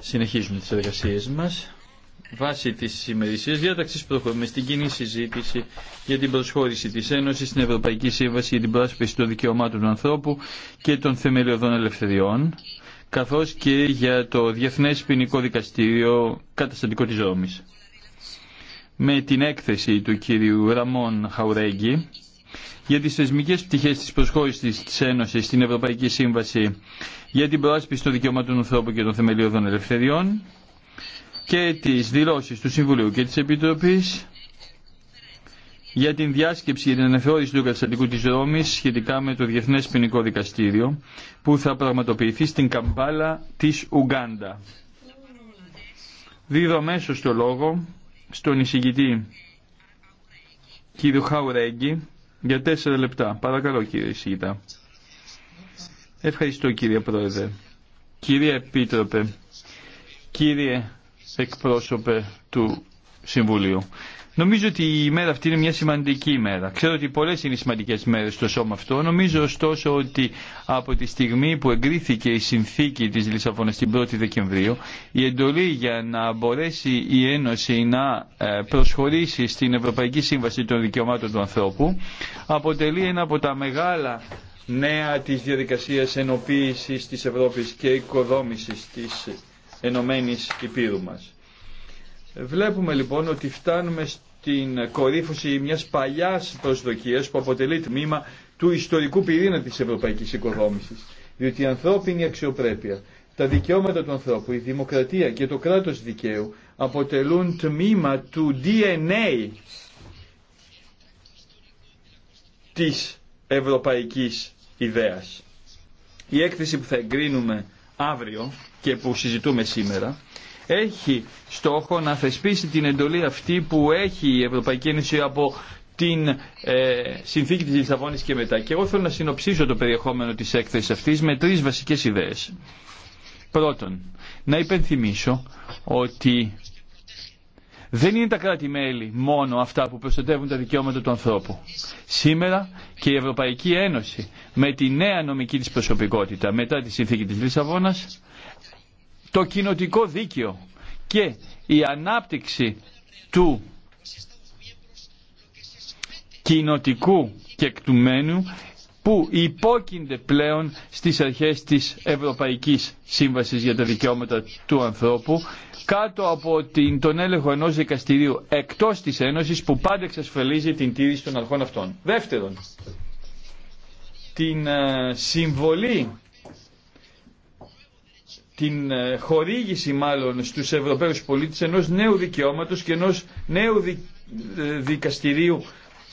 Συνεχίζουμε τις εργασίες μας. Βάσει της ημερησίας διάταξης προχωρούμε στην κοινή συζήτηση για την προσχώρηση της Ένωσης στην Ευρωπαϊκή Σύμβαση για την πρόσπιση των δικαιωμάτων του ανθρώπου και των θεμελιωδών ελευθεριών, καθώς και για το Διεθνές Ποινικό Δικαστήριο Καταστατικό της Ρώμης. Με την έκθεση του κύριου Ραμών Χαουρέγγι, για τις θεσμικές πτυχές της προσχώρησης της Ένωσης στην Ευρωπαϊκή Σύμβαση για την προάσπιση των δικαιωμάτων του και των θεμελιωδών ελευθεριών και τις δηλώσεις του Συμβουλίου και της Επιτροπής για την διάσκεψη για την αναθεώρηση του καταστατικού της Ρώμης σχετικά με το Διεθνές Ποινικό Δικαστήριο που θα πραγματοποιηθεί στην Καμπάλα της Ουγκάντα. Δίδω αμέσως το λόγο στον εισηγητή κύριο Χαουρέγγι για τέσσερα λεπτά. Παρακαλώ κύριε Σίγητα. Ευχαριστώ κύριε Πρόεδρε. Κύριε Επίτροπε. Κύριε εκπρόσωπε του Συμβουλίου. Νομίζω ότι η μέρα αυτή είναι μια σημαντική ημέρα. Ξέρω ότι πολλές είναι οι σημαντικές μέρες στο σώμα αυτό. Νομίζω ωστόσο ότι από τη στιγμή που εγκρίθηκε η συνθήκη της Λισαβόνας την 1η Δεκεμβρίου, η εντολή για να μπορέσει η Ένωση να ε, προσχωρήσει στην Ευρωπαϊκή Σύμβαση των Δικαιωμάτων του Ανθρώπου αποτελεί ένα από τα μεγάλα νέα της διαδικασίας ενοποίησης της Ευρώπης και οικοδόμησης της Ενωμένης Υπήρου μας. Βλέπουμε λοιπόν ότι φτάνουμε στην κορύφωση μιας παλιάς προσδοκίας που αποτελεί τμήμα του ιστορικού πυρήνα της ευρωπαϊκής οικοδόμησης. Διότι η ανθρώπινη αξιοπρέπεια, τα δικαιώματα του ανθρώπου, η δημοκρατία και το κράτος δικαίου αποτελούν τμήμα του DNA της ευρωπαϊκής ιδέας. Η έκθεση που θα εγκρίνουμε αύριο και που συζητούμε σήμερα έχει στόχο να θεσπίσει την εντολή αυτή που έχει η Ευρωπαϊκή Ένωση από την ε, συνθήκη της Λισαβόνης και μετά. Και εγώ θέλω να συνοψίσω το περιεχόμενο της έκθεσης αυτής με τρεις βασικές ιδέες. Πρώτον, να υπενθυμίσω ότι δεν είναι τα κράτη-μέλη μόνο αυτά που προστατεύουν τα δικαιώματα του ανθρώπου. Σήμερα και η Ευρωπαϊκή Ένωση με τη νέα νομική της προσωπικότητα μετά τη συνθήκη της Λισαβόνας το κοινοτικό δίκαιο και η ανάπτυξη του κοινοτικού κεκτουμένου που υπόκεινται πλέον στις αρχές της Ευρωπαϊκής Σύμβασης για τα Δικαιώματα του Ανθρώπου κάτω από την, τον έλεγχο ενός δικαστηρίου εκτός της Ένωσης που πάντα εξασφαλίζει την τήρηση των αρχών αυτών. Δεύτερον, την ε, συμβολή την ε, χορήγηση μάλλον στους Ευρωπαίους πολίτες ενός νέου δικαιώματος και ενός νέου ε, δικαστηρίου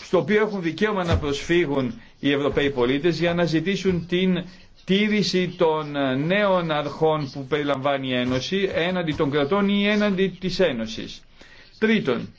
στο οποίο έχουν δικαίωμα να προσφύγουν οι Ευρωπαίοι πολίτες για να ζητήσουν την τήρηση των ε, νέων αρχών που περιλαμβάνει η Ένωση έναντι των κρατών ή έναντι της Ένωσης. Τρίτον,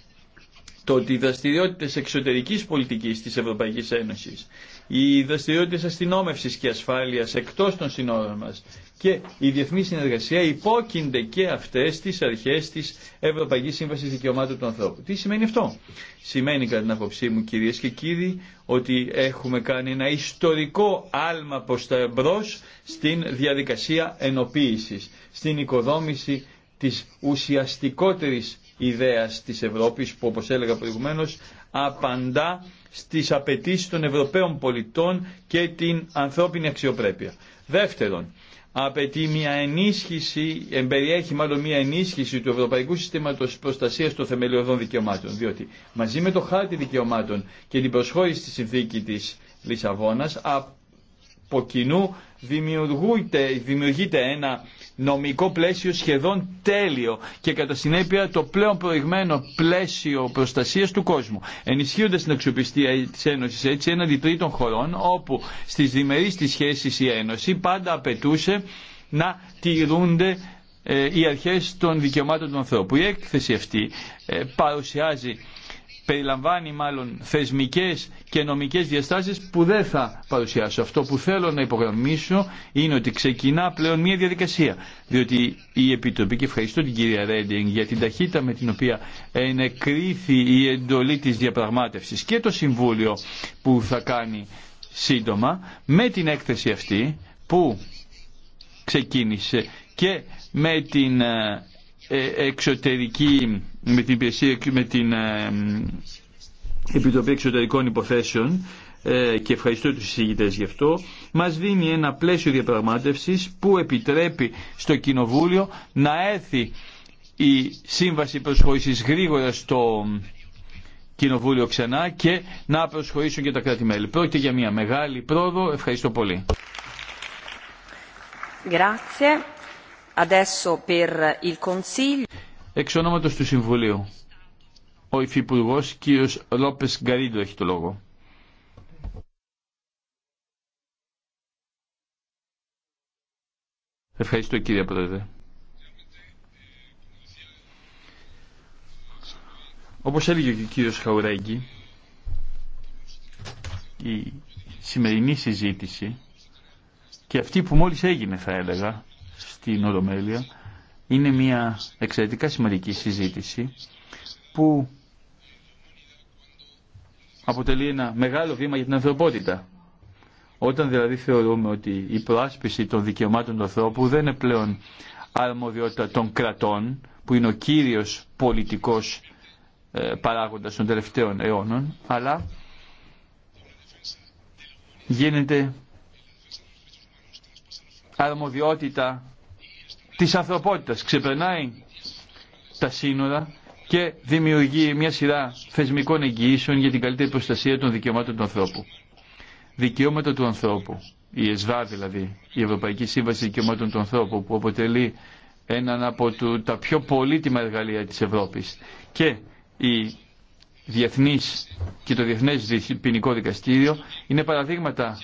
το ότι οι δραστηριότητες εξωτερικής πολιτικής της Ευρωπαϊκής Ένωσης, οι δραστηριότητες αστυνόμευσης και ασφάλειας εκτός των συνόρων μας, και η διεθνή συνεργασία υπόκεινται και αυτέ τι αρχέ τη Ευρωπαϊκή Σύμβαση Δικαιωμάτων του Ανθρώπου. Τι σημαίνει αυτό, Σημαίνει κατά την άποψή μου, κυρίε και κύριοι, ότι έχουμε κάνει ένα ιστορικό άλμα προ τα εμπρό στην διαδικασία ενοποίηση, στην οικοδόμηση τη ουσιαστικότερη ιδέα τη Ευρώπη που, όπω έλεγα προηγουμένω, απαντά στις απαιτήσει των Ευρωπαίων πολιτών και την ανθρώπινη αξιοπρέπεια. Δεύτερον, απαιτεί μια ενίσχυση, εμπεριέχει μάλλον μια ενίσχυση του Ευρωπαϊκού Συστήματος Προστασίας των Θεμελιωδών Δικαιωμάτων, διότι μαζί με το Χάρτη Δικαιωμάτων και την προσχώρηση στη συνθήκη της Λισαβόνας, από κοινού δημιουργείται ένα νομικό πλαίσιο σχεδόν τέλειο και κατά συνέπεια το πλέον προηγμένο πλαίσιο προστασία του κόσμου. Ενισχύοντα την αξιοπιστία τη Ένωση έτσι έναντι τρίτων χωρών, όπου στι διμερεί τη σχέση η Ένωση πάντα απαιτούσε να τηρούνται ε, οι αρχές των δικαιωμάτων του ανθρώπου. Η έκθεση αυτή ε, παρουσιάζει περιλαμβάνει μάλλον θεσμικές και νομικές διαστάσεις που δεν θα παρουσιάσω. Αυτό που θέλω να υπογραμμίσω είναι ότι ξεκινά πλέον μια διαδικασία. Διότι η Επιτροπή, και ευχαριστώ την κυρία Ρέντινγκ για την ταχύτητα με την οποία ενεκρίθη η εντολή της διαπραγμάτευσης και το Συμβούλιο που θα κάνει σύντομα με την έκθεση αυτή που ξεκίνησε και με την ε, ε, εξωτερική με την, υπηρεσία, με την ε, Επιτροπή Εξωτερικών Υποθέσεων ε, και ευχαριστώ τους συζητητές γι' αυτό, μας δίνει ένα πλαίσιο διαπραγμάτευσης που επιτρέπει στο Κοινοβούλιο να έρθει η σύμβαση προσχώρησης γρήγορα στο Κοινοβούλιο ξανά και να προσχωρήσουν και τα κράτη-μέλη. Πρόκειται για μια μεγάλη πρόοδο. Ευχαριστώ πολύ. Εξ ονόματος του Συμβουλίου, ο Υφυπουργός κ. Λόπες Γκαρίντο έχει το λόγο. Ευχαριστώ κύριε Πρόεδρε. Όπως έλεγε και ο κύριος Χαουρέγγι, η σημερινή συζήτηση και αυτή που μόλις έγινε θα έλεγα στην Ορομέλεια είναι μια εξαιρετικά σημαντική συζήτηση που αποτελεί ένα μεγάλο βήμα για την ανθρωπότητα. Όταν δηλαδή θεωρούμε ότι η προάσπιση των δικαιωμάτων του ανθρώπου δεν είναι πλέον αρμοδιότητα των κρατών, που είναι ο κύριος πολιτικός ε, παράγοντας των τελευταίων αιώνων, αλλά γίνεται αρμοδιότητα της ανθρωπότητας. Ξεπερνάει τα σύνορα και δημιουργεί μια σειρά θεσμικών εγγυήσεων για την καλύτερη προστασία των δικαιωμάτων του ανθρώπου. Δικαιώματα του ανθρώπου, η ΕΣΒΑ δηλαδή, η Ευρωπαϊκή Σύμβαση Δικαιωμάτων του Ανθρώπου, που αποτελεί έναν από τα πιο πολύτιμα εργαλεία της Ευρώπης και η διεθνής και το Διεθνές Ποινικό Δικαστήριο είναι παραδείγματα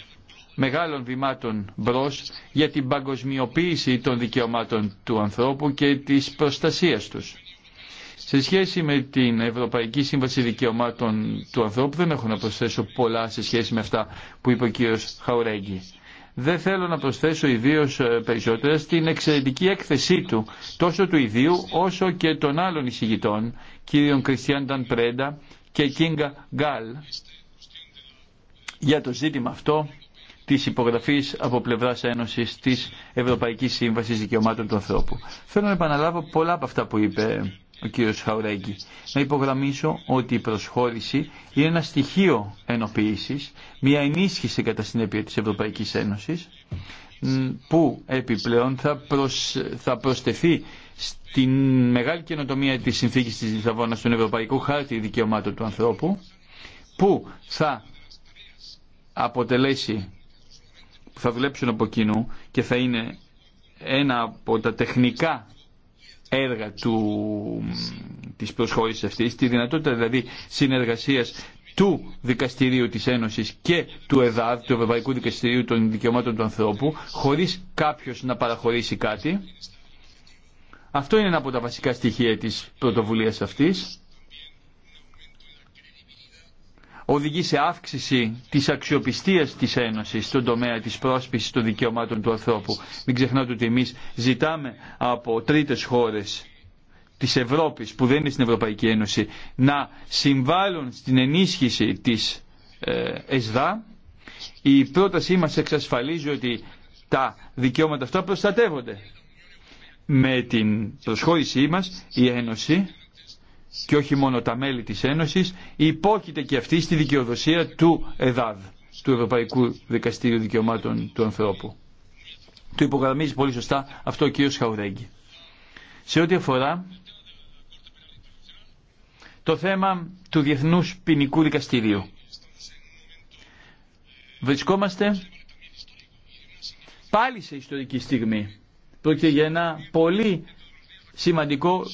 μεγάλων βημάτων μπρος για την παγκοσμιοποίηση των δικαιωμάτων του ανθρώπου και της προστασίας τους. Σε σχέση με την Ευρωπαϊκή Σύμβαση Δικαιωμάτων του Ανθρώπου δεν έχω να προσθέσω πολλά σε σχέση με αυτά που είπε ο κύριος Χαουρέγγι. Δεν θέλω να προσθέσω ιδίω ε, περισσότερα στην εξαιρετική έκθεσή του, τόσο του ιδίου όσο και των άλλων εισηγητών, κύριων Κριστιαν Πρέντα και Κίνγκα Γκάλ, για το ζήτημα αυτό της υπογραφής από πλευράς Ένωσης της Ευρωπαϊκής Σύμβασης Δικαιωμάτων του Ανθρώπου. Θέλω να επαναλάβω πολλά από αυτά που είπε ο κύριος Χαουρέγγι. Να υπογραμμίσω ότι η προσχώρηση είναι ένα στοιχείο ενοποίησης, μια ενίσχυση κατά συνέπεια της Ευρωπαϊκής Ένωσης, που επιπλέον θα, προσ... θα προστεθεί στην μεγάλη καινοτομία της συνθήκης της Λισαβόνας στον Ευρωπαϊκό Χάρτη Δικαιωμάτων του Ανθρώπου, που θα αποτελέσει που θα δουλέψουν από κοινού και θα είναι ένα από τα τεχνικά έργα του, της προσχώρησης αυτής, τη δυνατότητα δηλαδή συνεργασίας του Δικαστηρίου της Ένωσης και του ΕΔΑΔ, του Ευρωπαϊκού Δικαστηρίου των Δικαιωμάτων του Ανθρώπου, χωρίς κάποιος να παραχωρήσει κάτι. Αυτό είναι ένα από τα βασικά στοιχεία της πρωτοβουλίας αυτής οδηγεί σε αύξηση της αξιοπιστίας της Ένωσης στον τομέα της πρόσπισης των δικαιωμάτων του ανθρώπου. Μην ξεχνάτε ότι εμείς ζητάμε από τρίτες χώρες της Ευρώπης που δεν είναι στην Ευρωπαϊκή Ένωση να συμβάλλουν στην ενίσχυση της ε, ΕΣΔΑ. Η πρότασή μας εξασφαλίζει ότι τα δικαιώματα αυτά προστατεύονται. Με την προσχώρησή μας η Ένωση και όχι μόνο τα μέλη της Ένωσης, υπόκειται και αυτή στη δικαιοδοσία του ΕΔΑΔ, του Ευρωπαϊκού Δικαστήριου Δικαιωμάτων του Ανθρώπου. Το υπογραμμίζει πολύ σωστά αυτό ο κ. Χαουρέγγι. Σε ό,τι αφορά το θέμα του Διεθνούς Ποινικού Δικαστηρίου. Βρισκόμαστε πάλι σε ιστορική στιγμή. Πρόκειται για ένα πολύ σημαντικό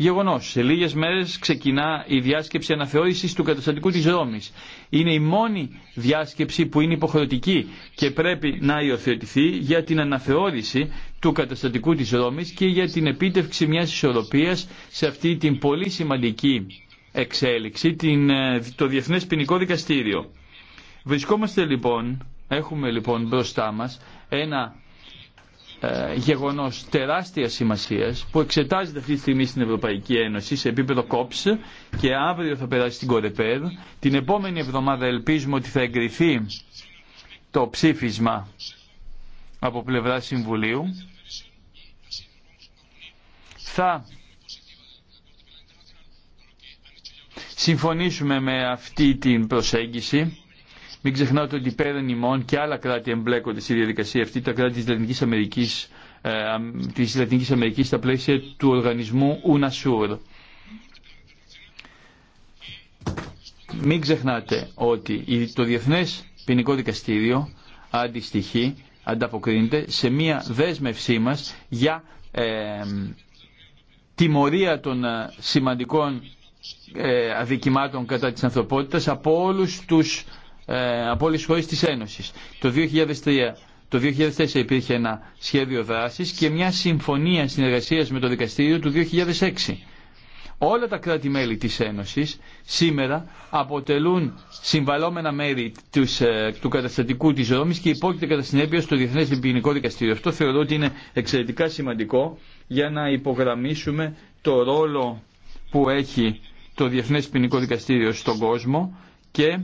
Γεγονό, σε λίγε μέρε ξεκινά η διάσκεψη αναθεώρηση του καταστατικού τη Ρώμη. Είναι η μόνη διάσκεψη που είναι υποχρεωτική και πρέπει να υιοθετηθεί για την αναθεώρηση του καταστατικού τη Ρώμη και για την επίτευξη μια ισορροπία σε αυτή την πολύ σημαντική εξέλιξη, την, ε, το Διεθνές Ποινικό Δικαστήριο. Βρισκόμαστε λοιπόν, έχουμε λοιπόν μπροστά μας ένα ε, γεγονός τεράστιας σημασίας που εξετάζεται αυτή τη στιγμή στην Ευρωπαϊκή Ένωση σε επίπεδο COPS και αύριο θα περάσει στην Κορεπέρ. Την επόμενη εβδομάδα ελπίζουμε ότι θα εγκριθεί το ψήφισμα από πλευρά Συμβουλίου. Θα συμφωνήσουμε με αυτή την προσέγγιση μην ξεχνάτε ότι πέραν ημών και άλλα κράτη εμπλέκονται στη διαδικασία αυτή, τα κράτη της Λατινικής Αμερικής, ε, της Λατινικής Αμερικής στα πλαίσια του οργανισμού UNASUR. Μην ξεχνάτε ότι το Διεθνές Ποινικό Δικαστήριο αντιστοιχεί, ανταποκρίνεται σε μία δέσμευσή μας για ε, τιμωρία των ε, σημαντικών ε, αδικημάτων κατά της ανθρωπότητας από όλους τους ε, από όλες τις χώρες της Ένωσης. Το 2003 το 2004 υπήρχε ένα σχέδιο δράσης και μια συμφωνία συνεργασίας με το δικαστήριο του 2006. Όλα τα κράτη-μέλη της Ένωσης σήμερα αποτελούν συμβαλόμενα μέρη ε, του καταστατικού της Ρώμης και υπόκειται κατά συνέπεια στο Διεθνές Ποινικό Δικαστήριο. Αυτό θεωρώ ότι είναι εξαιρετικά σημαντικό για να υπογραμμίσουμε το ρόλο που έχει το Διεθνές Ποινικό Δικαστήριο στον κόσμο και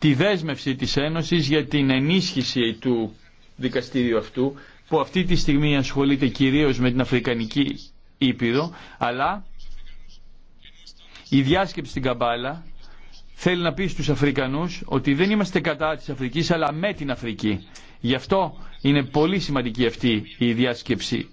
τη δέσμευση της Ένωσης για την ενίσχυση του δικαστήριου αυτού που αυτή τη στιγμή ασχολείται κυρίως με την Αφρικανική Ήπειρο αλλά η διάσκεψη στην Καμπάλα θέλει να πει στους Αφρικανούς ότι δεν είμαστε κατά της Αφρικής αλλά με την Αφρική. Γι' αυτό είναι πολύ σημαντική αυτή η διάσκεψη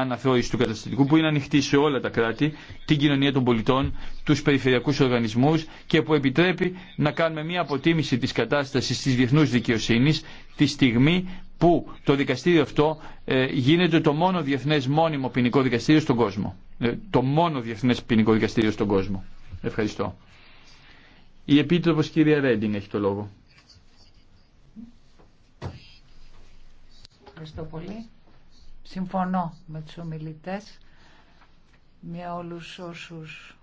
αναθεώρηση του καταστατικού που είναι ανοιχτή σε όλα τα κράτη, την κοινωνία των πολιτών, τους περιφερειακούς οργανισμούς και που επιτρέπει να κάνουμε μια αποτίμηση της κατάστασης τη διεθνού δικαιοσύνη τη στιγμή που το δικαστήριο αυτό ε, γίνεται το μόνο διεθνέ μόνιμο ποινικό δικαστήριο στον κόσμο. Ε, το μόνο διεθνές ποινικό δικαστήριο στον κόσμο. Ευχαριστώ. Η επίτροπο κυρία Ρέντινγκ έχει το λόγο. Ευχαριστώ πολύ. Συμφωνώ με τους ομιλητές, με όλους όσους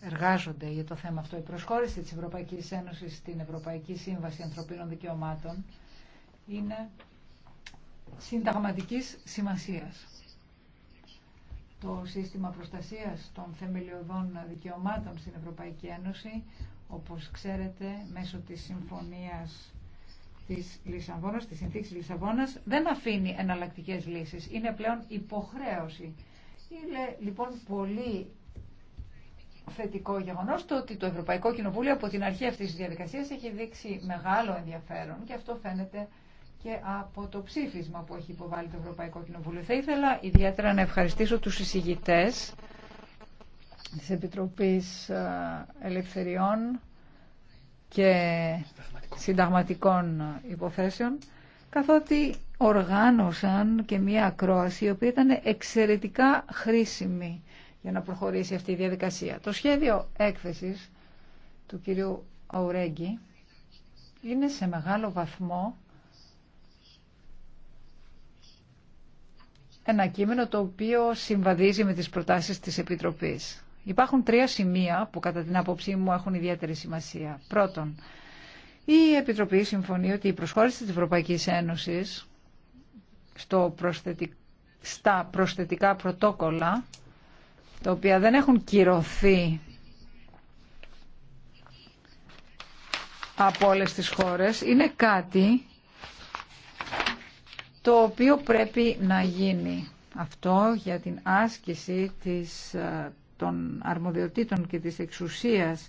εργάζονται για το θέμα αυτό. Η προσχώρηση της Ευρωπαϊκής Ένωσης στην Ευρωπαϊκή Σύμβαση Ανθρωπίνων Δικαιωμάτων είναι συνταγματικής σημασίας. Το σύστημα προστασίας των θεμελιωδών δικαιωμάτων στην Ευρωπαϊκή Ένωση, όπως ξέρετε, μέσω της Συμφωνίας της Λισαβόνας, της συνθήκης Λισαβόνας, δεν αφήνει εναλλακτικές λύσεις. Είναι πλέον υποχρέωση. Είναι λοιπόν πολύ θετικό γεγονός το ότι το Ευρωπαϊκό Κοινοβούλιο από την αρχή αυτής της διαδικασίας έχει δείξει μεγάλο ενδιαφέρον και αυτό φαίνεται και από το ψήφισμα που έχει υποβάλει το Ευρωπαϊκό Κοινοβούλιο. Θα ήθελα ιδιαίτερα να ευχαριστήσω τους εισηγητές της Επιτροπής ε, Ελευθεριών και συνταγματικών υποθέσεων, καθότι οργάνωσαν και μία ακρόαση η οποία ήταν εξαιρετικά χρήσιμη για να προχωρήσει αυτή η διαδικασία. Το σχέδιο έκθεσης του κυρίου Αουρέγγι είναι σε μεγάλο βαθμό ένα κείμενο το οποίο συμβαδίζει με τις προτάσεις της Επιτροπής. Υπάρχουν τρία σημεία που κατά την άποψή μου έχουν ιδιαίτερη σημασία. Πρώτον, η Επιτροπή συμφωνεί ότι η προσχώρηση της Ευρωπαϊκής Ένωσης στο στα προσθετικά πρωτόκολλα, τα οποία δεν έχουν κυρωθεί από όλες τις χώρες, είναι κάτι το οποίο πρέπει να γίνει. Αυτό για την άσκηση της ε, των αρμοδιοτήτων και της εξουσίας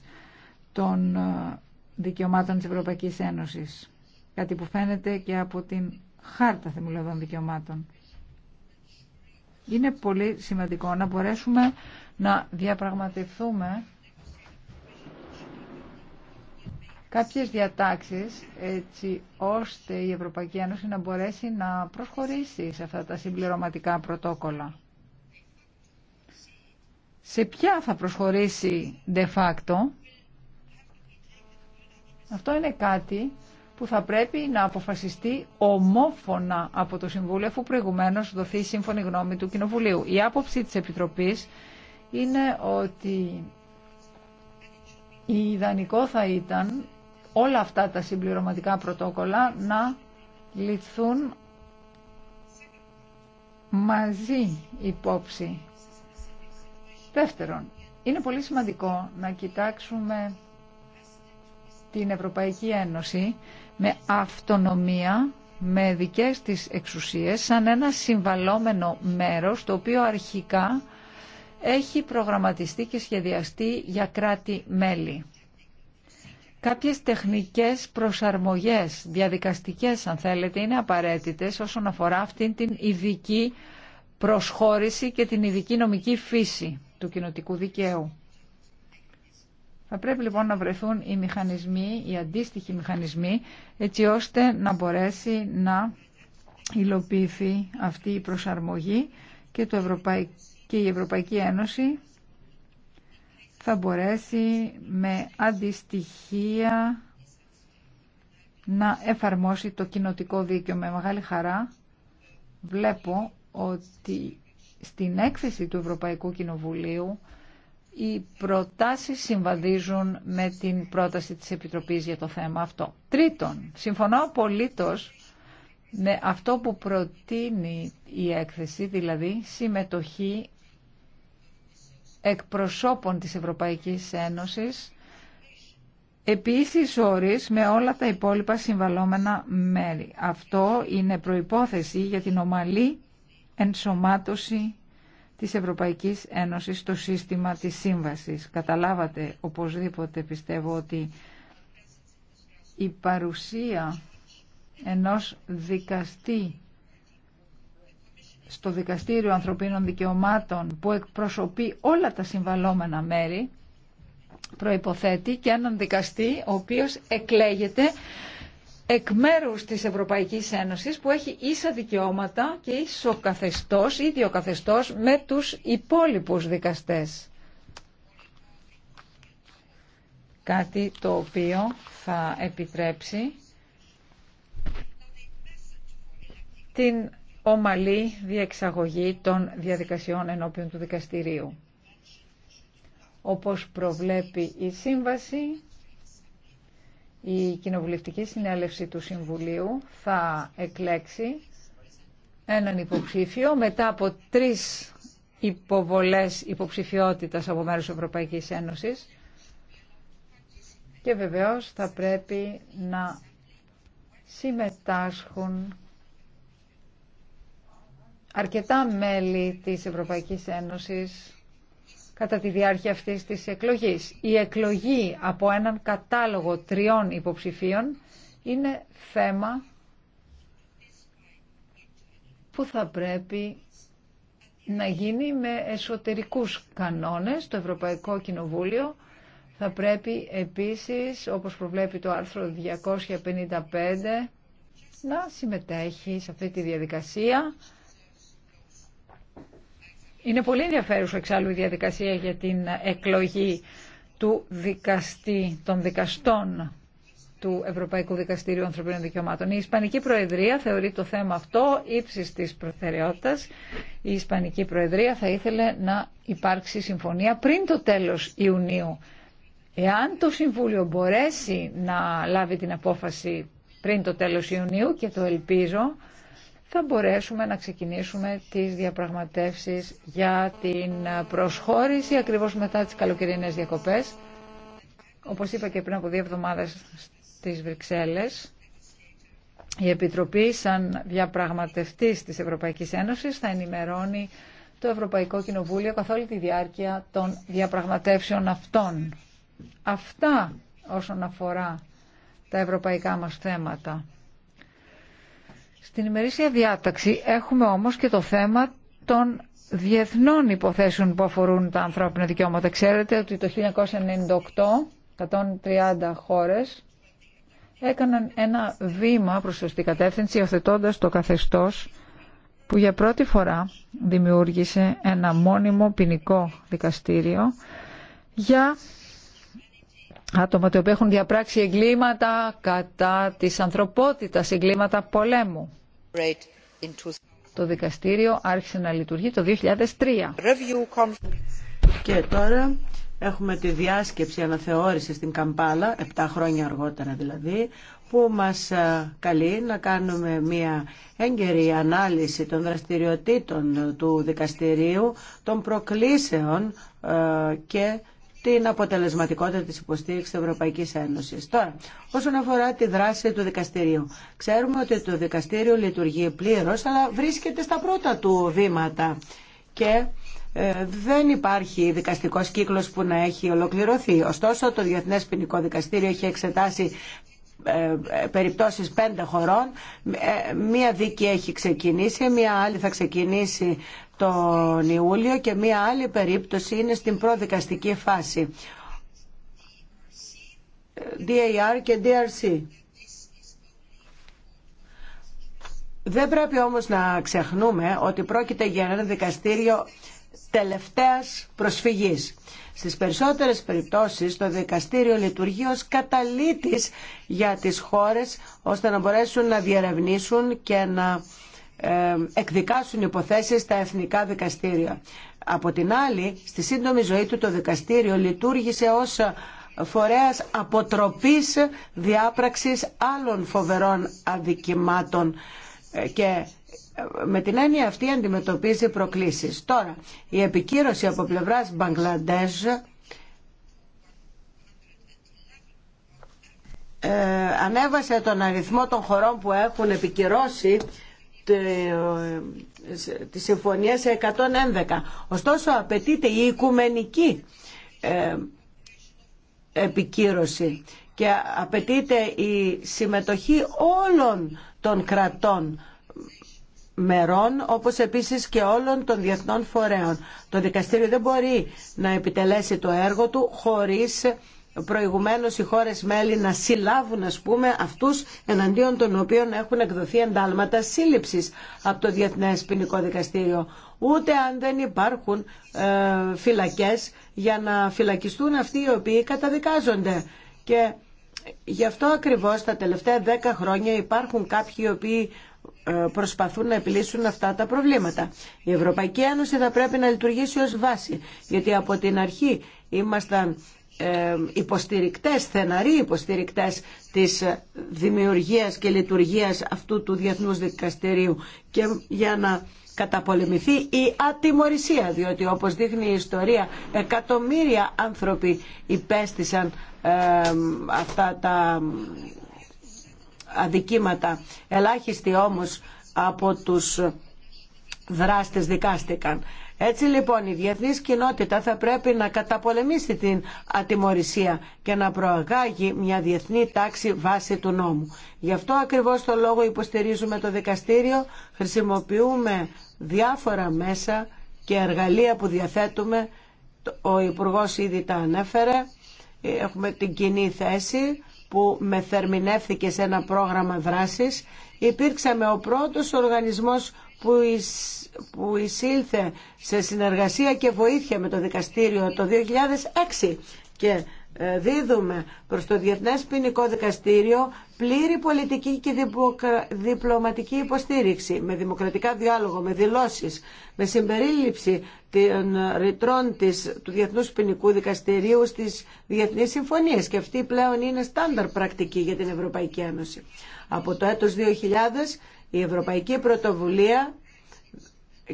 των ε, δικαιωμάτων της Ευρωπαϊκής Ένωσης. Κάτι που φαίνεται και από την χάρτα θεμελιωδών δικαιωμάτων. Είναι πολύ σημαντικό να μπορέσουμε να διαπραγματευτούμε κάποιες διατάξεις έτσι ώστε η Ευρωπαϊκή Ένωση να μπορέσει να προσχωρήσει σε αυτά τα συμπληρωματικά πρωτόκολλα σε ποια θα προσχωρήσει de facto, αυτό είναι κάτι που θα πρέπει να αποφασιστεί ομόφωνα από το Συμβούλιο, αφού προηγουμένως δοθεί σύμφωνη γνώμη του Κοινοβουλίου. Η άποψη της Επιτροπής είναι ότι η ιδανικό θα ήταν όλα αυτά τα συμπληρωματικά πρωτόκολλα να ληφθούν μαζί υπόψη Δεύτερον, είναι πολύ σημαντικό να κοιτάξουμε την Ευρωπαϊκή Ένωση με αυτονομία, με δικές της εξουσίες, σαν ένα συμβαλόμενο μέρος, το οποίο αρχικά έχει προγραμματιστεί και σχεδιαστεί για κράτη-μέλη. Κάποιες τεχνικές προσαρμογές, διαδικαστικές αν θέλετε, είναι απαραίτητες όσον αφορά αυτήν την ειδική προσχώρηση και την ειδική νομική φύση του κοινοτικού δικαίου. Θα πρέπει λοιπόν να βρεθούν οι μηχανισμοί, οι αντίστοιχοι μηχανισμοί, έτσι ώστε να μπορέσει να υλοποιηθεί αυτή η προσαρμογή και, το η Ευρωπαϊκή Ένωση θα μπορέσει με αντιστοιχεία να εφαρμόσει το κοινοτικό δίκαιο. Με μεγάλη χαρά βλέπω ότι στην έκθεση του Ευρωπαϊκού Κοινοβουλίου οι προτάσεις συμβαδίζουν με την πρόταση της Επιτροπής για το θέμα αυτό. Τρίτον, συμφωνώ απολύτως με αυτό που προτείνει η έκθεση, δηλαδή συμμετοχή εκπροσώπων της Ευρωπαϊκής Ένωσης επίσης όρις με όλα τα υπόλοιπα συμβαλόμενα μέρη. Αυτό είναι προϋπόθεση για την ομαλή ενσωμάτωση της Ευρωπαϊκής Ένωσης στο σύστημα της σύμβασης. Καταλάβατε οπωσδήποτε πιστεύω ότι η παρουσία ενός δικαστή στο Δικαστήριο Ανθρωπίνων Δικαιωμάτων που εκπροσωπεί όλα τα συμβαλόμενα μέρη προϋποθέτει και έναν δικαστή ο οποίος εκλέγεται εκ μέρους της Ευρωπαϊκής Ένωσης που έχει ίσα δικαιώματα και ίσο καθεστώς, ίδιο καθεστώς με τους υπόλοιπους δικαστές. Κάτι το οποίο θα επιτρέψει την ομαλή διεξαγωγή των διαδικασιών ενώπιον του δικαστηρίου. Όπως προβλέπει η σύμβαση, η Κοινοβουλευτική Συνέλευση του Συμβουλίου θα εκλέξει έναν υποψήφιο μετά από τρεις υποβολές υποψηφιότητας από μέρους της Ευρωπαϊκής Ένωσης και βεβαίως θα πρέπει να συμμετάσχουν αρκετά μέλη της Ευρωπαϊκής Ένωσης κατά τη διάρκεια αυτής της εκλογής. Η εκλογή από έναν κατάλογο τριών υποψηφίων είναι θέμα που θα πρέπει να γίνει με εσωτερικούς κανόνες το Ευρωπαϊκό Κοινοβούλιο θα πρέπει επίσης, όπως προβλέπει το άρθρο 255, να συμμετέχει σε αυτή τη διαδικασία είναι πολύ ενδιαφέρουσα εξάλλου η διαδικασία για την εκλογή του δικαστή, των δικαστών του Ευρωπαϊκού Δικαστηρίου Ανθρωπίνων Δικαιωμάτων. Η Ισπανική Προεδρία θεωρεί το θέμα αυτό ύψη τη προτεραιότητα. Η Ισπανική Προεδρία θα ήθελε να υπάρξει συμφωνία πριν το τέλο Ιουνίου. Εάν το Συμβούλιο μπορέσει να λάβει την απόφαση πριν το τέλος Ιουνίου και το ελπίζω, θα μπορέσουμε να ξεκινήσουμε τις διαπραγματεύσεις για την προσχώρηση ακριβώς μετά τις καλοκαιρινές διακοπές. Όπως είπα και πριν από δύο εβδομάδες στις Βρυξέλλες, η Επιτροπή σαν διαπραγματευτής της Ευρωπαϊκής Ένωσης θα ενημερώνει το Ευρωπαϊκό Κοινοβούλιο καθ' όλη τη διάρκεια των διαπραγματεύσεων αυτών. Αυτά όσον αφορά τα ευρωπαϊκά μας θέματα. Στην ημερήσια διάταξη έχουμε όμως και το θέμα των διεθνών υποθέσεων που αφορούν τα ανθρώπινα δικαιώματα. Ξέρετε ότι το 1998 130 χώρες έκαναν ένα βήμα προς σωστή κατεύθυνση υιοθετώντας το καθεστώς που για πρώτη φορά δημιούργησε ένα μόνιμο ποινικό δικαστήριο για άτομα τα οποία έχουν διαπράξει εγκλήματα κατά της ανθρωπότητας, εγκλήματα πολέμου. Το δικαστήριο άρχισε να λειτουργεί το 2003. Και τώρα έχουμε τη διάσκεψη αναθεώρησης στην Καμπάλα, 7 χρόνια αργότερα δηλαδή, που μας ε, καλεί να κάνουμε μια έγκαιρη ανάλυση των δραστηριοτήτων του δικαστηρίου, των προκλήσεων ε, και την αποτελεσματικότητα της υποστήριξης της Ευρωπαϊκής Ένωσης. Τώρα, όσον αφορά τη δράση του δικαστηρίου. Ξέρουμε ότι το δικαστήριο λειτουργεί πλήρως, αλλά βρίσκεται στα πρώτα του βήματα. Και ε, δεν υπάρχει δικαστικός κύκλος που να έχει ολοκληρωθεί. Ωστόσο, το Διεθνές Ποινικό Δικαστήριο έχει εξετάσει ε, περιπτώσεις πέντε χωρών. Ε, μία δίκη έχει ξεκινήσει, μία άλλη θα ξεκινήσει τον Ιούλιο και μία άλλη περίπτωση είναι στην προδικαστική φάση. DAR και DRC. Δεν πρέπει όμως να ξεχνούμε ότι πρόκειται για ένα δικαστήριο τελευταίας προσφυγής. Στις περισσότερες περιπτώσεις το δικαστήριο λειτουργεί ως καταλήτης για τις χώρες ώστε να μπορέσουν να διερευνήσουν και να εκδικάσουν υποθέσεις στα εθνικά δικαστήρια. Από την άλλη, στη σύντομη ζωή του το δικαστήριο λειτουργήσε ως φορέας αποτροπής διάπραξης άλλων φοβερών αδικημάτων ε, και ε, με την έννοια αυτή αντιμετωπίζει προκλήσεις. Τώρα, η επικύρωση από πλευράς Μπαγκλαντέζ ε, ανέβασε τον αριθμό των χωρών που έχουν επικυρώσει ε, ε, τη Συμφωνία 111. Ωστόσο απαιτείται η οικουμενική ε, επικύρωση και απαιτείται η συμμετοχή όλων των κρατών μερών, όπως επίσης και όλων των διεθνών φορέων. Το δικαστήριο δεν μπορεί να επιτελέσει το έργο του χωρίς προηγουμένως οι χώρες μέλη να συλλάβουν ας πούμε αυτούς εναντίον των οποίων έχουν εκδοθεί εντάλματα σύλληψης από το Διεθνές Ποινικό Δικαστήριο ούτε αν δεν υπάρχουν ε, φυλακές για να φυλακιστούν αυτοί οι οποίοι καταδικάζονται και γι' αυτό ακριβώς τα τελευταία δέκα χρόνια υπάρχουν κάποιοι οι οποίοι ε, προσπαθούν να επιλύσουν αυτά τα προβλήματα. Η Ευρωπαϊκή Ένωση θα πρέπει να λειτουργήσει ως βάση, γιατί από την αρχή ήμασταν υποστηρικτές, θεναροί υποστηρικτές της δημιουργίας και λειτουργίας αυτού του Διεθνούς Δικαστηρίου και για να καταπολεμηθεί η ατιμορρησία διότι όπως δείχνει η ιστορία εκατομμύρια άνθρωποι υπέστησαν αυτά τα αδικήματα ελάχιστοι όμως από τους δράστες δικάστηκαν έτσι λοιπόν η διεθνής κοινότητα θα πρέπει να καταπολεμήσει την ατιμορρησία και να προαγάγει μια διεθνή τάξη βάση του νόμου. Γι' αυτό ακριβώς το λόγο υποστηρίζουμε το δικαστήριο, χρησιμοποιούμε διάφορα μέσα και εργαλεία που διαθέτουμε, ο υπουργό ήδη τα ανέφερε, έχουμε την κοινή θέση που μεθερμινεύθηκε σε ένα πρόγραμμα δράσης. Υπήρξαμε ο πρώτος οργανισμός που που εισήλθε σε συνεργασία και βοήθεια με το δικαστήριο το 2006 και ε, δίδουμε προς το Διεθνές Ποινικό Δικαστήριο πλήρη πολιτική και διπλωματική υποστήριξη με δημοκρατικά διάλογο, με δηλώσεις, με συμπερίληψη των ρητρών του Διεθνούς Ποινικού Δικαστηρίου στις διεθνείς συμφωνίες και αυτή πλέον είναι στάνταρ πρακτική για την Ευρωπαϊκή Ένωση. Από το έτος 2000 η Ευρωπαϊκή Πρωτοβουλία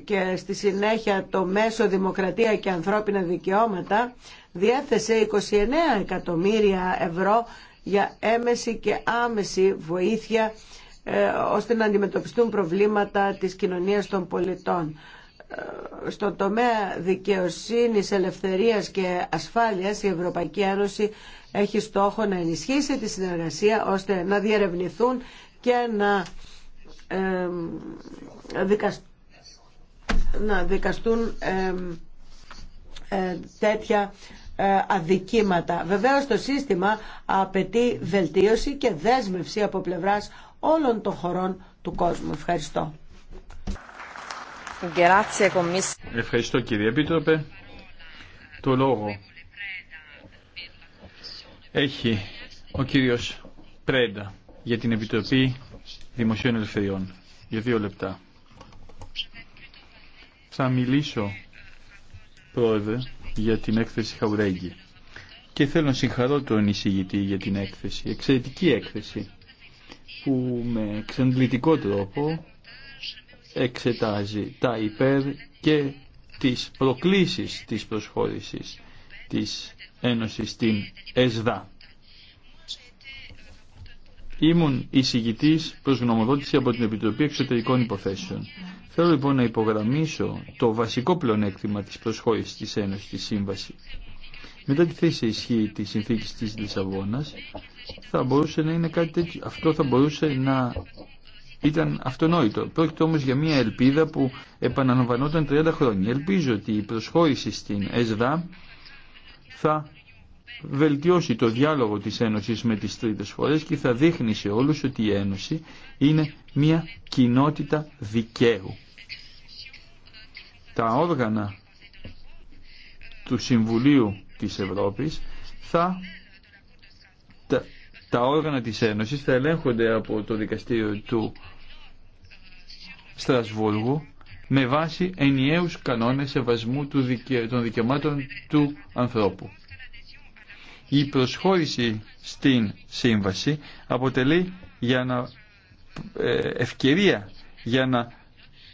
και στη συνέχεια το Μέσο Δημοκρατία και Ανθρώπινα Δικαιώματα διέθεσε 29 εκατομμύρια ευρώ για έμεση και άμεση βοήθεια ε, ώστε να αντιμετωπιστούν προβλήματα της κοινωνίας των πολιτών. Ε, Στον τομέα δικαιοσύνης, ελευθερίας και ασφάλειας η Ευρωπαϊκή Ένωση έχει στόχο να ενισχύσει τη συνεργασία ώστε να διερευνηθούν και να ε, δικαστούν να δικαστούν ε, τέτοια ε, αδικήματα. Βεβαίως το σύστημα απαιτεί βελτίωση και δέσμευση από πλευράς όλων των χωρών του κόσμου. Ευχαριστώ. Ευχαριστώ κύριε Επίτροπε. Το λόγο έχει ο κύριος Πρέντα για την Επιτροπή Δημοσίων Ελευθεριών για δύο λεπτά θα μιλήσω πρόεδρε για την έκθεση Χαουρέγγι και θέλω να συγχαρώ τον εισηγητή για την έκθεση, εξαιρετική έκθεση που με εξαντλητικό τρόπο εξετάζει τα υπέρ και τις προκλήσεις της προσχώρησης της Ένωσης στην ΕΣΔΑ. Ήμουν εισηγητής προς γνωμοδότηση από την Επιτροπή Εξωτερικών Υποθέσεων Θέλω λοιπόν να υπογραμμίσω το βασικό πλεονέκτημα της προσχώρησης της Ένωσης στη Σύμβαση. Μετά τη θέση ισχύ της συνθήκης της Λισαβόνας, θα μπορούσε να είναι κάτι τέτοιο. Αυτό θα μπορούσε να ήταν αυτονόητο. Πρόκειται όμως για μια ελπίδα που επαναλαμβανόταν 30 χρόνια. Ελπίζω ότι η προσχώρηση στην ΕΣΔΑ θα βελτιώσει το διάλογο της Ένωσης με τις τρίτες χώρες και θα δείχνει σε όλους ότι η Ένωση είναι μια κοινότητα δικαίου τα όργανα του Συμβουλίου της Ευρώπης θα τα, όργανα της Ένωσης θα ελέγχονται από το δικαστήριο του Στρασβούργου με βάση ενιαίους κανόνες σεβασμού του δικαι... των δικαιωμάτων του ανθρώπου. Η προσχώρηση στην σύμβαση αποτελεί για να, ε, ευκαιρία για να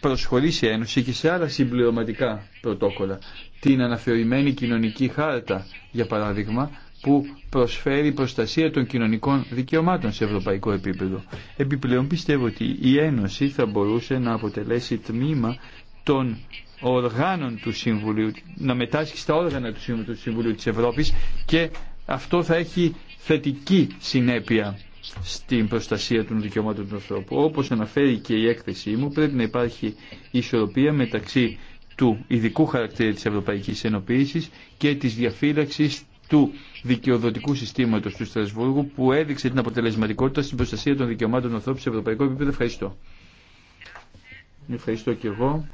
προσχωρήσει η Ένωση και σε άλλα συμπληρωματικά πρωτόκολλα. Την αναφερειμένη κοινωνική χάρτα, για παράδειγμα, που προσφέρει προστασία των κοινωνικών δικαιωμάτων σε ευρωπαϊκό επίπεδο. Επιπλέον πιστεύω ότι η Ένωση θα μπορούσε να αποτελέσει τμήμα των οργάνων του Συμβουλίου, να μετάσχει στα όργανα του Συμβουλίου της Ευρώπης και αυτό θα έχει θετική συνέπεια στην προστασία των δικαιωμάτων του ανθρώπου. Όπως αναφέρει και η έκθεσή μου, πρέπει να υπάρχει ισορροπία μεταξύ του ειδικού χαρακτήρα της Ευρωπαϊκής Ενοποίησης και της διαφύλαξης του δικαιοδοτικού συστήματος του Στρασβούργου που έδειξε την αποτελεσματικότητα στην προστασία των δικαιωμάτων των ανθρώπων σε ευρωπαϊκό επίπεδο. Ευχαριστώ. Ευχαριστώ και εγώ.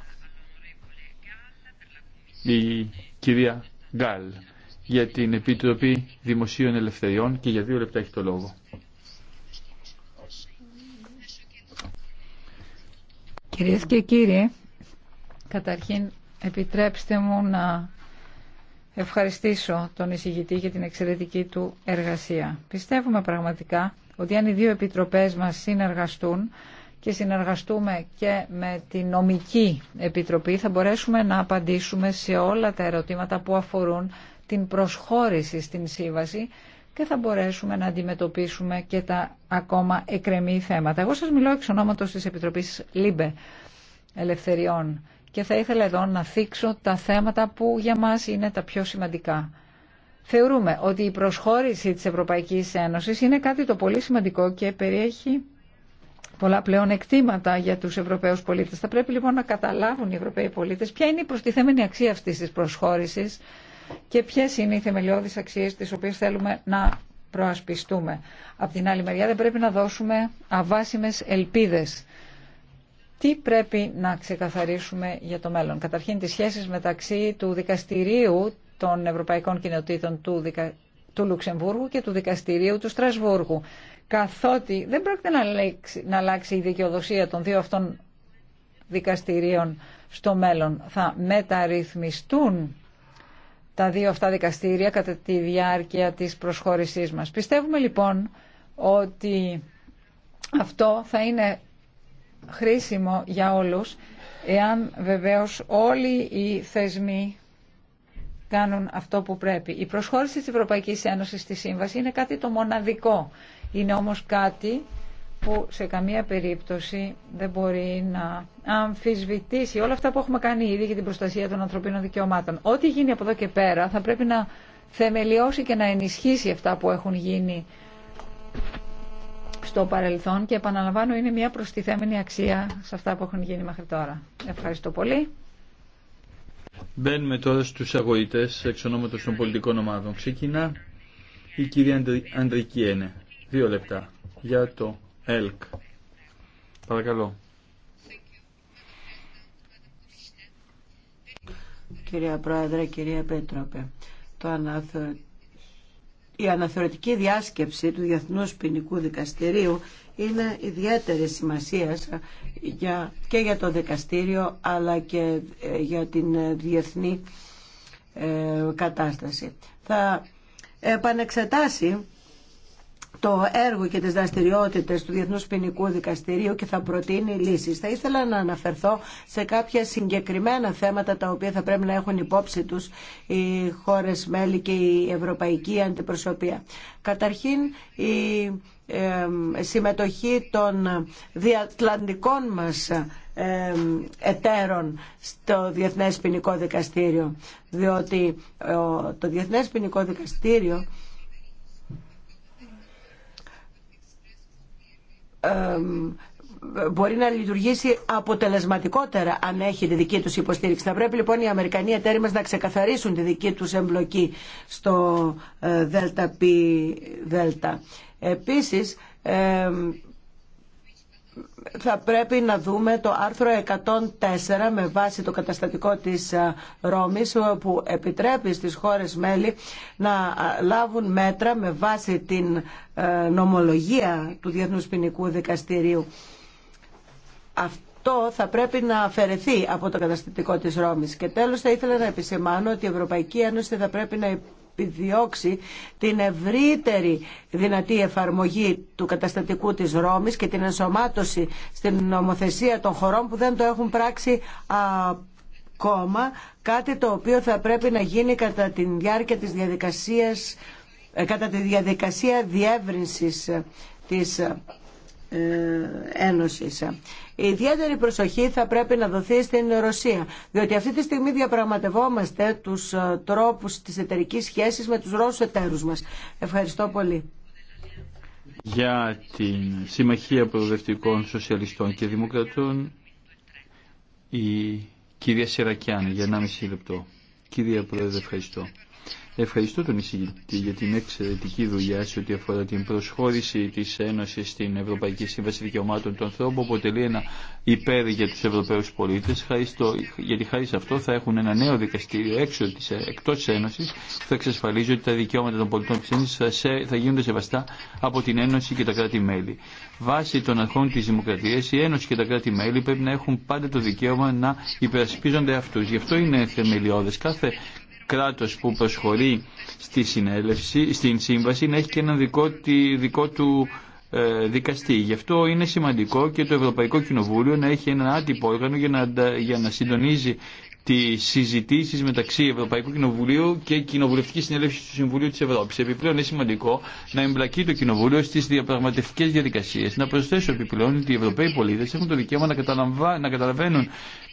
Η κυρία Γκάλ για την Επιτροπή Δημοσίων Ελευθεριών και για δύο λεπτά έχει το λόγο. Κυρίες και κύριοι, καταρχήν επιτρέψτε μου να ευχαριστήσω τον εισηγητή για την εξαιρετική του εργασία. Πιστεύουμε πραγματικά ότι αν οι δύο επιτροπές μας συνεργαστούν και συνεργαστούμε και με την νομική επιτροπή θα μπορέσουμε να απαντήσουμε σε όλα τα ερωτήματα που αφορούν την προσχώρηση στην σύμβαση και θα μπορέσουμε να αντιμετωπίσουμε και τα ακόμα εκρεμή θέματα. Εγώ σας μιλώ εξ ονόματος της Επιτροπής ΛΥΜΠΕ Ελευθεριών και θα ήθελα εδώ να θίξω τα θέματα που για μας είναι τα πιο σημαντικά. Θεωρούμε ότι η προσχώρηση της Ευρωπαϊκής Ένωσης είναι κάτι το πολύ σημαντικό και περιέχει πολλά πλέον εκτήματα για τους Ευρωπαίους πολίτες. Θα πρέπει λοιπόν να καταλάβουν οι Ευρωπαίοι πολίτες ποια είναι η προστιθέμενη αξία αυτής της προσχώρησης και ποιε είναι οι θεμελιώδεις αξίε τις οποίες θέλουμε να προασπιστούμε. Απ' την άλλη μεριά δεν πρέπει να δώσουμε αβάσιμες ελπίδες. Τι πρέπει να ξεκαθαρίσουμε για το μέλλον. Καταρχήν τις σχέσεις μεταξύ του δικαστηρίου των Ευρωπαϊκών Κοινοτήτων του, Λουξεμβούργου και του δικαστηρίου του Στρασβούργου. Καθότι δεν πρόκειται να να αλλάξει η δικαιοδοσία των δύο αυτών δικαστηρίων στο μέλλον. Θα μεταρρυθμιστούν τα δύο αυτά δικαστήρια κατά τη διάρκεια της προσχώρησής μας. Πιστεύουμε λοιπόν ότι αυτό θα είναι χρήσιμο για όλους εάν βεβαίως όλοι οι θεσμοί κάνουν αυτό που πρέπει. Η προσχώρηση της Ευρωπαϊκής Ένωσης στη Σύμβαση είναι κάτι το μοναδικό. Είναι όμως κάτι που σε καμία περίπτωση δεν μπορεί να αμφισβητήσει όλα αυτά που έχουμε κάνει ήδη για την προστασία των ανθρωπίνων δικαιωμάτων. Ό,τι γίνει από εδώ και πέρα θα πρέπει να θεμελιώσει και να ενισχύσει αυτά που έχουν γίνει στο παρελθόν και επαναλαμβάνω είναι μια προστιθέμενη αξία σε αυτά που έχουν γίνει μέχρι τώρα. Ευχαριστώ πολύ. Μπαίνουμε τώρα στους αγωγητές εξ ονόματος των πολιτικών ομάδων. Ξεκινά η κυρία Ένε. Δύο λεπτά για το ΕΛΚ. Παρακαλώ. Κυρία Πρόεδρε, κυρία Πέτροπε, το η αναθεωρητική διάσκεψη του Διεθνούς Ποινικού Δικαστηρίου είναι ιδιαίτερη σημασία για... και για το δικαστήριο αλλά και ε, για την ε, διεθνή ε, κατάσταση. Θα επανεξετάσει το έργο και τις δραστηριότητες του Διεθνούς Ποινικού Δικαστηρίου και θα προτείνει λύσεις. Θα ήθελα να αναφερθώ σε κάποια συγκεκριμένα θέματα τα οποία θα πρέπει να έχουν υπόψη τους οι χώρες μέλη και η Ευρωπαϊκή Αντιπροσωπεία. Καταρχήν η συμμετοχή των διατλαντικών μας εταίρων στο Διεθνές Ποινικό Δικαστήριο διότι το Διεθνές Ποινικό Δικαστήριο μπορεί να λειτουργήσει αποτελεσματικότερα αν έχει τη δική τους υποστήριξη. Θα πρέπει λοιπόν οι Αμερικανοί εταίροι μας να ξεκαθαρίσουν τη δική τους εμπλοκή στο ε, ΔΕΛΤΑ ΔΕΛΤΑ. Επίσης, θα πρέπει να δούμε το άρθρο 104 με βάση το καταστατικό της ε, Ρώμης που επιτρέπει στις χώρες μέλη να ε, λάβουν μέτρα με βάση την ε, νομολογία του Διεθνούς Ποινικού Δικαστηρίου. Αυτό θα πρέπει να αφαιρεθεί από το καταστατικό της Ρώμης. Και τέλος θα ήθελα να επισημάνω ότι η Ευρωπαϊκή Ένωση θα πρέπει να επιδιώξει την ευρύτερη δυνατή εφαρμογή του καταστατικού της Ρώμης και την ενσωμάτωση στην νομοθεσία των χωρών που δεν το έχουν πράξει ακόμα, κάτι το οποίο θα πρέπει να γίνει κατά τη διάρκεια της διαδικασίας ε, κατά τη διαδικασία διεύρυνσης ε, της ε, ε, Ένωση. Η ιδιαίτερη προσοχή θα πρέπει να δοθεί στην Ρωσία, διότι αυτή τη στιγμή διαπραγματευόμαστε τους ε, τρόπους της εταιρική σχέσης με τους Ρώσου εταίρου μα. Ευχαριστώ πολύ. Για την Συμμαχία Προοδευτικών Σοσιαλιστών και Δημοκρατών, η κυρία Σερακιάνη, για 1,5 λεπτό. Κυρία Πρόεδρε, ευχαριστώ. Ευχαριστώ τον εισηγητή για την εξαιρετική δουλειά σε ό,τι αφορά την προσχώρηση τη Ένωση στην Ευρωπαϊκή Σύμβαση Δικαιωμάτων του Ανθρώπου. Αποτελεί ένα υπέρ για του Ευρωπαίου πολίτε, γιατί χάρη σε αυτό θα έχουν ένα νέο δικαστήριο έξω τη εκτός Ένωση που θα εξασφαλίζει ότι τα δικαιώματα των πολιτών τη Ένωση θα, γίνονται σεβαστά από την Ένωση και τα κράτη-μέλη. Βάσει των αρχών τη Δημοκρατία, η Ένωση και τα κράτη-μέλη πρέπει να έχουν πάντα το δικαίωμα να υπερασπίζονται αυτού. Γι' αυτό είναι θεμελιώδε Κάθε κράτος που προσχωρεί στη συνέλευση, στην σύμβαση να έχει και ένα δικό, δικό του ε, δικαστή. Γι' αυτό είναι σημαντικό και το Ευρωπαϊκό Κοινοβούλιο να έχει ένα άτυπο όργανο για να, για να συντονίζει τι συζητήσει μεταξύ Ευρωπαϊκού Κοινοβουλίου και Κοινοβουλευτική Συνέλευση του Συμβουλίου τη Ευρώπη. Επιπλέον είναι σημαντικό να εμπλακεί το Κοινοβούλιο στι διαπραγματευτικέ διαδικασίε. Να προσθέσω επιπλέον ότι οι Ευρωπαίοι πολίτε έχουν το δικαίωμα να, να καταλαβαίνουν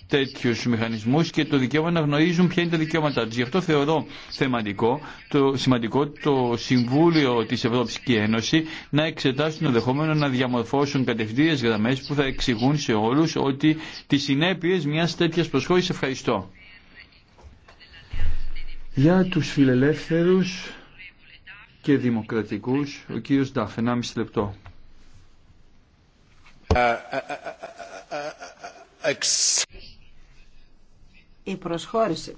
Τέτοιου μηχανισμού και το δικαίωμα να γνωρίζουν ποια είναι τα δικαιώματά τους. Γι' αυτό θεωρώ θεματικό, το, σημαντικό το Συμβούλιο της Ευρώπης και Ένωση να εξετάσουν το δεχόμενο να διαμορφώσουν κατευθείαν γραμμέ που θα εξηγούν σε όλους ότι τις συνέπειες μιας τέτοιας προσχώρηση. ευχαριστώ. Για τους φιλελεύθερους και δημοκρατικούς, ο κύριος Ντάφ, 1,5 λεπτό η προσχώρηση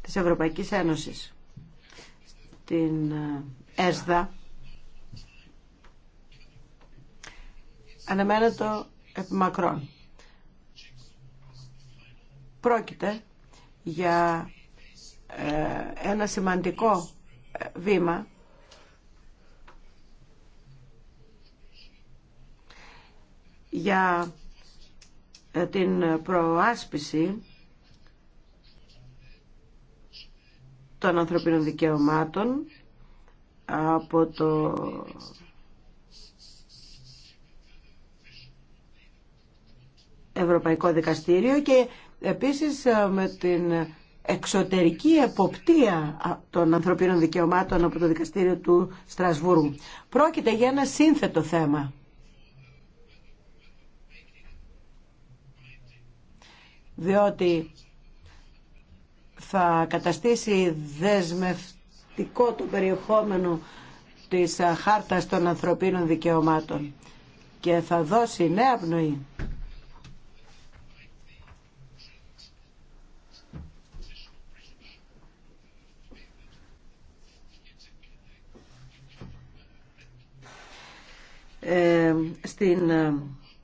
της Ευρωπαϊκής Ένωσης στην ε, ΕΣΔΑ αναμένεται το μακρόν. Πρόκειται για ε, ένα σημαντικό ε, βήμα για την προάσπιση των ανθρωπίνων δικαιωμάτων από το Ευρωπαϊκό Δικαστήριο και επίσης ε, με την εξωτερική εποπτεία των ανθρωπίνων δικαιωμάτων από το Δικαστήριο του Στρασβούργου. Πρόκειται για ένα σύνθετο θέμα. διότι θα καταστήσει δεσμευτικό το περιεχόμενο της χάρτας των ανθρωπίνων δικαιωμάτων και θα δώσει νέα πνοή. Ε, στην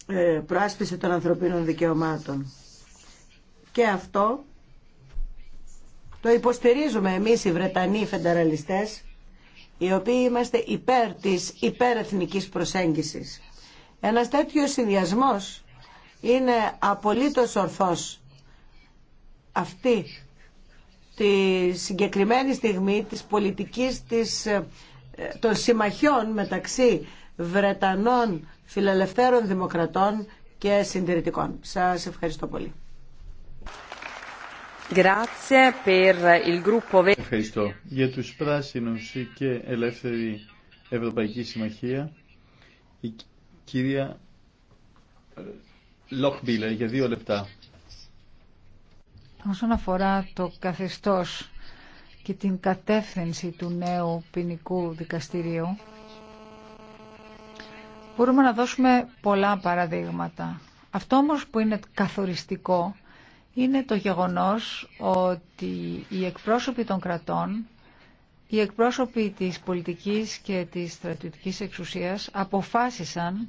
ε, προάσπιση των ανθρωπίνων δικαιωμάτων και αυτό το υποστηρίζουμε εμείς οι Βρετανοί φεντεραλιστές οι οποίοι είμαστε υπέρ της υπερεθνικής προσέγγισης. Ένας τέτοιος συνδυασμός είναι απολύτως ορθός αυτή τη συγκεκριμένη στιγμή της πολιτικής της, ε, των συμμαχιών μεταξύ Βρετανών φιλελευθέρων δημοκρατών και συντηρητικών. Σας ευχαριστώ πολύ. Ευχαριστώ. Για τους πράσινους και ελεύθερη Ευρωπαϊκή Συμμαχία, η κυρία Λόχμπιλε, για δύο λεπτά. Όσον αφορά το καθεστώς και την κατεύθυνση του νέου ποινικού δικαστηρίου, μπορούμε να δώσουμε πολλά παραδείγματα. Αυτό όμως που είναι καθοριστικό είναι το γεγονός ότι οι εκπρόσωποι των κρατών, οι εκπρόσωποι της πολιτικής και της στρατιωτικής εξουσίας αποφάσισαν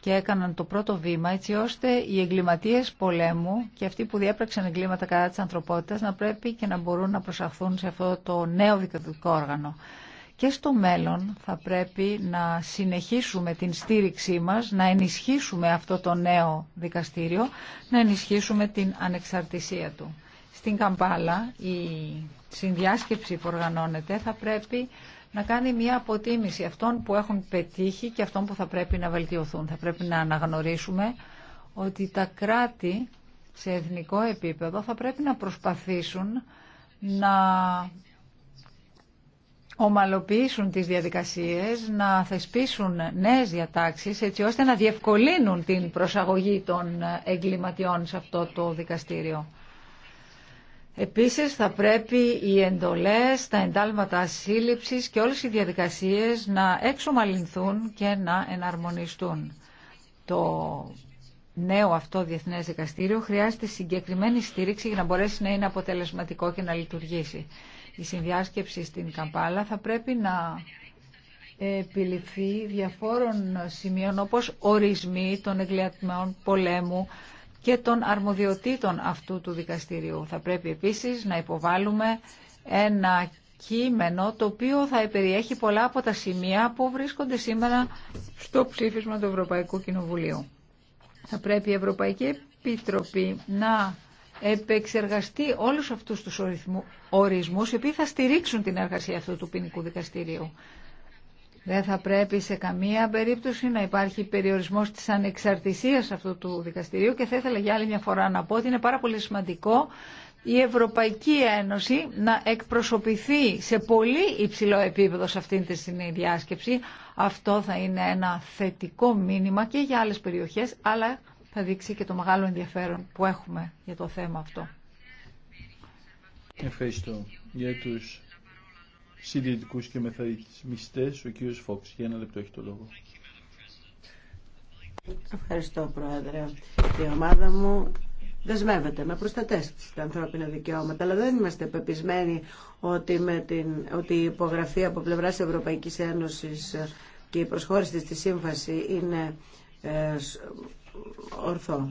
και έκαναν το πρώτο βήμα έτσι ώστε οι εγκληματίες πολέμου και αυτοί που διέπραξαν εγκλήματα κατά της ανθρωπότητας να πρέπει και να μπορούν να προσαχθούν σε αυτό το νέο δικαιωτικό όργανο και στο μέλλον θα πρέπει να συνεχίσουμε την στήριξή μας, να ενισχύσουμε αυτό το νέο δικαστήριο, να ενισχύσουμε την ανεξαρτησία του. Στην Καμπάλα η συνδιάσκεψη που οργανώνεται θα πρέπει να κάνει μια αποτίμηση αυτών που έχουν πετύχει και αυτών που θα πρέπει να βελτιωθούν. Θα πρέπει να αναγνωρίσουμε ότι τα κράτη σε εθνικό επίπεδο θα πρέπει να προσπαθήσουν να ομαλοποιήσουν τις διαδικασίες, να θεσπίσουν νέες διατάξεις έτσι ώστε να διευκολύνουν την προσαγωγή των εγκληματιών σε αυτό το δικαστήριο. Επίσης θα πρέπει οι εντολές, τα εντάλματα σύλληψης και όλες οι διαδικασίες να εξομαλυνθούν και να εναρμονιστούν. Το νέο αυτό διεθνές δικαστήριο χρειάζεται συγκεκριμένη στήριξη για να μπορέσει να είναι αποτελεσματικό και να λειτουργήσει η συνδιάσκεψη στην Καμπάλα θα πρέπει να επιληφθεί διαφόρων σημείων όπως ορισμοί των εγκληματών πολέμου και των αρμοδιοτήτων αυτού του δικαστηρίου. Θα πρέπει επίσης να υποβάλουμε ένα κείμενο το οποίο θα περιέχει πολλά από τα σημεία που βρίσκονται σήμερα στο ψήφισμα του Ευρωπαϊκού Κοινοβουλίου. Θα πρέπει η Ευρωπαϊκή Επιτροπή να επεξεργαστεί όλους αυτούς τους ορισμού, ορισμούς οι οποίοι θα στηρίξουν την εργασία αυτού του ποινικού δικαστηρίου. Δεν θα πρέπει σε καμία περίπτωση να υπάρχει περιορισμός της ανεξαρτησίας αυτού του δικαστηρίου και θα ήθελα για άλλη μια φορά να πω ότι είναι πάρα πολύ σημαντικό η Ευρωπαϊκή Ένωση να εκπροσωπηθεί σε πολύ υψηλό επίπεδο σε αυτήν τη συνειδιάσκεψη. Αυτό θα είναι ένα θετικό μήνυμα και για άλλες περιοχές, αλλά θα δείξει και το μεγάλο ενδιαφέρον που έχουμε για το θέμα αυτό. Ευχαριστώ. Για τους συντηρητικούς και μεθαρισμιστές, ο κύριος Φόξ. Για ένα λεπτό έχει το λόγο. Ευχαριστώ, Πρόεδρε. Η ομάδα μου δεσμεύεται να προστατέψει τα ανθρώπινα δικαιώματα, αλλά δεν είμαστε πεπισμένοι ότι, με την, ότι η υπογραφή από πλευρά Ευρωπαϊκή Ένωση και η προσχώρηση στη Σύμφαση είναι ε, ορθό.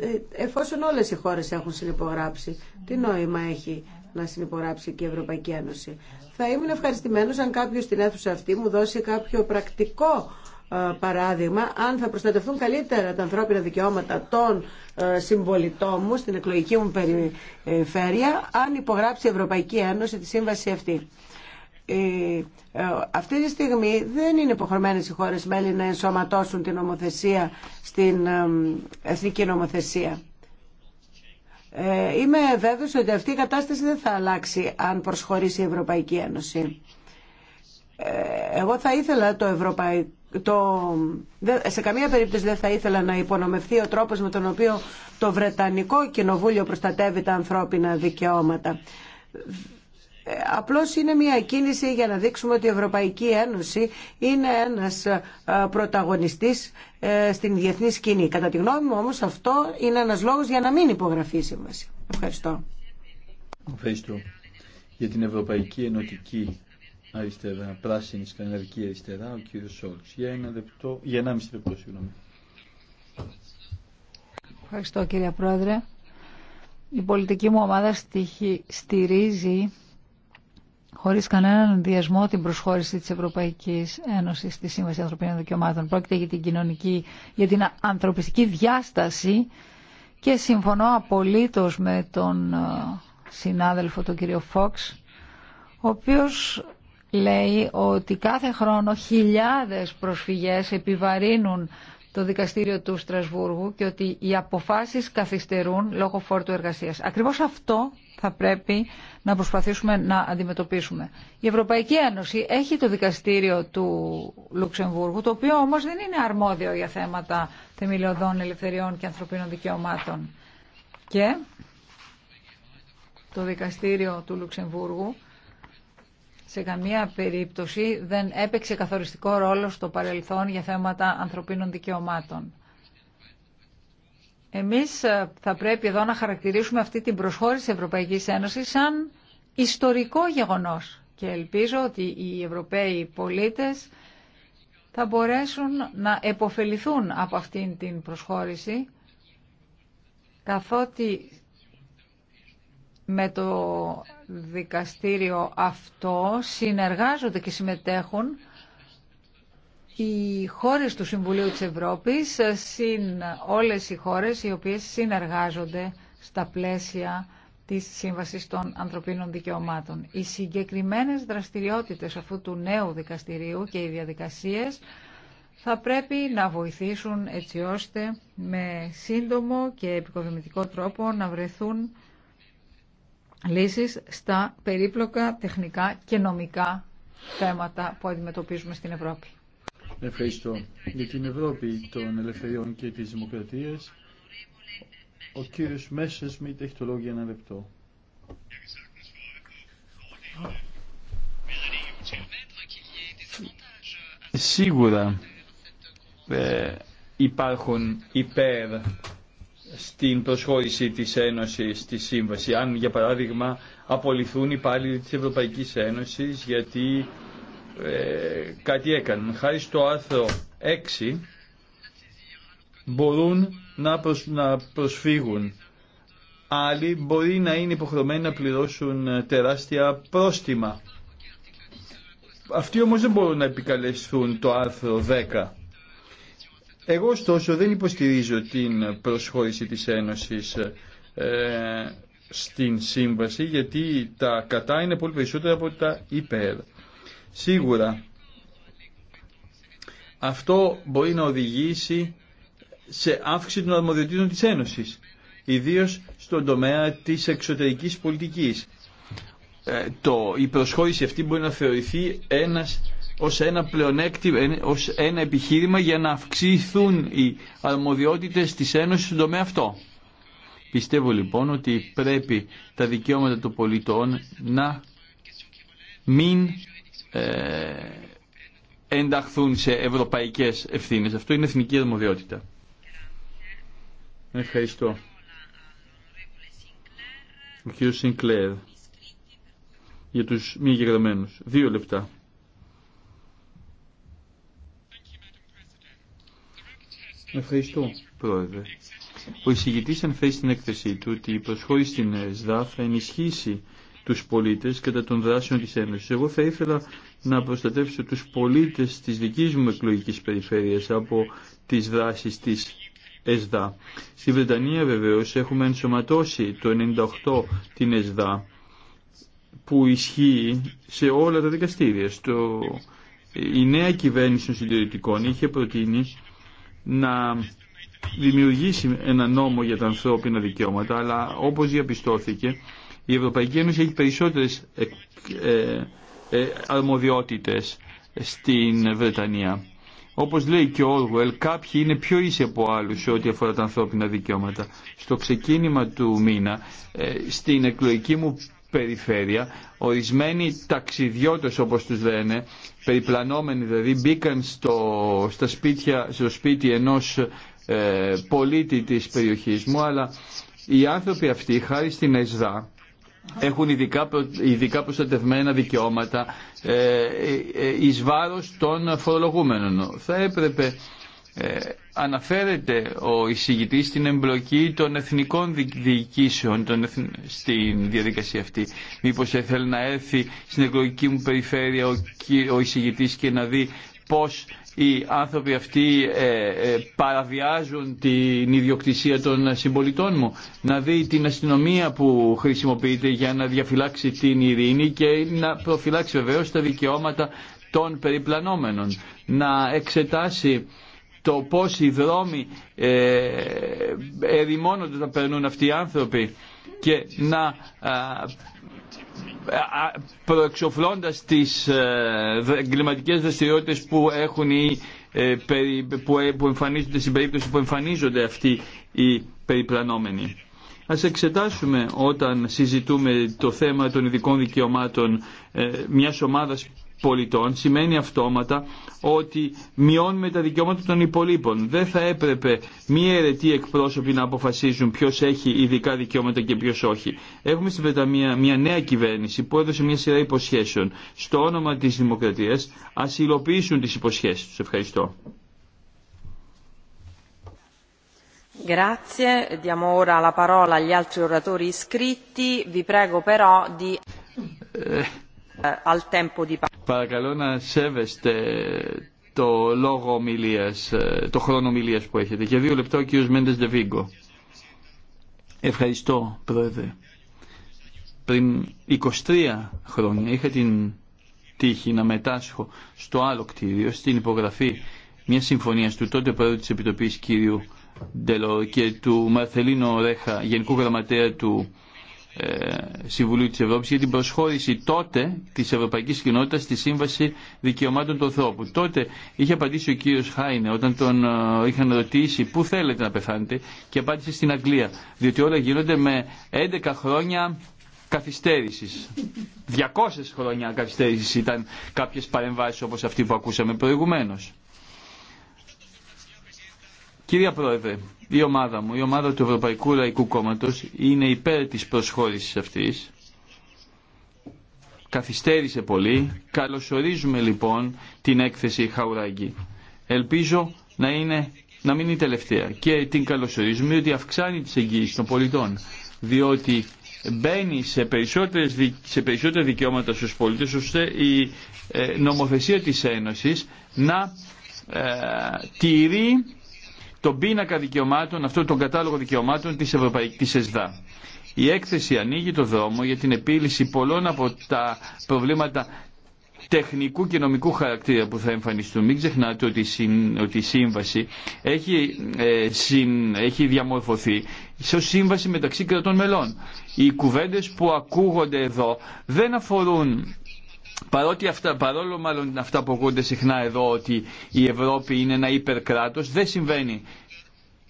Ε, εφόσον όλες οι χώρες έχουν συνυπογράψει, τι νόημα έχει να συνυπογράψει και η Ευρωπαϊκή Ένωση. Θα ήμουν ευχαριστημένος αν κάποιο στην αίθουσα αυτή μου δώσει κάποιο πρακτικό ε, παράδειγμα, αν θα προστατευτούν καλύτερα τα ανθρώπινα δικαιώματα των ε, συμπολιτών μου στην εκλογική μου περιφέρεια, αν υπογράψει η Ευρωπαϊκή Ένωση τη σύμβαση αυτή. Ε, αυτή τη στιγμή δεν είναι υποχρεωμένες οι χώρες μέλη να ενσωματώσουν την νομοθεσία στην ε, εθνική νομοθεσία. Ε, είμαι βέβαιος ότι αυτή η κατάσταση δεν θα αλλάξει αν προσχωρήσει η Ευρωπαϊκή Ένωση. Εγώ θα ήθελα το Ευρωπαϊκό το, σε καμία περίπτωση δεν θα ήθελα να υπονομευθεί ο τρόπος με τον οποίο το Βρετανικό Κοινοβούλιο προστατεύει τα ανθρώπινα δικαιώματα απλώς είναι μια κίνηση για να δείξουμε ότι η Ευρωπαϊκή Ένωση είναι ένας ε, πρωταγωνιστής ε, στην διεθνή σκηνή. Κατά τη γνώμη μου όμως αυτό είναι ένας λόγος για να μην υπογραφεί η σύμβαση. Ευχαριστώ. Ευχαριστώ. Για την Ευρωπαϊκή Ενωτική Αριστερά, Πράσινη Σκανδαλική Αριστερά, ο κύριος Σόλτ. Για ένα λεπτό, για ένα μισή λεπτό, συγγνώμη. Ευχαριστώ κύριε Πρόεδρε. Η πολιτική μου ομάδα στηρίζει χωρίς κανέναν ενδιασμό την προσχώρηση της Ευρωπαϊκής Ένωσης στη Σύμβαση Ανθρωπίνων Δικαιωμάτων. Πρόκειται για την κοινωνική, για την ανθρωπιστική διάσταση και συμφωνώ απολύτως με τον ε, συνάδελφο τον κύριο Φόξ, ο οποίος λέει ότι κάθε χρόνο χιλιάδες προσφυγές επιβαρύνουν το δικαστήριο του Στρασβούργου και ότι οι αποφάσεις καθυστερούν λόγω φόρτου εργασίας. Ακριβώς αυτό θα πρέπει να προσπαθήσουμε να αντιμετωπίσουμε. Η Ευρωπαϊκή Ένωση έχει το δικαστήριο του Λουξεμβούργου, το οποίο όμως δεν είναι αρμόδιο για θέματα θεμελιωδών ελευθεριών και ανθρωπίνων δικαιωμάτων. Και το δικαστήριο του Λουξεμβούργου σε καμία περίπτωση δεν έπαιξε καθοριστικό ρόλο στο παρελθόν για θέματα ανθρωπίνων δικαιωμάτων. Εμείς ε, θα πρέπει εδώ να χαρακτηρίσουμε αυτή την προσχώρηση της Ευρωπαϊκής Ένωσης σαν ιστορικό γεγονός και ελπίζω ότι οι Ευρωπαίοι πολίτες θα μπορέσουν να επωφεληθούν από αυτήν την προσχώρηση καθότι με το δικαστήριο αυτό συνεργάζονται και συμμετέχουν οι χώρες του Συμβουλίου της Ευρώπης, συν όλες οι χώρες οι οποίες συνεργάζονται στα πλαίσια της Σύμβασης των Ανθρωπίνων Δικαιωμάτων. Οι συγκεκριμένες δραστηριότητες αυτού του νέου δικαστηρίου και οι διαδικασίες θα πρέπει να βοηθήσουν έτσι ώστε με σύντομο και επικοδομητικό τρόπο να βρεθούν λύσεις στα περίπλοκα τεχνικά και νομικά θέματα που αντιμετωπίζουμε στην Ευρώπη. Ευχαριστώ. Για την Ευρώπη των Ελευθεριών και της Δημοκρατίας, ο κύριος Μέσες Μιτ έχει το λόγο για ένα λεπτό. Σίγουρα ε, υπάρχουν υπέρ στην προσχώρηση της Ένωσης στη Σύμβαση. Αν, για παράδειγμα, απολυθούν οι υπάλληλοι τη Ευρωπαϊκής Ένωσης γιατί ε, κάτι έκαναν. Χάρη στο άρθρο 6 μπορούν να, να προσφύγουν. Άλλοι μπορεί να είναι υποχρεωμένοι να πληρώσουν ε, τεράστια πρόστιμα. Αυτοί όμως δεν μπορούν να επικαλεστούν το άρθρο 10 εγώ ωστόσο δεν υποστηρίζω την προσχώρηση της Ένωσης ε, στην σύμβαση γιατί τα κατά είναι πολύ περισσότερα από τα υπέρ. Σίγουρα αυτό μπορεί να οδηγήσει σε αύξηση των αρμοδιοτήτων της Ένωσης, ιδίως στον τομέα της εξωτερικής πολιτικής. Ε, το, η προσχώρηση αυτή μπορεί να θεωρηθεί ένας ως ένα, ως ένα επιχείρημα για να αυξηθούν οι αρμοδιότητες της Ένωσης στον τομέα αυτό. Πιστεύω λοιπόν ότι πρέπει τα δικαιώματα των πολιτών να μην ε, ενταχθούν σε ευρωπαϊκές ευθύνες. Αυτό είναι εθνική αρμοδιότητα. Ευχαριστώ. Ο κύριος Σινκλέρ για τους μη γεγραμμένους. Δύο λεπτά. Ευχαριστώ, Πρόεδρε. Ο εισηγητής ανθέσει στην έκθεσή του ότι η προσχώρηση στην ΕΣΔΑ θα ενισχύσει τους πολίτες κατά των δράσεων της Ένωσης. Εγώ θα ήθελα να προστατεύσω τους πολίτες της δικής μου εκλογικής περιφέρειας από τις δράσεις της ΕΣΔΑ. Στη Βρετανία βεβαίως έχουμε ενσωματώσει το 98 την ΕΣΔΑ που ισχύει σε όλα τα δικαστήρια. Στο... Η νέα κυβέρνηση των συντηρητικών είχε προτείνει να δημιουργήσει ένα νόμο για τα ανθρώπινα δικαιώματα, αλλά όπως διαπιστώθηκε, η Ευρωπαϊκή Ένωση έχει περισσότερες ε, ε, αρμοδιότητες στην Βρετανία. Όπως λέει και ο Όργουελ, κάποιοι είναι πιο ίσοι από άλλους σε ό,τι αφορά τα ανθρώπινα δικαιώματα. Στο ξεκίνημα του μήνα, ε, στην εκλογική μου περιφέρεια, ορισμένοι ταξιδιώτες όπως τους λένε, περιπλανόμενοι δηλαδή, μπήκαν στο, στα σπίτια, στο σπίτι ενός ε, πολίτη της περιοχής μου, αλλά οι άνθρωποι αυτοί, χάρη στην ΕΣΔΑ, έχουν ειδικά, ειδικά προστατευμένα δικαιώματα ε, ε, ε, εις βάρος των φορολογούμενων. Θα έπρεπε αναφέρεται ο εισηγητής στην εμπλοκή των εθνικών διοικήσεων των στην διαδικασία αυτή. Μήπως θέλει να έρθει στην εκλογική μου περιφέρεια ο, ο εισηγητής και να δει πώς οι άνθρωποι αυτοί ε, ε, παραβιάζουν την ιδιοκτησία των συμπολιτών μου. Να δει την αστυνομία που χρησιμοποιείται για να διαφυλάξει την ειρήνη και να προφυλάξει βεβαίως τα δικαιώματα των περιπλανόμενων. Να εξετάσει το πώς οι δρόμοι ε, ερημώνονται να περνούν αυτοί οι άνθρωποι και να προεξοφλώντας τις ε, εγκληματικές δραστηριότητε που έχουν ε, που εμφανίζονται στην περίπτωση που εμφανίζονται αυτοί οι περιπλανόμενοι. Ας εξετάσουμε όταν συζητούμε το θέμα των ειδικών δικαιωμάτων μιας ομάδας πολιτών σημαίνει αυτόματα ότι μειώνουμε τα δικαιώματα των υπολείπων. Δεν θα έπρεπε μία αιρετή εκπρόσωποι να αποφασίζουν ποιο έχει ειδικά δικαιώματα και ποιο όχι. Έχουμε στην Βρετανία μια νέα κυβέρνηση που έδωσε μια σειρά υποσχέσεων. Στο όνομα τη δημοκρατία α υλοποιήσουν τι υποσχέσει του. Ευχαριστώ. Grazie, diamo ora la parola agli altri ε, ε, Παρακαλώ να σέβεστε το λόγο ομιλίας, ε, το χρόνο ομιλίας που έχετε. Για δύο λεπτά ο κύριος Μέντες Δεβίγκο. Ευχαριστώ, Πρόεδρε. Πριν 23 χρόνια είχα την τύχη να μετάσχω στο άλλο κτίριο, στην υπογραφή μια συμφωνία του τότε Πρόεδρου της Επιτροπής κύριου Ντελόρ και του Μαρθελίνο Ρέχα, Γενικού Γραμματέα του ε, Συμβουλίου της Ευρώπης για την προσχώρηση τότε της Ευρωπαϊκής Κοινότητας στη Σύμβαση Δικαιωμάτων του Ανθρώπου. Τότε είχε απαντήσει ο κύριος Χάινε όταν τον ε, είχαν ρωτήσει πού θέλετε να πεθάνετε και απάντησε στην Αγγλία, διότι όλα γίνονται με 11 χρόνια καθυστέρησης. 200 χρόνια καθυστέρησης ήταν κάποιες παρεμβάσεις όπως αυτή που ακούσαμε προηγουμένως. Κυρία Πρόεδρε, η ομάδα μου, η ομάδα του Ευρωπαϊκού Λαϊκού Κόμματο είναι υπέρ τη προσχώρηση αυτή, Καθυστέρησε πολύ. Καλωσορίζουμε λοιπόν την έκθεση Χαουράγκη. Ελπίζω να, είναι, να μην είναι τελευταία. Και την καλωσορίζουμε διότι αυξάνει τι εγγύησει των πολιτών. Διότι μπαίνει σε, περισσότερες, σε περισσότερα δικαιώματα στου πολίτε, ώστε η ε, νομοθεσία της Ένωσης να ε, τηρεί τον πίνακα δικαιωμάτων, αυτό τον κατάλογο δικαιωμάτων της Ευρωπαϊκής ΕΣΔΑ. Η έκθεση ανοίγει το δρόμο για την επίλυση πολλών από τα προβλήματα τεχνικού και νομικού χαρακτήρα που θα εμφανιστούν. Μην ξεχνάτε ότι η σύμβαση έχει, ε, έχει διαμορφωθεί σε σύμβαση μεταξύ κρατών μελών. Οι κουβέντες που ακούγονται εδώ δεν αφορούν Παρότι αυτά, παρόλο μάλλον αυτά που ακούγονται συχνά εδώ ότι η Ευρώπη είναι ένα υπερκράτος, δεν συμβαίνει.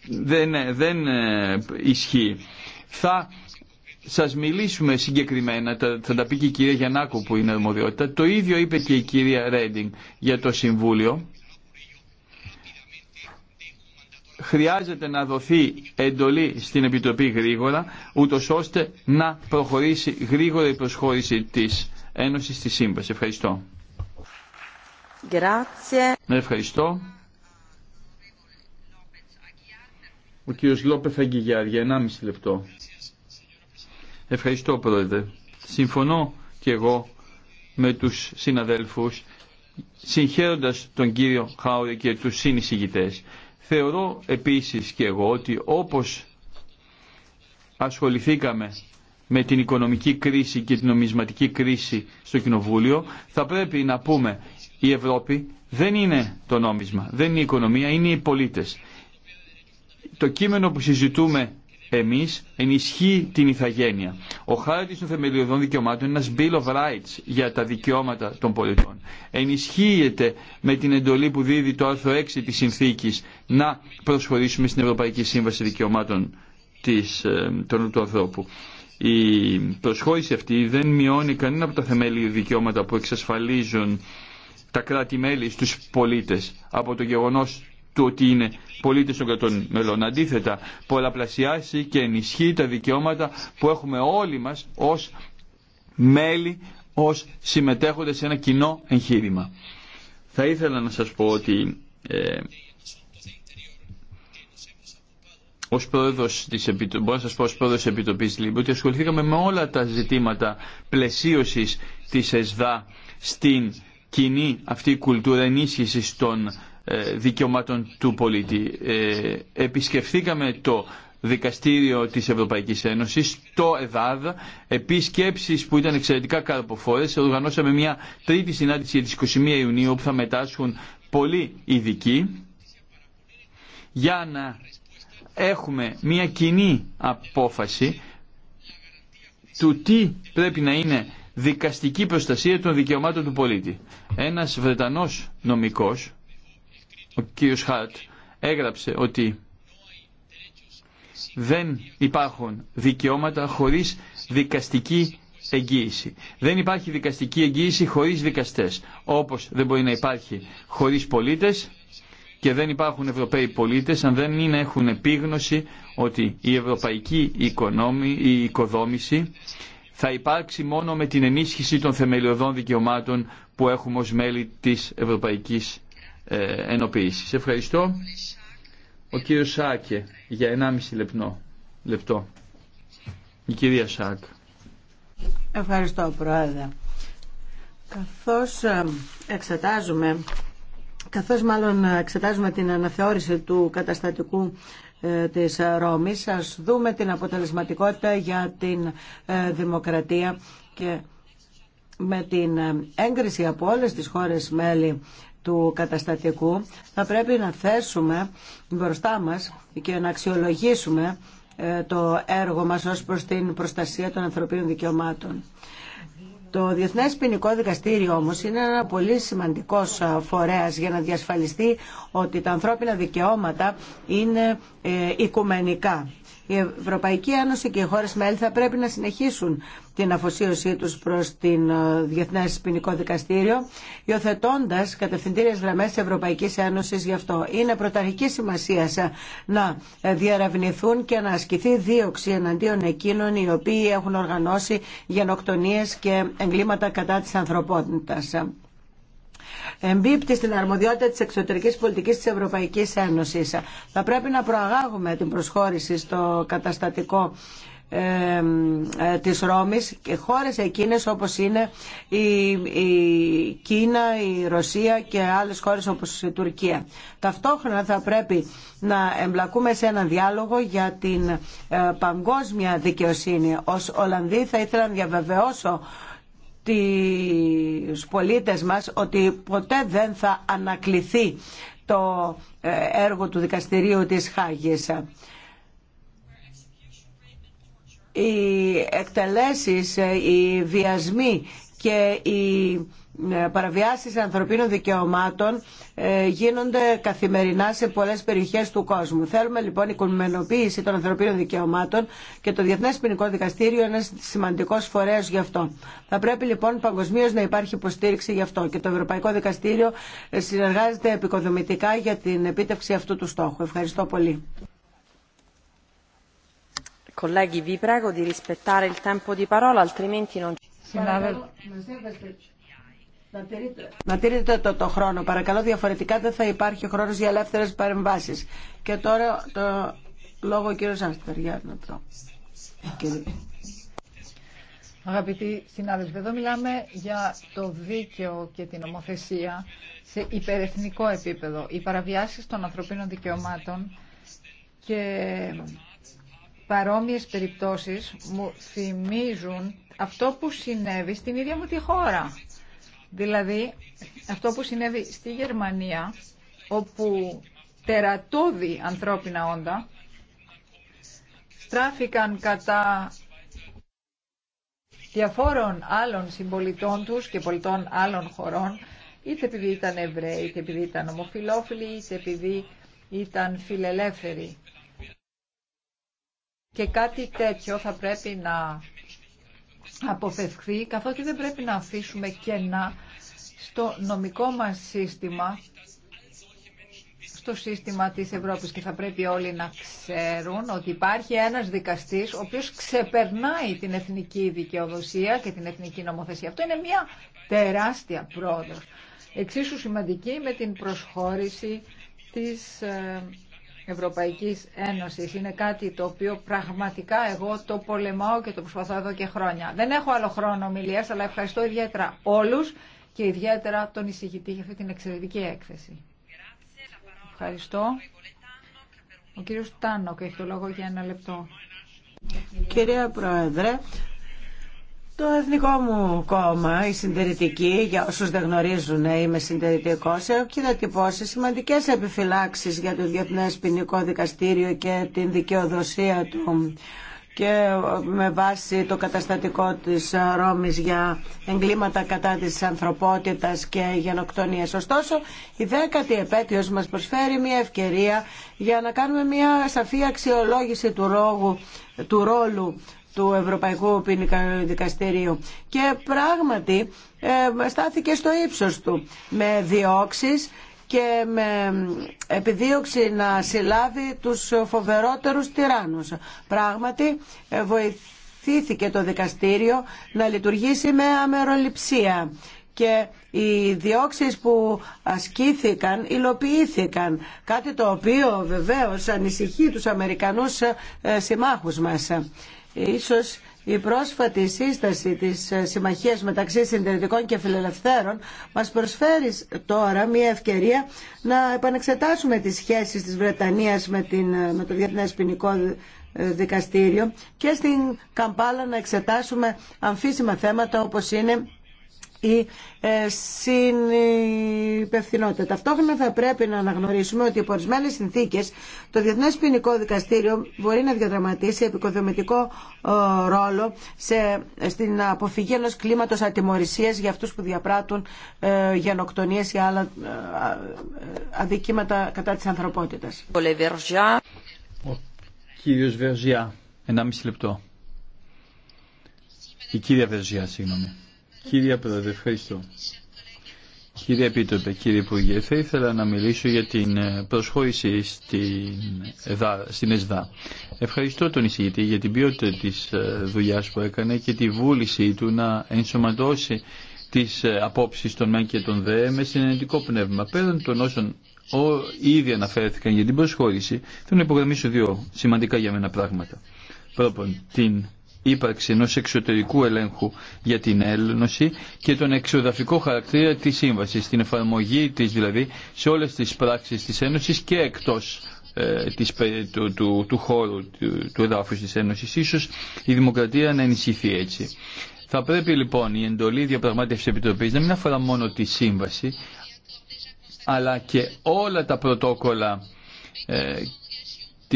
Δεν, δεν ε, ισχύει. Θα σας μιλήσουμε συγκεκριμένα, θα τα πει και η κυρία Γιαννάκου που είναι αρμοδιότητα, το ίδιο είπε και η κυρία Ρέντινγκ για το Συμβούλιο. Χρειάζεται να δοθεί εντολή στην Επιτροπή γρήγορα, ούτω ώστε να προχωρήσει γρήγορα η προσχώρηση της Ένωση της σύμβαση. Ευχαριστώ. Ναι, ευχαριστώ. Ο κύριος Λόπεθ Αγγιγιάρ για 1,5 λεπτό. Ευχαριστώ πρόεδρε. Συμφωνώ και εγώ με τους συναδέλφους συγχαίροντας τον κύριο Χάουρη και τους συνεισηγητές. Θεωρώ επίσης και εγώ ότι όπως ασχοληθήκαμε με την οικονομική κρίση και την νομισματική κρίση στο Κοινοβούλιο, θα πρέπει να πούμε η Ευρώπη δεν είναι το νόμισμα, δεν είναι η οικονομία, είναι οι πολίτες. Το κείμενο που συζητούμε εμείς ενισχύει την ηθαγένεια. Ο χάρτης των θεμελιωδών δικαιωμάτων είναι ένας Bill of Rights για τα δικαιώματα των πολιτών. Ενισχύεται με την εντολή που δίδει το άρθρο 6 της συνθήκης να προσχωρήσουμε στην Ευρωπαϊκή Σύμβαση Δικαιωμάτων της, ε, του ανθρώπου. Η προσχώρηση αυτή δεν μειώνει κανένα από τα θεμέλια δικαιώματα που εξασφαλίζουν τα κράτη-μέλη στους πολίτες από το γεγονός του ότι είναι πολίτες των κρατών μελών. Αντίθετα, πολλαπλασιάσει και ενισχύει τα δικαιώματα που έχουμε όλοι μας ως μέλη, ως συμμετέχοντες σε ένα κοινό εγχείρημα. Θα ήθελα να σας πω ότι ε, ως πρόεδρος της, μπορώ να πω ω πρόεδρο τη επιτροπή ΛΥΜΠΟ, ότι ασχοληθήκαμε με όλα τα ζητήματα πλαισίωση τη ΕΣΔΑ στην κοινή αυτή κουλτούρα ενίσχυση των ε, δικαιωμάτων του πολίτη. Ε, επισκεφθήκαμε το Δικαστήριο της Ευρωπαϊκής Ένωσης, το ΕΔΑΔ, επισκέψεις που ήταν εξαιρετικά καρποφόρες. Οργανώσαμε μια τρίτη συνάντηση για 21 Ιουνίου που θα μετάσχουν πολλοί ειδικοί για να έχουμε μια κοινή απόφαση του τι πρέπει να είναι δικαστική προστασία των δικαιωμάτων του πολίτη. Ένας Βρετανός νομικός, ο κύριος Χάρτ, έγραψε ότι δεν υπάρχουν δικαιώματα χωρίς δικαστική εγγύηση. Δεν υπάρχει δικαστική εγγύηση χωρίς δικαστές, όπως δεν μπορεί να υπάρχει χωρίς πολίτες και δεν υπάρχουν Ευρωπαίοι πολίτες αν δεν είναι, έχουν επίγνωση ότι η ευρωπαϊκή οικονόμη, η οικοδόμηση θα υπάρξει μόνο με την ενίσχυση των θεμελιωδών δικαιωμάτων που έχουμε ως μέλη της Ευρωπαϊκής ε, Ενοποίησης. Ευχαριστώ. Ο κύριος Σάκε για 1,5 λεπτό. λεπτό. Η κυρία Σάκ. Ευχαριστώ Πρόεδρε. Καθώς ε, εξετάζουμε Καθώς μάλλον εξετάζουμε την αναθεώρηση του καταστατικού ε, της Ρώμης, ας δούμε την αποτελεσματικότητα για την ε, δημοκρατία και με την ε, έγκριση από όλες τις χώρες μέλη του καταστατικού θα πρέπει να θέσουμε μπροστά μας και να αξιολογήσουμε το έργο μας ως προς την προστασία των ανθρωπίνων δικαιωμάτων. Το Διεθνές Ποινικό Δικαστήριο όμως είναι ένα πολύ σημαντικός φορέας για να διασφαλιστεί ότι τα ανθρώπινα δικαιώματα είναι ε, οικουμενικά. Η Ευρωπαϊκή Ένωση και οι χώρες μέλη θα πρέπει να συνεχίσουν την αφοσίωσή του προς την ε, Διεθνέ Ποινικό Δικαστήριο, υιοθετώντα κατευθυντήριε γραμμέ τη Ευρωπαϊκή Ένωση γι' αυτό. Είναι πρωταρχική σημασία ε, να ε, διαρευνηθούν και να ασκηθεί δίωξη εναντίον εκείνων οι οποίοι έχουν οργανώσει γενοκτονίε και εγκλήματα κατά της ανθρωπότητα εμπίπτει στην αρμοδιότητα της εξωτερικής πολιτικής της Ευρωπαϊκής Ένωσης. Θα πρέπει να προαγάγουμε την προσχώρηση στο καταστατικό ε, ε, της Ρώμης και χώρες εκείνες όπως είναι η Κίνα, η Ρωσία και άλλες χώρες όπως η Τουρκία. Ταυτόχρονα θα πρέπει να εμπλακούμε σε έναν διάλογο για την ε, παγκόσμια δικαιοσύνη. Ως Ολλανδή θα ήθελα να διαβεβαιώσω τις πολίτες μας ότι ποτέ δεν θα ανακληθεί το ε, έργο του δικαστηρίου της Χάγης. Οι εκτελέσεις, ε, οι βιασμοί και οι ε, παραβιάσεις ανθρωπίνων δικαιωμάτων ε, γίνονται καθημερινά σε πολλές περιοχές του κόσμου. Θέλουμε λοιπόν η κομμενοποίηση των ανθρωπίνων δικαιωμάτων και το Διεθνές Ποινικό Δικαστήριο είναι ένας σημαντικός φορέας γι' αυτό. Θα πρέπει λοιπόν παγκοσμίω να υπάρχει υποστήριξη γι' αυτό και το Ευρωπαϊκό Δικαστήριο ε, συνεργάζεται επικοδομητικά για την επίτευξη αυτού του στόχου. Ευχαριστώ πολύ. Να τηρείτε, το, το χρόνο, παρακαλώ, διαφορετικά δεν θα υπάρχει χρόνος για ελεύθερες παρεμβάσεις. Και τώρα το λόγο ο κύριος Άστερ, για να Αγαπητοί συνάδελφοι, εδώ μιλάμε για το δίκαιο και την ομοθεσία σε υπερεθνικό επίπεδο. Οι παραβιάσεις των ανθρωπίνων δικαιωμάτων και παρόμοιες περιπτώσεις μου θυμίζουν αυτό που συνέβη στην ίδια μου τη χώρα. Δηλαδή, αυτό που συνέβη στη Γερμανία, όπου τερατώδη ανθρώπινα όντα στράφηκαν κατά διαφόρων άλλων συμπολιτών τους και πολιτών άλλων χωρών, είτε επειδή ήταν Εβραίοι, είτε επειδή ήταν ομοφιλόφιλοι, είτε επειδή ήταν φιλελεύθεροι. Και κάτι τέτοιο θα πρέπει να αποφευχθεί, καθότι δεν πρέπει να αφήσουμε κενά στο νομικό μας σύστημα, στο σύστημα της Ευρώπης και θα πρέπει όλοι να ξέρουν ότι υπάρχει ένας δικαστής ο οποίος ξεπερνάει την εθνική δικαιοδοσία και την εθνική νομοθεσία. Αυτό είναι μια τεράστια πρόοδος. Εξίσου σημαντική με την προσχώρηση της ε, Ευρωπαϊκής Ένωσης είναι κάτι το οποίο πραγματικά εγώ το πολεμάω και το προσπαθώ εδώ και χρόνια. Δεν έχω άλλο χρόνο ομιλία, αλλά ευχαριστώ ιδιαίτερα όλους και ιδιαίτερα τον εισηγητή για αυτή την εξαιρετική έκθεση. Ευχαριστώ. Ο κύριος Τάνοκ έχει το λόγο για ένα λεπτό. Κυρία Πρόεδρε, το εθνικό μου κόμμα, η συντηρητική, για όσους δεν γνωρίζουν ναι, είμαι συντηρητικός, έχει διατυπώσει σημαντικές επιφυλάξεις για το Διεθνές Ποινικό Δικαστήριο και την δικαιοδοσία του και με βάση το καταστατικό της Ρώμης για εγκλήματα κατά της ανθρωπότητας και γενοκτονίες. Ωστόσο, η δέκατη επέτειος μας προσφέρει μια ευκαιρία για να κάνουμε μια σαφή αξιολόγηση του ρόλου του Ευρωπαϊκού Ποινικού Δικαστηρίου και πράγματι ε, στάθηκε στο ύψος του με διώξεις και με επιδίωξη να συλλάβει τους φοβερότερους τυράννους. Πράγματι ε, βοηθήθηκε το δικαστήριο να λειτουργήσει με αμεροληψία και οι διώξει που ασκήθηκαν υλοποιήθηκαν, κάτι το οποίο βεβαίως ανησυχεί τους Αμερικανούς ε, συμμάχους μας. Ίσως η πρόσφατη σύσταση της ε, συμμαχίας μεταξύ συντηρητικών και φιλελευθέρων μας προσφέρει τώρα μια ευκαιρία να επανεξετάσουμε τις σχέσεις της Βρετανίας με, την, ε, το Διεθνές Ποινικό ε, Δικαστήριο και στην Καμπάλα να εξετάσουμε αμφίσιμα θέματα όπως είναι η ε, συνυπευθυνότητα. Ταυτόχρονα θα πρέπει να αναγνωρίσουμε ότι υπό ορισμένε συνθήκε το Διεθνέ Ποινικό Δικαστήριο μπορεί να διαδραματίσει επικοδομητικό ε, ρόλο σε, στην αποφυγή ενό κλίματο ατιμορρησία για αυτού που διαπράττουν ε, γενοκτονίε ή άλλα ε, αδικήματα κατά τη ανθρωπότητα. Ο κύριος Βερζιά, 1,5 λεπτό. Η κυρία ο 15 λεπτο συγγνώμη. Κύριε Πρόεδρε, ευχαριστώ. Κύριε Επίτροπε, κύριε Υπουργέ, θα ήθελα να μιλήσω για την ε, προσχώρηση στην, ΕΔΑ, στην ΕΣΔΑ. Ευχαριστώ τον εισηγητή για την ποιότητα της ε, δουλειάς που έκανε και τη βούλησή του να ενσωματώσει τις ε, απόψεις των ΜΕΝ και των ΔΕ με συνενετικό πνεύμα. Πέραν των όσων ήδη αναφέρθηκαν για την προσχώρηση, θέλω να υπογραμμίσω δύο σημαντικά για μένα πράγματα. Πρώτον, την ύπαρξη ενός εξωτερικού ελέγχου για την Ένωση και τον εξοδαφικό χαρακτήρα της Σύμβασης, την εφαρμογή της δηλαδή σε όλες τις πράξεις της Ένωσης και εκτός ε, του, του, του, χώρου του, του εδάφους της Ένωσης. Ίσως η δημοκρατία να ενισχυθεί έτσι. Θα πρέπει λοιπόν η εντολή διαπραγμάτευσης επιτροπής να μην αφορά μόνο τη σύμβαση αλλά και όλα τα πρωτόκολλα ε,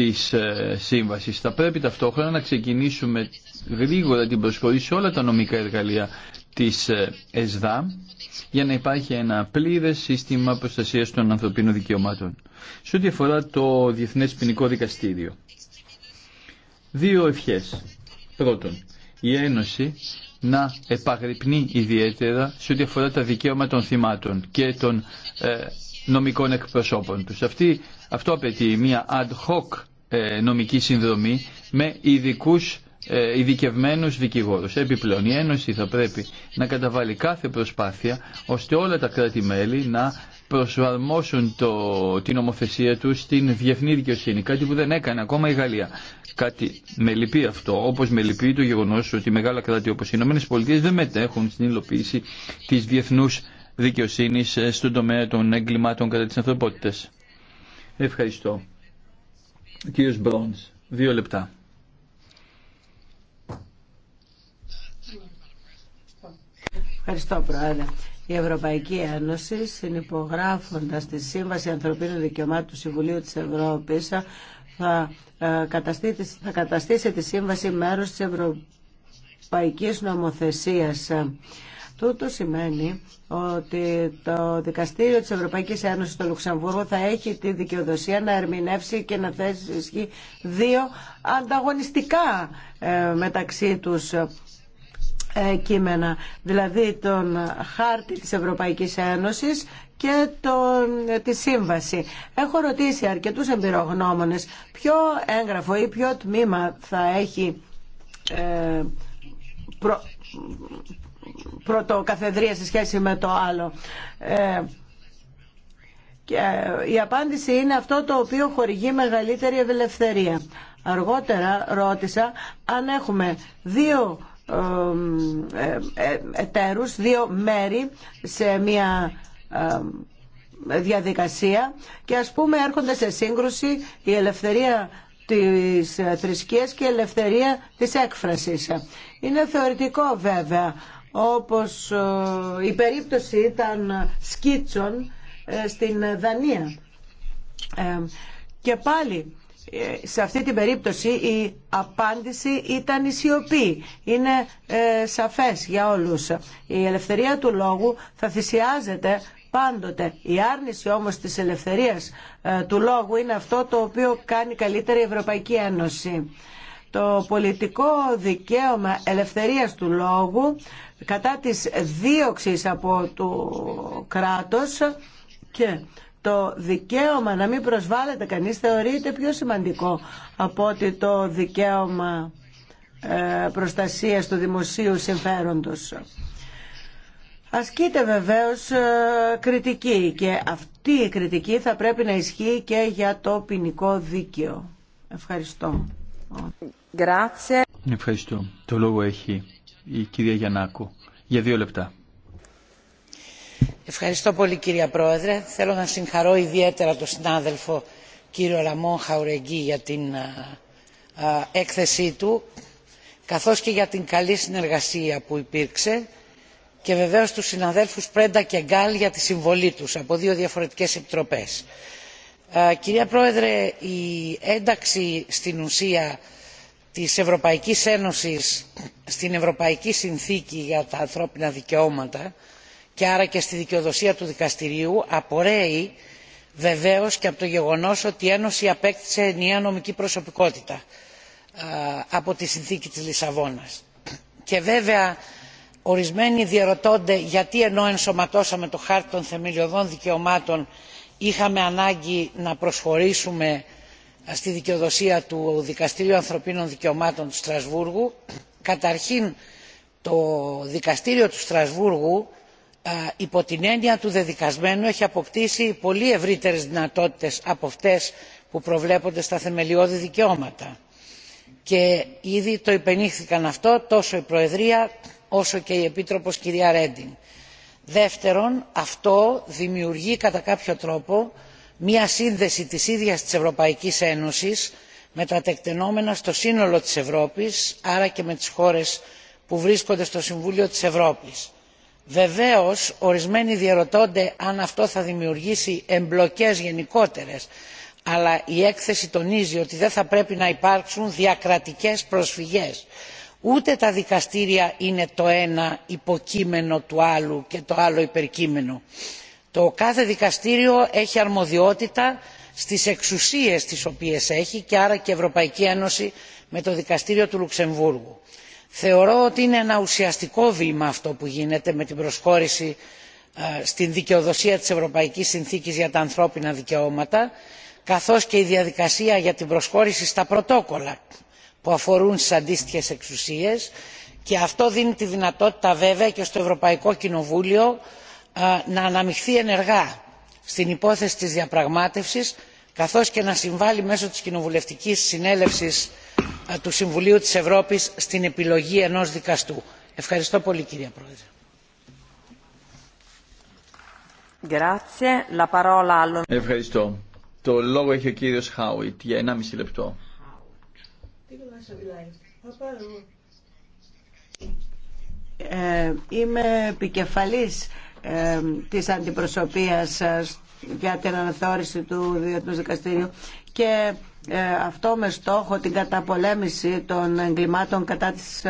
της ε, σύμβασης. Θα πρέπει ταυτόχρονα να ξεκινήσουμε γρήγορα την προσχωρή σε όλα τα νομικά εργαλεία της ε, ΕΣΔΑ για να υπάρχει ένα πλήρες σύστημα προστασίας των ανθρωπίνων δικαιωμάτων. Σε ό,τι αφορά το Διεθνές Ποινικό Δικαστήριο. Δύο ευχές. Πρώτον, η Ένωση να επαγρυπνεί ιδιαίτερα σε ό,τι αφορά τα δικαιώματα των θυμάτων και των ε, νομικών εκπροσώπων τους. Αυτή, αυτό απαιτεί μια ad hoc ε, νομική συνδρομή με ειδικού ε, ειδικευμένους δικηγόρους. Επιπλέον, η Ένωση θα πρέπει να καταβάλει κάθε προσπάθεια ώστε όλα τα κράτη-μέλη να προσαρμόσουν το, την ομοθεσία του στην διεθνή δικαιοσύνη, κάτι που δεν έκανε ακόμα η Γαλλία. Κάτι με λυπεί αυτό, όπω με λυπεί το γεγονό ότι μεγάλα κράτη όπω οι ΗΠΑ δεν μετέχουν στην υλοποίηση τη διεθνού δικαιοσύνη ε, στον τομέα των εγκλημάτων κατά τη ανθρωπότητα. Ευχαριστώ κύριος Μπρόνς, δύο λεπτά. Ευχαριστώ, Πρόεδρε. Η Ευρωπαϊκή Ένωση, συνυπογράφοντας τη Σύμβαση Ανθρωπίνων Δικαιωμάτων του Συμβουλίου της Ευρώπης, θα ε, καταστήσει, θα καταστήσει τη Σύμβαση μέρος της Ευρωπαϊκής Νομοθεσίας. Τούτο σημαίνει ότι το Δικαστήριο της Ευρωπαϊκής Ένωσης στο Λουξεμβούργο θα έχει τη δικαιοδοσία να ερμηνεύσει και να θέσει ισχύ δύο ανταγωνιστικά ε, μεταξύ τους ε, κείμενα, δηλαδή τον χάρτη της Ευρωπαϊκής Ένωσης και τον, ε, τη σύμβαση. Έχω ρωτήσει αρκετούς εμπειρογνώμονες ποιο έγγραφο ή ποιο τμήμα θα έχει πρωτοκαθεδρία σε σχέση με το άλλο. Ε, και ε, η απάντηση είναι αυτό το οποίο χορηγεί μεγαλύτερη ευελευθερία. Αργότερα ρώτησα αν έχουμε δύο ε, εταίρους, δύο μέρη σε μια διαδικασία και ας πούμε έρχονται σε σύγκρουση η ελευθερία της θρησκείας και η ελευθερία της έκφρασης. Είναι θεωρητικό βέβαια όπως ε, η περίπτωση ήταν σκίτσων ε, στην Δανία. Ε, και πάλι σε αυτή την περίπτωση η απάντηση ήταν η σιωπή. Είναι σαφές για όλους. Η ελευθερία του λόγου θα θυσιάζεται πάντοτε. Η άρνηση όμως της ελευθερίας του λόγου είναι αυτό το οποίο κάνει καλύτερη η Ευρωπαϊκή Ένωση το πολιτικό δικαίωμα ελευθερίας του λόγου κατά της δίωξης από το κράτος και το δικαίωμα να μην προσβάλλεται κανείς θεωρείται πιο σημαντικό από ότι το δικαίωμα ε, προστασίας του δημοσίου συμφέροντος. Ασκείται βεβαίως ε, κριτική και αυτή η κριτική θα πρέπει να ισχύει και για το ποινικό δίκαιο. Ευχαριστώ. Ευχαριστώ. Το λόγο έχει η κυρία Γιαννάκου. Για δύο λεπτά. Ευχαριστώ πολύ κυρία Πρόεδρε. Θέλω να συγχαρώ ιδιαίτερα τον συνάδελφο κύριο Ραμόν Χαουρεγγί για την έκθεσή του καθώς και για την καλή συνεργασία που υπήρξε και βεβαίως τους συναδέλφους Πρέντα και Γκάλ για τη συμβολή τους από δύο διαφορετικές επιτροπές. κυρία Πρόεδρε, η ένταξη στην ουσία της ευρωπαϊκής ένωσης στην ευρωπαϊκή συνθήκη για τα ανθρώπινα δικαιώματα και άρα και στη δικαιοδοσία του δικαστηρίου απορρέει βεβαίως και από το γεγονός ότι η ένωση απέκτησε ενιαία νομική προσωπικότητα από τη συνθήκη της λισαβόνας. και βέβαια ορισμένοι διαρωτώνται γιατί ενώ ενσωματώσαμε το χάρτη των θεμελιωδών δικαιωμάτων είχαμε ανάγκη να προσχωρήσουμε στη δικαιοδοσία του δικαστηρίου ανθρωπίνων δικαιωμάτων του στρασβούργου καταρχήν το δικαστήριο του στρασβούργου ε, υπό την έννοια του δεδικασμένου έχει αποκτήσει πολύ ευρύτερες δυνατότητες από αυτές που προβλέπονται στα θεμελιώδη δικαιώματα και ήδη το υπενήχθηκαν αυτό τόσο η προεδρία όσο και η επίτροπος κυρία ρέντινγκ. δεύτερον αυτό δημιουργεί κατά κάποιο τρόπο μια σύνδεση της ίδιας της ευρωπαϊκής ένωσης με τα τεκτενόμενα στο σύνολο της ευρώπης άρα και με τις χώρες που βρίσκονται στο συμβούλιο της ευρώπης. βεβαίως ορισμένοι διαρωτώνται αν αυτό θα δημιουργήσει εμπλοκές γενικότερες αλλά η έκθεση τονίζει ότι δεν θα πρέπει να υπάρξουν διακρατικές προσφυγές. ούτε τα δικαστήρια είναι το ένα υποκείμενο του άλλου και το άλλο υπερκείμενο το κάθε δικαστήριο έχει αρμοδιότητα στις εξουσίες τις οποίες έχει και άρα και η ευρωπαϊκή ένωση με το δικαστήριο του λουξεμβούργου. θεωρώ ότι είναι ένα ουσιαστικό βήμα αυτό που γίνεται με την προσχώρηση ε, στην δικαιοδοσία της ευρωπαϊκής συνθήκης για τα ανθρώπινα δικαιώματα καθώς και η διαδικασία για την προσχώρηση στα πρωτόκολλα που αφορούν στις αντίστοιχες εξουσίες και αυτό δίνει τη δυνατότητα βέβαια και στο ευρωπαϊκό κοινοβούλιο να αναμειχθεί ενεργά στην υπόθεση της διαπραγμάτευσης καθώς και να συμβάλει μέσω της κοινοβουλευτικής συνέλευσης του συμβουλίου της ευρώπης στην επιλογή ενός δικαστού. ευχαριστώ πολύ κυρία πρόεδρε. Ευχαριστώ. Το λόγο έχει ο κύριος Χάουιτ για μισή λεπτό. Ε, είμαι επικεφαλής της αντιπροσωπείας ε, για την αναθεώρηση του Διεθνούς Δικαστήριου και ε, αυτό με στόχο την καταπολέμηση των εγκλημάτων κατά της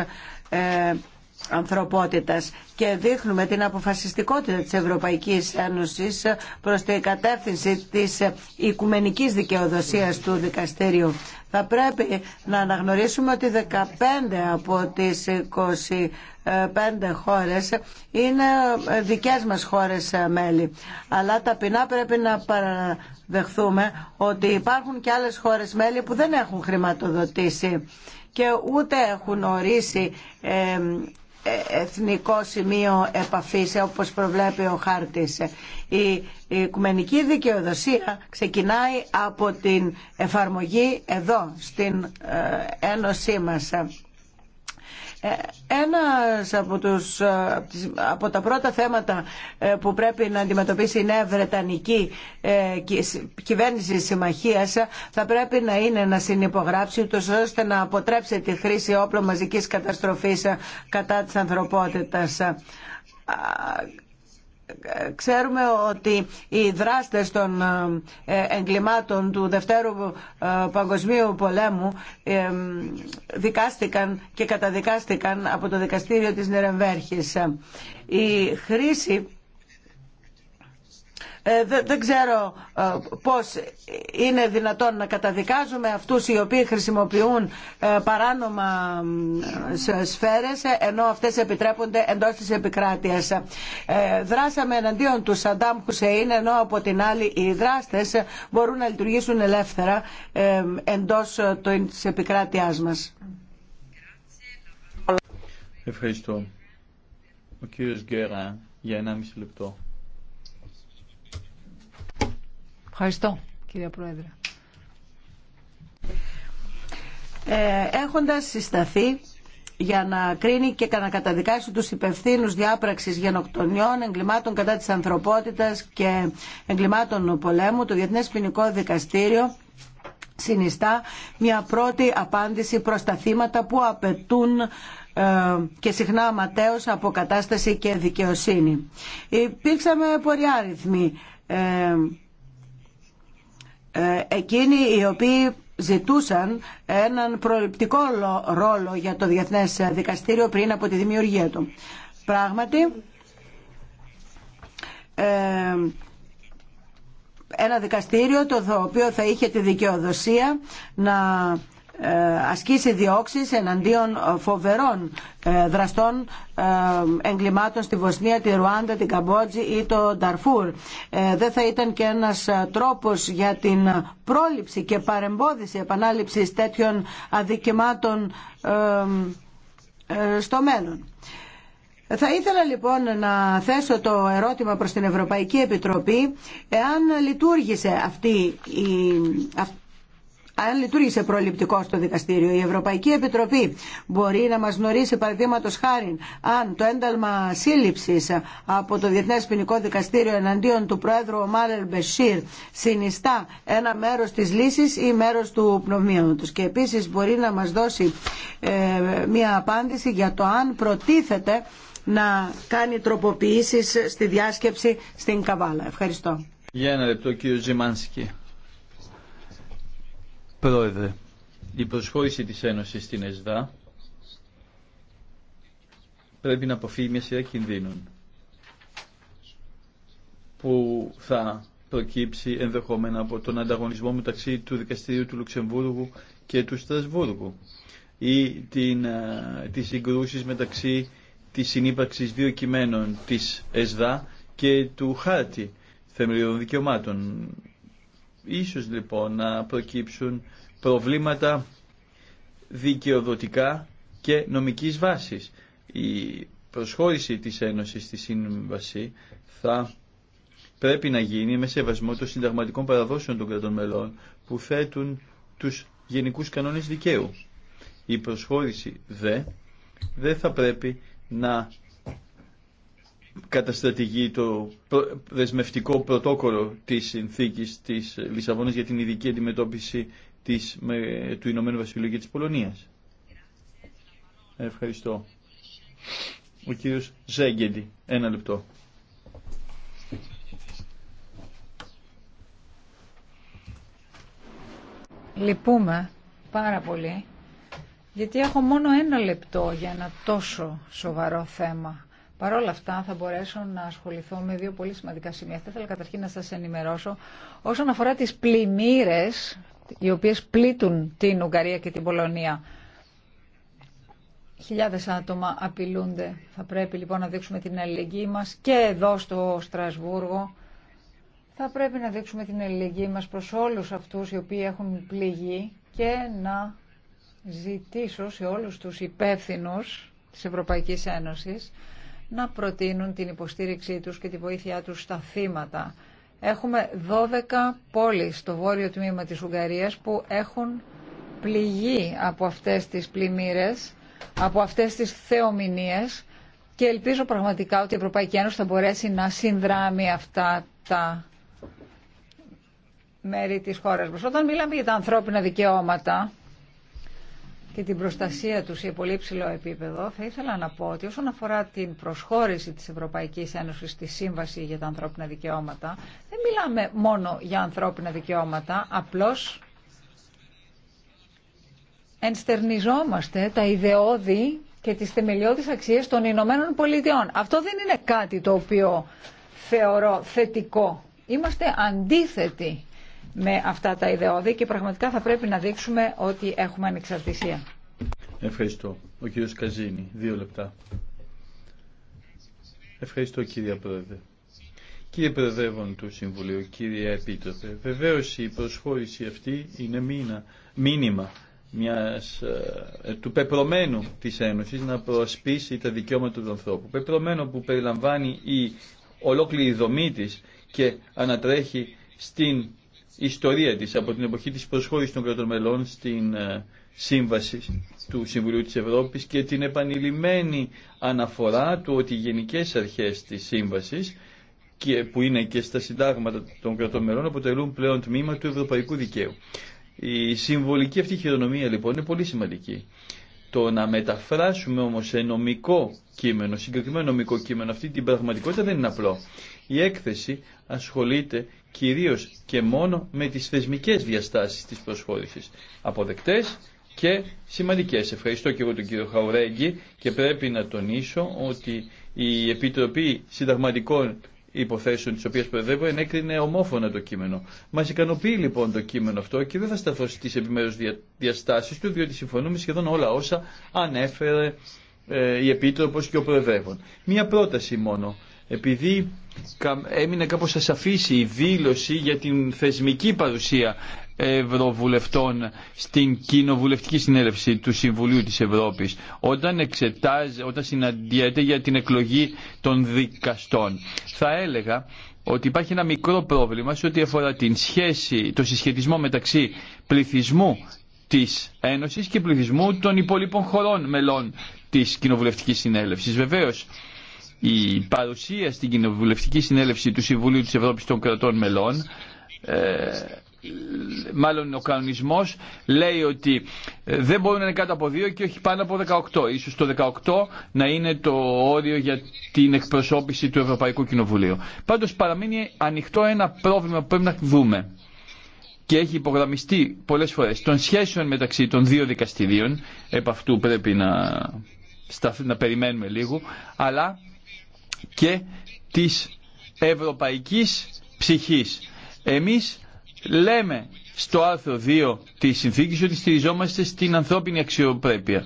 ε, ανθρωπότητας και δείχνουμε την αποφασιστικότητα της Ευρωπαϊκής Ένωσης προς την κατεύθυνση της οικουμενικής δικαιοδοσίας του δικαστήριου. Θα πρέπει να αναγνωρίσουμε ότι 15 από τις 25 χώρες είναι δικές μας χώρες μέλη. Αλλά ταπεινά πρέπει να παραδεχθούμε ότι υπάρχουν και άλλες χώρες μέλη που δεν έχουν χρηματοδοτήσει και ούτε έχουν ορίσει ε, ε, εθνικό σημείο επαφής ε, όπως προβλέπει ο χάρτης. Η οικουμενική δικαιοδοσία ξεκινάει από την εφαρμογή εδώ στην ε, Ένωσή μας. Ε, Ένα από, τους, ε, από τα πρώτα θέματα ε, που πρέπει να αντιμετωπίσει η Νέα Βρετανική κυβέρνηση συμμαχίας θα πρέπει να είναι να συνυπογράψει ούτως ώστε να αποτρέψει τη χρήση όπλων μαζικής καταστροφής κατά της ανθρωπότητας Ξέρουμε ότι οι δράστες των ε, εγκλημάτων του Δευτέρου ε, Παγκοσμίου Πολέμου ε, δικάστηκαν και καταδικάστηκαν από το δικαστήριο της Νερεμβέρχης. Η χρήση ε, δεν ξέρω ε, πώς είναι δυνατόν να καταδικάζουμε αυτούς οι οποίοι χρησιμοποιούν ε, παράνομα σφαίρες ενώ αυτές επιτρέπονται εντός της επικράτειας. Δράσαμε εναντίον του Σαντάμ Χουσέιν ενώ από την άλλη οι δράστες μπορούν να λειτουργήσουν ελεύθερα εντός της επικράτειάς μας. Ευχαριστώ. Ο κύριος Γκέρα για 1,5 λεπτό. Ευχαριστώ, κυρία Πρόεδρε. Ε, έχοντας συσταθεί για να κρίνει και να καταδικάσει τους υπευθύνους διάπραξης γενοκτονιών, εγκλημάτων κατά της ανθρωπότητας και εγκλημάτων πολέμου, το Διεθνές Ποινικό Δικαστήριο συνιστά μια πρώτη απάντηση προς τα θύματα που απαιτούν ε, και συχνά από κατάσταση και δικαιοσύνη. Υπήρξαμε πολλοί άριθμοι ε, ε, εκείνοι οι οποίοι ζητούσαν έναν προληπτικό ρόλο για το Διεθνές Δικαστήριο πριν από τη δημιουργία του. Πράγματι, ε, ένα δικαστήριο το οποίο θα είχε τη δικαιοδοσία να ε, ασκήσει διώξεις εναντίον ε, φοβερών ε, δραστών εγκλημάτων στη Βοσνία, τη Ρουάντα, την Καμπότζη ή το Νταρφούρ. Δεν θα ήταν και ένας τρόπος για την πρόληψη και παρεμπόδιση επανάληψης τέτοιων αδικημάτων στο μέλλον. Θα ήθελα λοιπόν να θέσω το ερώτημα προς την Ευρωπαϊκή Επιτροπή εάν λειτουργήσε αυτή η, αν λειτουργήσε προληπτικό στο δικαστήριο. Η Ευρωπαϊκή Επιτροπή μπορεί να μας γνωρίσει παραδείγματο χάρη αν το ένταλμα σύλληψη από το Διεθνές Ποινικό Δικαστήριο εναντίον του Πρόεδρου Ομάρελ Μπεσίρ συνιστά ένα μέρος της λύσης ή μέρος του τους. Και επίση μπορεί να μας δώσει ε, μια απάντηση για το αν προτίθεται να κάνει τροποποιήσεις στη διάσκεψη στην Καβάλα. Ευχαριστώ. Για ένα λεπτό κύριο Πρόεδρε, η προσχώρηση της Ένωσης στην ΕΣΔΑ πρέπει να αποφύγει μια σειρά κινδύνων που θα προκύψει ενδεχόμενα από τον ανταγωνισμό μεταξύ του Δικαστηρίου του Λουξεμβούργου και του Στρασβούργου ή την, ε, τις συγκρούσεις μεταξύ της συνύπαρξης δύο κειμένων της ΕΣΔΑ και του χάρτη θεμελιωδών δικαιωμάτων Ίσως λοιπόν να προκύψουν προβλήματα δικαιοδοτικά και νομικής βάσης. Η προσχώρηση της Ένωσης στη Σύμβαση θα πρέπει να γίνει με σεβασμό των συνταγματικών παραδόσεων των κρατών μελών που θέτουν τους γενικούς κανόνες δικαίου. Η προσχώρηση δε δεν θα πρέπει να καταστρατηγεί το δεσμευτικό πρωτόκολλο της συνθήκης της Λισαβόνας για την ειδική αντιμετώπιση της, του Ηνωμένου Βασιλείου και της Πολωνίας. Ευχαριστώ. Ο κύριος Ζέγγεντη, Ένα λεπτό. Λυπούμε πάρα πολύ, γιατί έχω μόνο ένα λεπτό για ένα τόσο σοβαρό θέμα. Παρ' όλα αυτά θα μπορέσω να ασχοληθώ με δύο πολύ σημαντικά σημεία. Θα ήθελα καταρχήν να σας ενημερώσω όσον αφορά τις πλημμύρες οι οποίες πλήττουν την Ουγγαρία και την Πολωνία. Χιλιάδες άτομα απειλούνται. Θα πρέπει λοιπόν να δείξουμε την αλληλεγγύη μας και εδώ στο Στρασβούργο. Θα πρέπει να δείξουμε την αλληλεγγύη μας προς όλους αυτούς οι οποίοι έχουν πληγεί και να ζητήσω σε όλους τους υπεύθυνους της Ευρωπαϊκής Ένωσης να προτείνουν την υποστήριξή τους και τη βοήθειά τους στα θύματα. Έχουμε 12 πόλεις στο βόρειο τμήμα της Ουγγαρίας που έχουν πληγεί από αυτές τις πλημμύρες, από αυτές τις θεομηνίες και ελπίζω πραγματικά ότι η Ευρωπαϊκή Ένωση θα μπορέσει να συνδράμει αυτά τα μέρη της χώρας μας. Όταν μιλάμε για τα ανθρώπινα δικαιώματα, και την προστασία του σε πολύ ψηλό επίπεδο, θα ήθελα να πω ότι όσον αφορά την προσχώρηση της Ευρωπαϊκής Ένωσης στη Σύμβαση για τα Ανθρώπινα Δικαιώματα, δεν μιλάμε μόνο για ανθρώπινα δικαιώματα, απλώς ενστερνιζόμαστε τα ιδεώδη και τις θεμελιώδεις αξίες των Ηνωμένων Πολιτειών. Αυτό δεν είναι κάτι το οποίο θεωρώ θετικό. Είμαστε αντίθετοι με αυτά τα ιδεώδη και πραγματικά θα πρέπει να δείξουμε ότι έχουμε ανεξαρτησία. Ευχαριστώ. Ο κύριος Καζίνη, δύο λεπτά. Ευχαριστώ κύριε Πρόεδρε. Κύριε Προεδρεύον του Συμβουλίου, κύριε Επίτροπε, βεβαίως η προσχώρηση αυτή είναι μήνα, μήνυμα μιας, ε, του πεπρωμένου της Ένωσης να προασπίσει τα δικαιώματα του ανθρώπου. Πεπρωμένο που περιλαμβάνει η ολόκληρη δομή της και ανατρέχει στην ιστορία της από την εποχή της προσχώρησης των κρατών μελών στην ε, σύμβαση του Συμβουλίου της Ευρώπης και την επανειλημμένη αναφορά του ότι οι γενικές αρχές της σύμβασης και που είναι και στα συντάγματα των κρατών μελών αποτελούν πλέον τμήμα του ευρωπαϊκού δικαίου. Η συμβολική αυτή χειρονομία λοιπόν είναι πολύ σημαντική. Το να μεταφράσουμε όμως σε νομικό κείμενο, συγκεκριμένο νομικό κείμενο, αυτή την πραγματικότητα δεν είναι απλό. Η έκθεση ασχολείται κυρίως και μόνο με τις θεσμικές διαστάσεις της προσχώρησης. Αποδεκτές και σημαντικές. Ευχαριστώ και εγώ τον κύριο Χαουρέγγι και πρέπει να τονίσω ότι η Επιτροπή Συνταγματικών υποθέσεων τις οποίες προεδρεύω ενέκρινε ομόφωνα το κείμενο. Μας ικανοποιεί λοιπόν το κείμενο αυτό και δεν θα σταθώ στις επιμέρους διαστάσεις του διότι συμφωνούμε σχεδόν όλα όσα ανέφερε ε, η Επίτροπος και ο Προεδρεύων. Μία πρόταση μόνο. Επειδή έμεινε κάπως ασαφής η δήλωση για την θεσμική παρουσία ευρωβουλευτών στην κοινοβουλευτική συνέλευση του Συμβουλίου της Ευρώπης όταν, εξετάζει, όταν συναντιέται για την εκλογή των δικαστών. Θα έλεγα ότι υπάρχει ένα μικρό πρόβλημα σε ό,τι αφορά την σχέση, το συσχετισμό μεταξύ πληθυσμού της Ένωσης και πληθυσμού των υπολείπων χωρών μελών της Κοινοβουλευτικής Συνέλευσης. Βεβαίως, η παρουσία στην κοινοβουλευτική συνέλευση του Συμβουλίου της Ευρώπης των κρατών μελών ε, μάλλον ο κανονισμός λέει ότι ε, δεν μπορούν να είναι κάτω από δύο και όχι πάνω από 18. Ίσως το 18 να είναι το όριο για την εκπροσώπηση του Ευρωπαϊκού Κοινοβουλίου. Πάντως παραμένει ανοιχτό ένα πρόβλημα που πρέπει να δούμε και έχει υπογραμμιστεί πολλές φορές των σχέσεων μεταξύ των δύο δικαστηρίων επ' αυτού πρέπει να, να περιμένουμε λίγο αλλά και της ευρωπαϊκής ψυχής. Εμείς λέμε στο άρθρο 2 της συνθήκης ότι στηριζόμαστε στην ανθρώπινη αξιοπρέπεια.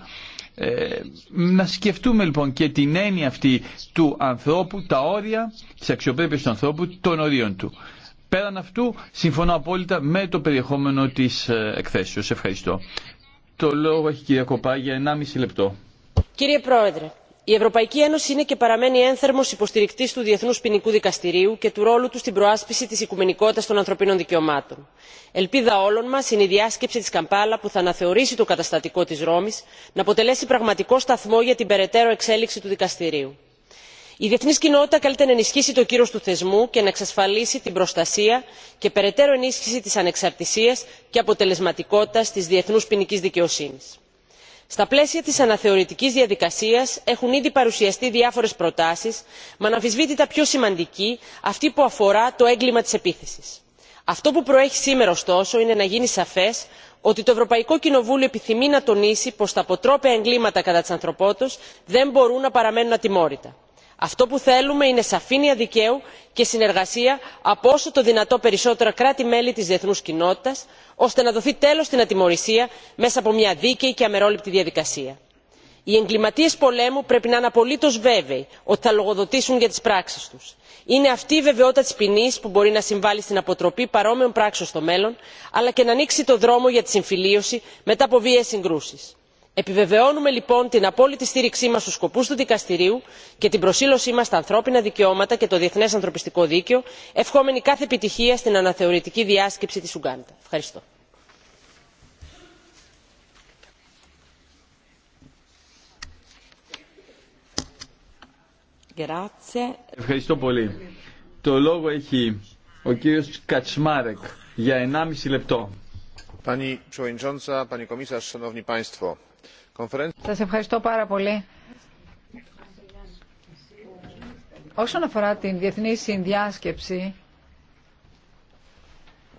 Ε, να σκεφτούμε λοιπόν και την έννοια αυτή του ανθρώπου, τα όρια της αξιοπρέπειας του ανθρώπου, των ορίων του. Πέραν αυτού, συμφωνώ απόλυτα με το περιεχόμενο της ε, εκθέσεως. Ευχαριστώ. Το λόγο έχει κυρία Κοπά για 1,5 λεπτό. Κύριε Πρόεδρε, η ευρωπαϊκή ένωση είναι και παραμένει ένθερμος υποστηρικτής του διεθνούς ποινικού δικαστηρίου και του ρόλου του στην προάσπιση της οικουμενικότητας των ανθρωπίνων δικαιωμάτων. ελπίδα όλων μας είναι η διάσκεψη της Καμπάλα που θα αναθεωρήσει το καταστατικό της ρώμης να αποτελέσει πραγματικό σταθμό για την περαιτέρω εξέλιξη του δικαστηρίου. η διεθνή κοινότητα καλείται να ενισχύσει το κύρος του θεσμού και να εξασφαλίσει την προστασία και περαιτέρω ενίσχυση τη ανεξαρτησία και αποτελεσματικότητα τη διεθνού ποινική δικαιοσύνη στα πλαίσια της αναθεωρητικής διαδικασίας έχουν ήδη παρουσιαστεί διάφορες προτάσεις με αναμφισβήτητα πιο σημαντική αυτή που αφορά το έγκλημα της επίθεσης. αυτό που προέχει σήμερα ωστόσο είναι να γίνει σαφές ότι το ευρωπαϊκό κοινοβούλιο επιθυμεί να τονίσει πως τα αποτρόπαια εγκλήματα κατά της ανθρωπότητας δεν μπορούν να παραμένουν ατιμόρυτα αυτό που θέλουμε είναι σαφήνεια δικαίου και συνεργασία από όσο το δυνατο περισσότερα κράτη μέλη της διεθνούς κοινότητας ώστε να δοθεί τέλος στην ατιμωρησία μέσα από μια δίκαιη και αμερόληπτη διαδικασία. οι εγκληματίες πολέμου πρέπει να είναι απολύτως βέβαιοι ότι θα λογοδοτήσουν για τις πράξεις τους. είναι αυτή η βεβαιότητα της ποινής που μπορεί να συμβάλει στην αποτροπή παρόμοιων πράξεων στο μέλλον αλλά και να ανοίξει το δρόμο για τη συμφιλίωση μετά από βίαιες συγκρούσεις επιβεβαιώνουμε λοιπόν την απόλυτη στήριξή μας στους σκοπούς του δικαστηρίου και την προσήλωσή μας στα ανθρώπινα δικαιώματα και το διεθνές ανθρωπιστικό δίκαιο ευχόμενοι κάθε επιτυχία στην αναθεωρητική διάσκεψη της ουγκάντα. ευχαριστώ. Ευχαριστώ πολύ. Το λόγο έχει ο κύριος Κατσμάρεκ για 1,5 λεπτό. Pani Πρόεδρε, σας ευχαριστώ πάρα πολύ. Όσον αφορά την διεθνή συνδιάσκεψη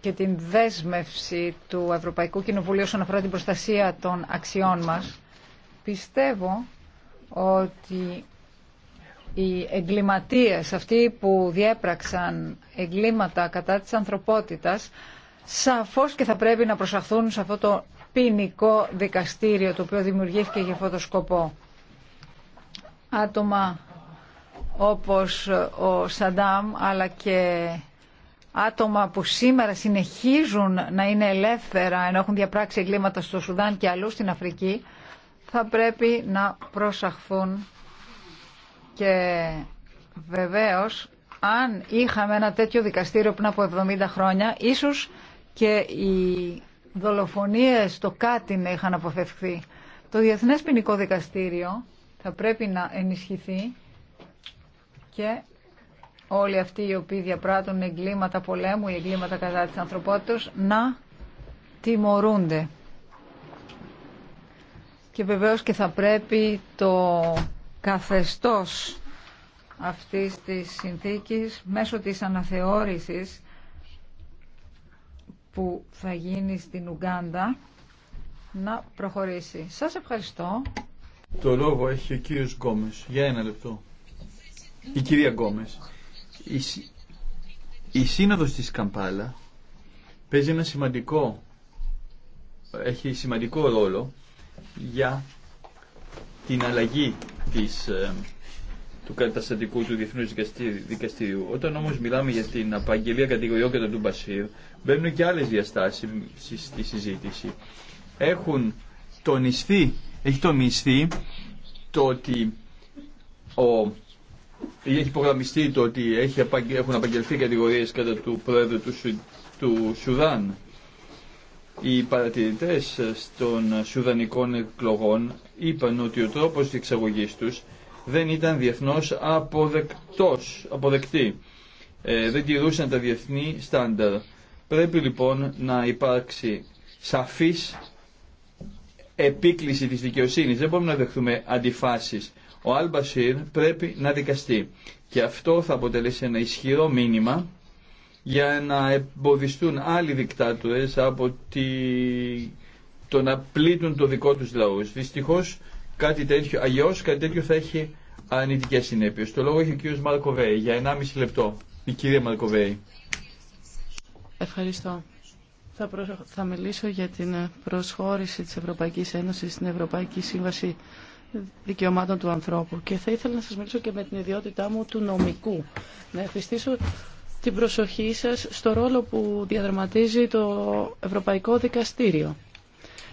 και την δέσμευση του Ευρωπαϊκού Κοινοβουλίου όσον αφορά την προστασία των αξιών μας, πιστεύω ότι οι εγκληματίες, αυτοί που διέπραξαν εγκλήματα κατά της ανθρωπότητας, σαφώς και θα πρέπει να προσαχθούν σε αυτό το ποινικό δικαστήριο το οποίο δημιουργήθηκε για αυτό το σκοπό. Άτομα όπως ο Σαντάμ αλλά και άτομα που σήμερα συνεχίζουν να είναι ελεύθερα ενώ έχουν διαπράξει εγκλήματα στο Σουδάν και αλλού στην Αφρική θα πρέπει να προσαχθούν και βεβαίως αν είχαμε ένα τέτοιο δικαστήριο πριν από 70 χρόνια ίσως και η δολοφονίες στο κάτι να είχαν αποφευχθεί. Το Διεθνές Ποινικό Δικαστήριο θα πρέπει να ενισχυθεί και όλοι αυτοί οι οποίοι διαπράττουν εγκλήματα πολέμου ή εγκλήματα κατά της ανθρωπότητας να τιμωρούνται. Και βεβαίως και θα πρέπει το καθεστώς αυτής της συνθήκης μέσω της αναθεώρησης που θα γίνει στην Ουγκάντα να προχωρήσει. Σας ευχαριστώ. Το λόγο έχει ο κύριος Γκόμες. Για ένα λεπτό. Η κυρία Γκόμες. Η, η σύνοδος της Καμπάλα παίζει ένα σημαντικό έχει σημαντικό ρόλο για την αλλαγή ε, του καταστατικού του Διεθνούς Δικαστήριου. Όταν όμως μιλάμε για την απαγγελία κατηγοριών κατά του Μπασίρ, μπαίνουν και άλλες διαστάσεις στη συζήτηση. Έχουν τονιστεί, έχει τονιστεί το ότι ο, ή έχει υπογραμμιστεί το ότι έχει, έχουν απαγγελθεί κατηγορίες κατά του πρόεδρου του, Σουδάν. Οι παρατηρητές των Σουδανικών εκλογών είπαν ότι ο τρόπος εξαγωγής τους δεν ήταν διεθνώς αποδεκτός, αποδεκτή. Ε, δεν τηρούσαν τα διεθνή στάνταρ. Πρέπει λοιπόν να υπάρξει σαφής επίκληση της δικαιοσύνης. Δεν μπορούμε να δεχθούμε αντιφάσεις. Ο Αλμπασίρ πρέπει να δικαστεί. Και αυτό θα αποτελέσει ένα ισχυρό μήνυμα για να εμποδιστούν άλλοι δικτάτορες από τη... το να πλήττουν το δικό τους λαούς. Δυστυχώς κάτι τέτοιο, αλλιώς κάτι τέτοιο θα έχει αρνητικές συνέπειες. Το λόγο έχει ο κύριος Μαρκοβέη για 1,5 λεπτό. Η κυρία Μαρκοβέη. Ευχαριστώ. Θα, μιλήσω για την προσχώρηση της Ευρωπαϊκής Ένωσης στην Ευρωπαϊκή Σύμβαση Δικαιωμάτων του Ανθρώπου και θα ήθελα να σας μιλήσω και με την ιδιότητά μου του νομικού. Να ευχαριστήσω την προσοχή σας στο ρόλο που διαδραματίζει το Ευρωπαϊκό Δικαστήριο.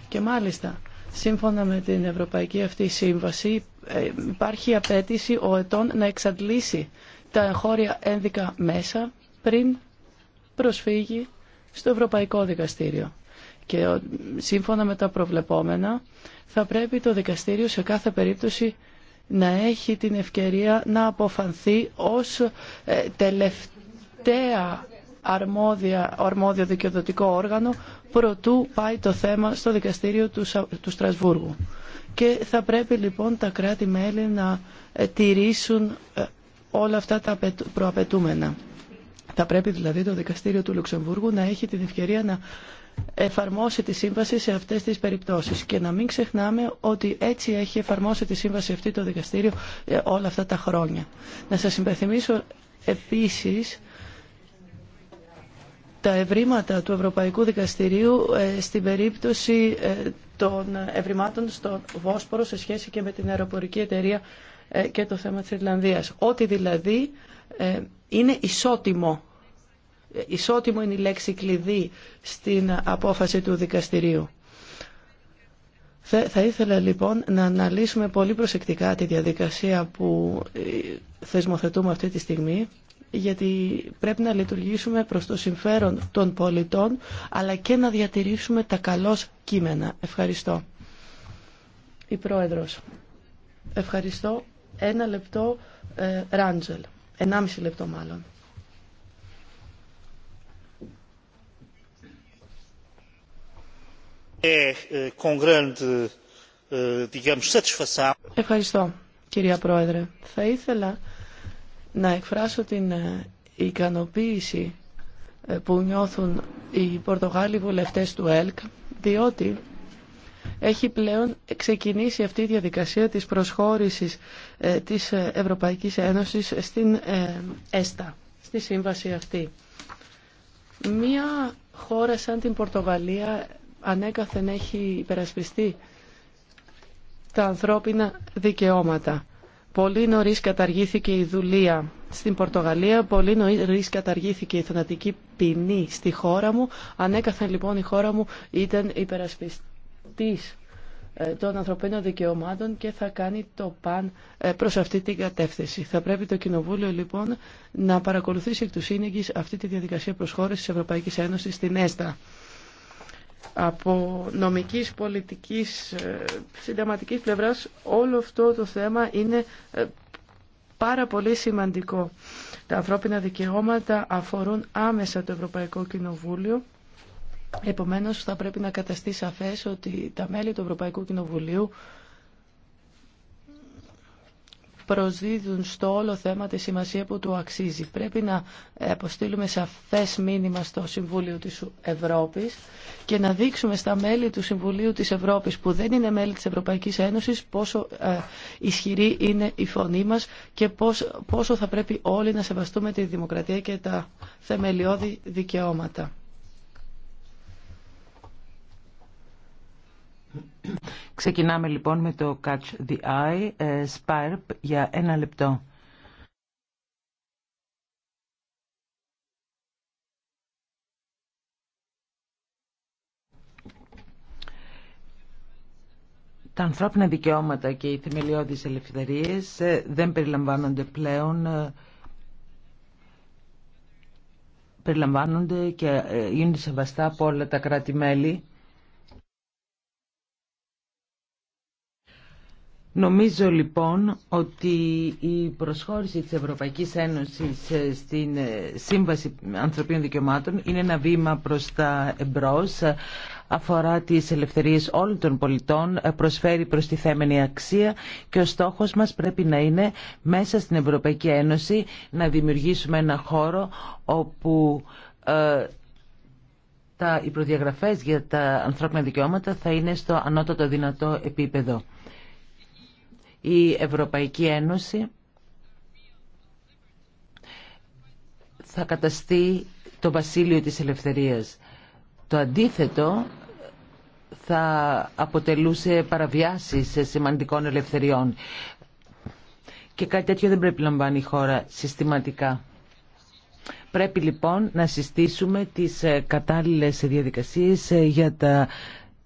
Και μάλιστα, σύμφωνα με την Ευρωπαϊκή αυτή σύμβαση, ε, υπάρχει απέτηση ο ετών να εξαντλήσει τα εγχώρια ένδικα μέσα πριν προσφύγει στο Ευρωπαϊκό Δικαστήριο. Και ε, σύμφωνα με τα προβλεπόμενα θα πρέπει το δικαστήριο σε κάθε περίπτωση να έχει την ευκαιρία να αποφανθεί ως ε, τελευταία αρμόδια, αρμόδιο δικαιοδοτικό όργανο προτού πάει το θέμα στο δικαστήριο του, του Στρασβούργου. Και θα πρέπει λοιπόν τα κράτη-μέλη να ε, τηρήσουν όλα αυτά τα προαπαιτούμενα. Θα πρέπει δηλαδή το Δικαστήριο του Λουξεμβούργου να έχει την ευκαιρία να εφαρμόσει τη σύμβαση σε αυτές τις περιπτώσεις και να μην ξεχνάμε ότι έτσι έχει εφαρμόσει τη σύμβαση αυτή το Δικαστήριο ε, όλα αυτά τα χρόνια. Να σας υπενθυμίσω επίσης τα ευρήματα του Ευρωπαϊκού Δικαστηρίου ε, στην περίπτωση ε, των ευρημάτων στο Βόσπορο σε σχέση και με την αεροπορική εταιρεία και το θέμα της Ιρλανδίας. Ό,τι δηλαδή είναι ισότιμο. Ισότιμο είναι η λέξη κλειδί στην απόφαση του δικαστηρίου. Θα ήθελα λοιπόν να αναλύσουμε πολύ προσεκτικά τη διαδικασία που ε, θεσμοθετούμε αυτή τη στιγμή γιατί πρέπει να λειτουργήσουμε προς το συμφέρον των πολιτών αλλά και να διατηρήσουμε τα καλώς κείμενα. Ευχαριστώ. Η Πρόεδρος. Ευχαριστώ. Ένα λεπτό, ε, Ράντζελ. Ενάμιση λεπτό μάλλον. Ευχαριστώ, κυρία Πρόεδρε. Θα ήθελα να εκφράσω την ε, ικανοποίηση ε, που νιώθουν οι Πορτογάλοι βουλευτές του ΕΛΚ, διότι έχει πλέον ξεκινήσει αυτή η διαδικασία της προσχώρησης ε, της ε, Ευρωπαϊκής Ένωσης στην ε, ΕΣΤΑ, στη σύμβαση αυτή. Μία χώρα σαν την Πορτογαλία ανέκαθεν έχει υπερασπιστεί τα ανθρώπινα δικαιώματα. Πολύ νωρίς καταργήθηκε η δουλεία στην Πορτογαλία, πολύ νωρίς καταργήθηκε η θανατική ποινή στη χώρα μου. Ανέκαθεν λοιπόν η χώρα μου ήταν υπερασπιστή της ε, των ανθρωπίνων δικαιωμάτων και θα κάνει το παν ε, προς αυτή την κατεύθυνση. Θα πρέπει το Κοινοβούλιο λοιπόν να παρακολουθήσει εκ του σύνεγγυς αυτή τη διαδικασία προσχώρησης της Ευρωπαϊκής Ένωσης στην ΕΣΤΑ. Από νομικής, πολιτικής, ε, συνταματικής πλευράς όλο αυτό το θέμα είναι πάρα πολύ σημαντικό. Τα ανθρώπινα δικαιώματα αφορούν άμεσα το Ευρωπαϊκό Κοινοβούλιο Επομένως θα πρέπει να καταστεί σαφές ότι τα μέλη του Ευρωπαϊκού Κοινοβουλίου προσδίδουν στο όλο θέμα τη σημασία που του αξίζει. Πρέπει να αποστείλουμε σαφές μήνυμα στο Συμβούλιο της Ευρώπης και να δείξουμε στα μέλη του Συμβουλίου της Ευρώπης που δεν είναι μέλη της Ευρωπαϊκής Ένωσης πόσο ε, ισχυρή είναι η φωνή μας και πόσο θα πρέπει όλοι να σεβαστούμε τη δημοκρατία και τα θεμελιώδη δικαιώματα. Ξεκινάμε λοιπόν με το Catch the Eye, SPARP, ε, για ένα λεπτό. Τα ανθρώπινα δικαιώματα και οι θεμελιώδεις ελευθερίες ε, δεν περιλαμβάνονται πλέον ε, περιλαμβάνονται και γίνονται σεβαστά από όλα τα κράτη-μέλη. Νομίζω λοιπόν ότι η προσχώρηση της Ευρωπαϊκής Ένωσης ε, στην ε, Σύμβαση Ανθρωπίνων Δικαιωμάτων είναι ένα βήμα προς τα εμπρός ε, αφορά τις ελευθερίες όλων των πολιτών, προσφέρει τη θέμενη αξία και ο στόχος μας πρέπει να είναι μέσα στην Ευρωπαϊκή Ένωση να δημιουργήσουμε ένα χώρο όπου τα, οι προδιαγραφές για τα ανθρώπινα δικαιώματα θα είναι στο ανώτατο δυνατό επίπεδο η Ευρωπαϊκή Ένωση θα καταστεί το βασίλειο της ελευθερίας. Το αντίθετο θα αποτελούσε παραβιάσεις σημαντικών ελευθεριών. Και κάτι τέτοιο δεν πρέπει να λαμβάνει η χώρα συστηματικά. Πρέπει λοιπόν να συστήσουμε τις ε, κατάλληλες διαδικασίες ε, για τα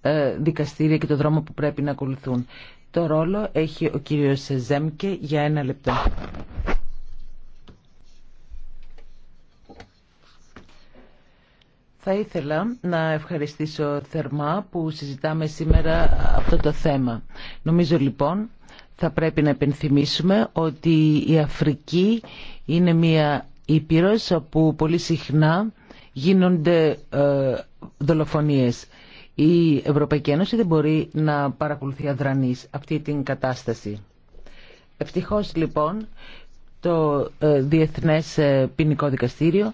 ε, δικαστήρια και το δρόμο που πρέπει να ακολουθούν. Το ρόλο έχει ο κύριος Ζέμκε για ένα λεπτό. Θα ήθελα να ευχαριστήσω θερμά που συζητάμε σήμερα αυτό το θέμα. Νομίζω λοιπόν θα πρέπει να επενθυμίσουμε ότι η Αφρική είναι μια ήπειρος όπου πολύ συχνά γίνονται ε, δολοφονίες. Η Ευρωπαϊκή Ένωση δεν μπορεί να παρακολουθεί αδρανής αυτή την κατάσταση. Ευτυχώς λοιπόν το ε, Διεθνές ε, Ποινικό Δικαστήριο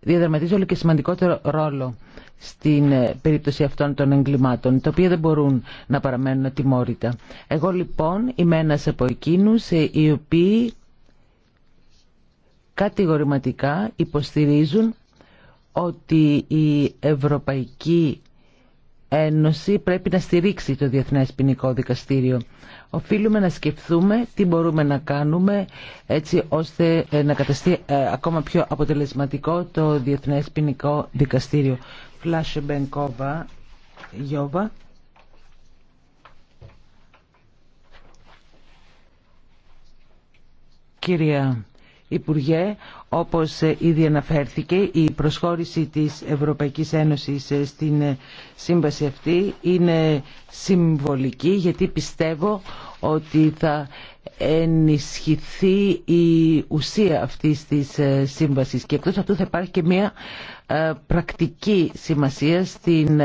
διαδραματίζει όλο και σημαντικότερο ρόλο στην ε, περίπτωση αυτών των εγκλημάτων, τα οποία δεν μπορούν να παραμένουν ατιμόρυτα. Εγώ λοιπόν είμαι ένας από εκείνους οι οποίοι κατηγορηματικά υποστηρίζουν ότι η Ευρωπαϊκή Ένωση πρέπει να στηρίξει το Διεθνές Ποινικό Δικαστήριο. Οφείλουμε να σκεφτούμε τι μπορούμε να κάνουμε έτσι ώστε ε, να καταστεί ε, ακόμα πιο αποτελεσματικό το Διεθνές Ποινικό Δικαστήριο. Φλάσιο Μπενκόβα, Γιώβα. Κυρία Υπουργέ, όπως ε, ήδη αναφέρθηκε, η προσχώρηση της Ευρωπαϊκής Ένωσης ε, στην ε, σύμβαση αυτή είναι συμβολική γιατί πιστεύω ότι θα ενισχυθεί η ουσία αυτής της σύμβασης και εκτός αυτού θα υπάρχει και μια πρακτική σημασία στην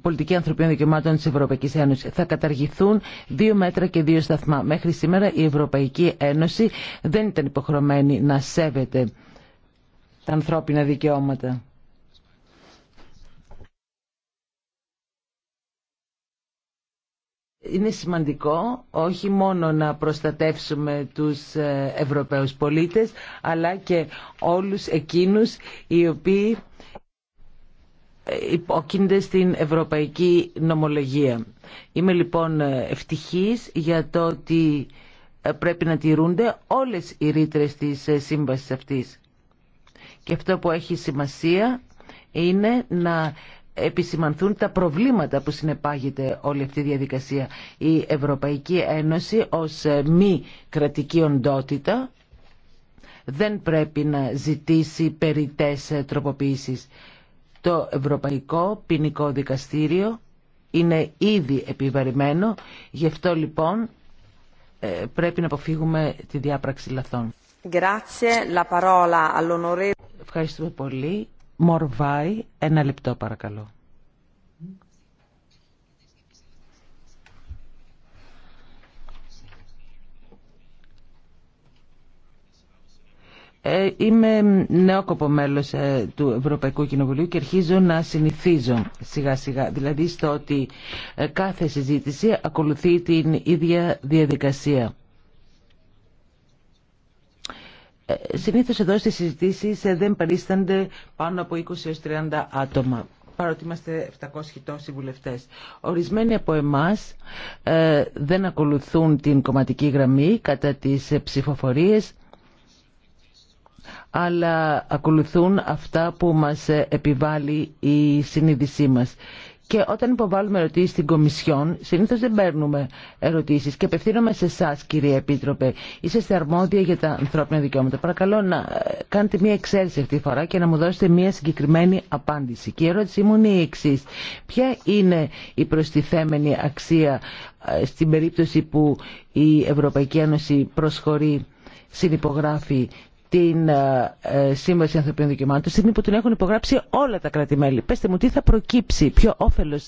πολιτική ανθρωπίνων δικαιωμάτων της Ευρωπαϊκής Ένωσης. Θα καταργηθούν δύο μέτρα και δύο σταθμά. Μέχρι σήμερα η Ευρωπαϊκή Ένωση δεν ήταν υποχρεωμένη να σέβεται τα ανθρώπινα δικαιώματα. Είναι σημαντικό όχι μόνο να προστατεύσουμε τους ε, Ευρωπαίους πολίτες αλλά και όλους εκείνους οι οποίοι υπόκεινται στην ευρωπαϊκή νομολογία. Είμαι λοιπόν ευτυχής για το ότι ε, πρέπει να τηρούνται όλες οι ρήτρε της ε, σύμβασης αυτής. Και αυτό που έχει σημασία είναι να επισημανθούν τα προβλήματα που συνεπάγεται όλη αυτή η διαδικασία. Η Ευρωπαϊκή Ένωση ως ε, μη κρατική οντότητα δεν πρέπει να ζητήσει περιττές τροποποιήσεις. Το Ευρωπαϊκό Ποινικό Δικαστήριο είναι ήδη επιβαρημένο, γι' αυτό λοιπόν ε, πρέπει να αποφύγουμε τη διάπραξη λαθών. Ευχαριστούμε πολύ. Μορβάη, ένα λεπτό παρακαλώ. Ε, είμαι νέο κοπομέλος ε, του Ευρωπαϊκού Κοινοβουλίου και αρχίζω να συνηθίζω σιγά σιγά. Δηλαδή στο ότι ε, κάθε συζήτηση ακολουθεί την ίδια διαδικασία. Συνήθως εδώ στις συζητήσεις δεν παρίστανται πάνω από 20 έως 30 άτομα παρότι είμαστε 700 τόσοι Ορισμένοι από εμά δεν ακολουθούν την κομματική γραμμή κατά τις ψηφοφορίες αλλά ακολουθούν αυτά που μας ε, επιβάλλει η συνείδησή μας. Και όταν υποβάλλουμε ερωτήσεις στην Κομισιόν, συνήθως δεν παίρνουμε ερωτήσεις. Και απευθύνομαι σε εσά, κύριε Επίτροπε. Είσαστε αρμόδια για τα ανθρώπινα δικαιώματα. Παρακαλώ να ε, κάνετε μία εξαίρεση αυτή τη φορά και να μου δώσετε μία συγκεκριμένη απάντηση. Και η ερώτησή μου είναι η εξή. Ποια είναι η προστιθέμενη αξία ε, στην περίπτωση που η Ευρωπαϊκή Ένωση προσχωρεί συνυπογράφει την ε, ε, Σύμβαση Ανθρωπίνων Δικαιωμάτων, τη στιγμή που την έχουν υπογράψει όλα τα κράτη-μέλη. Πετε μου, τι θα προκύψει, ποιο όφελο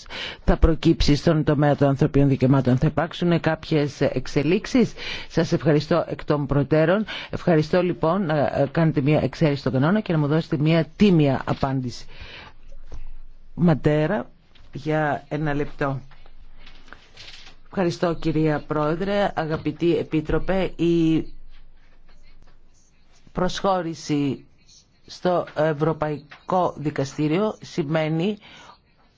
θα προκύψει στον τομέα των ανθρωπίνων δικαιωμάτων. Θα υπάρξουν κάποιε εξελίξει. Σα ευχαριστώ εκ των προτέρων. Ευχαριστώ λοιπόν να ε, κάνετε μια εξαίρεση στον κανόνα και να μου δώσετε μια τίμια απάντηση. Ματέρα, για ένα λεπτό. Ευχαριστώ κυρία Πρόεδρε, αγαπητή Επίτροπε προσχώρηση στο Ευρωπαϊκό Δικαστήριο σημαίνει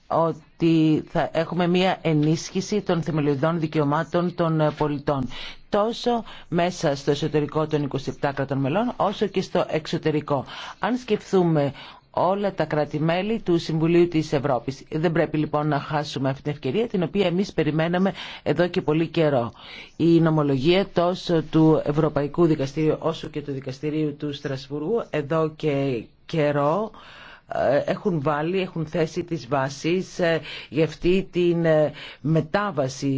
ότι θα έχουμε μία ενίσχυση των θεμελιωδών δικαιωμάτων των πολιτών τόσο μέσα στο εσωτερικό των 27 κρατών μελών όσο και στο εξωτερικό. Αν σκεφτούμε όλα τα κράτη-μέλη του Συμβουλίου της Ευρώπης. Δεν πρέπει λοιπόν να χάσουμε αυτή την ευκαιρία την οποία εμείς περιμέναμε εδώ και πολύ καιρό. Η νομολογία τόσο του Ευρωπαϊκού Δικαστηρίου όσο και του Δικαστηρίου του Στρασβουργού εδώ και καιρό ε, έχουν βάλει, έχουν θέσει τις βάσεις ε, για αυτή την ε, μετάβαση,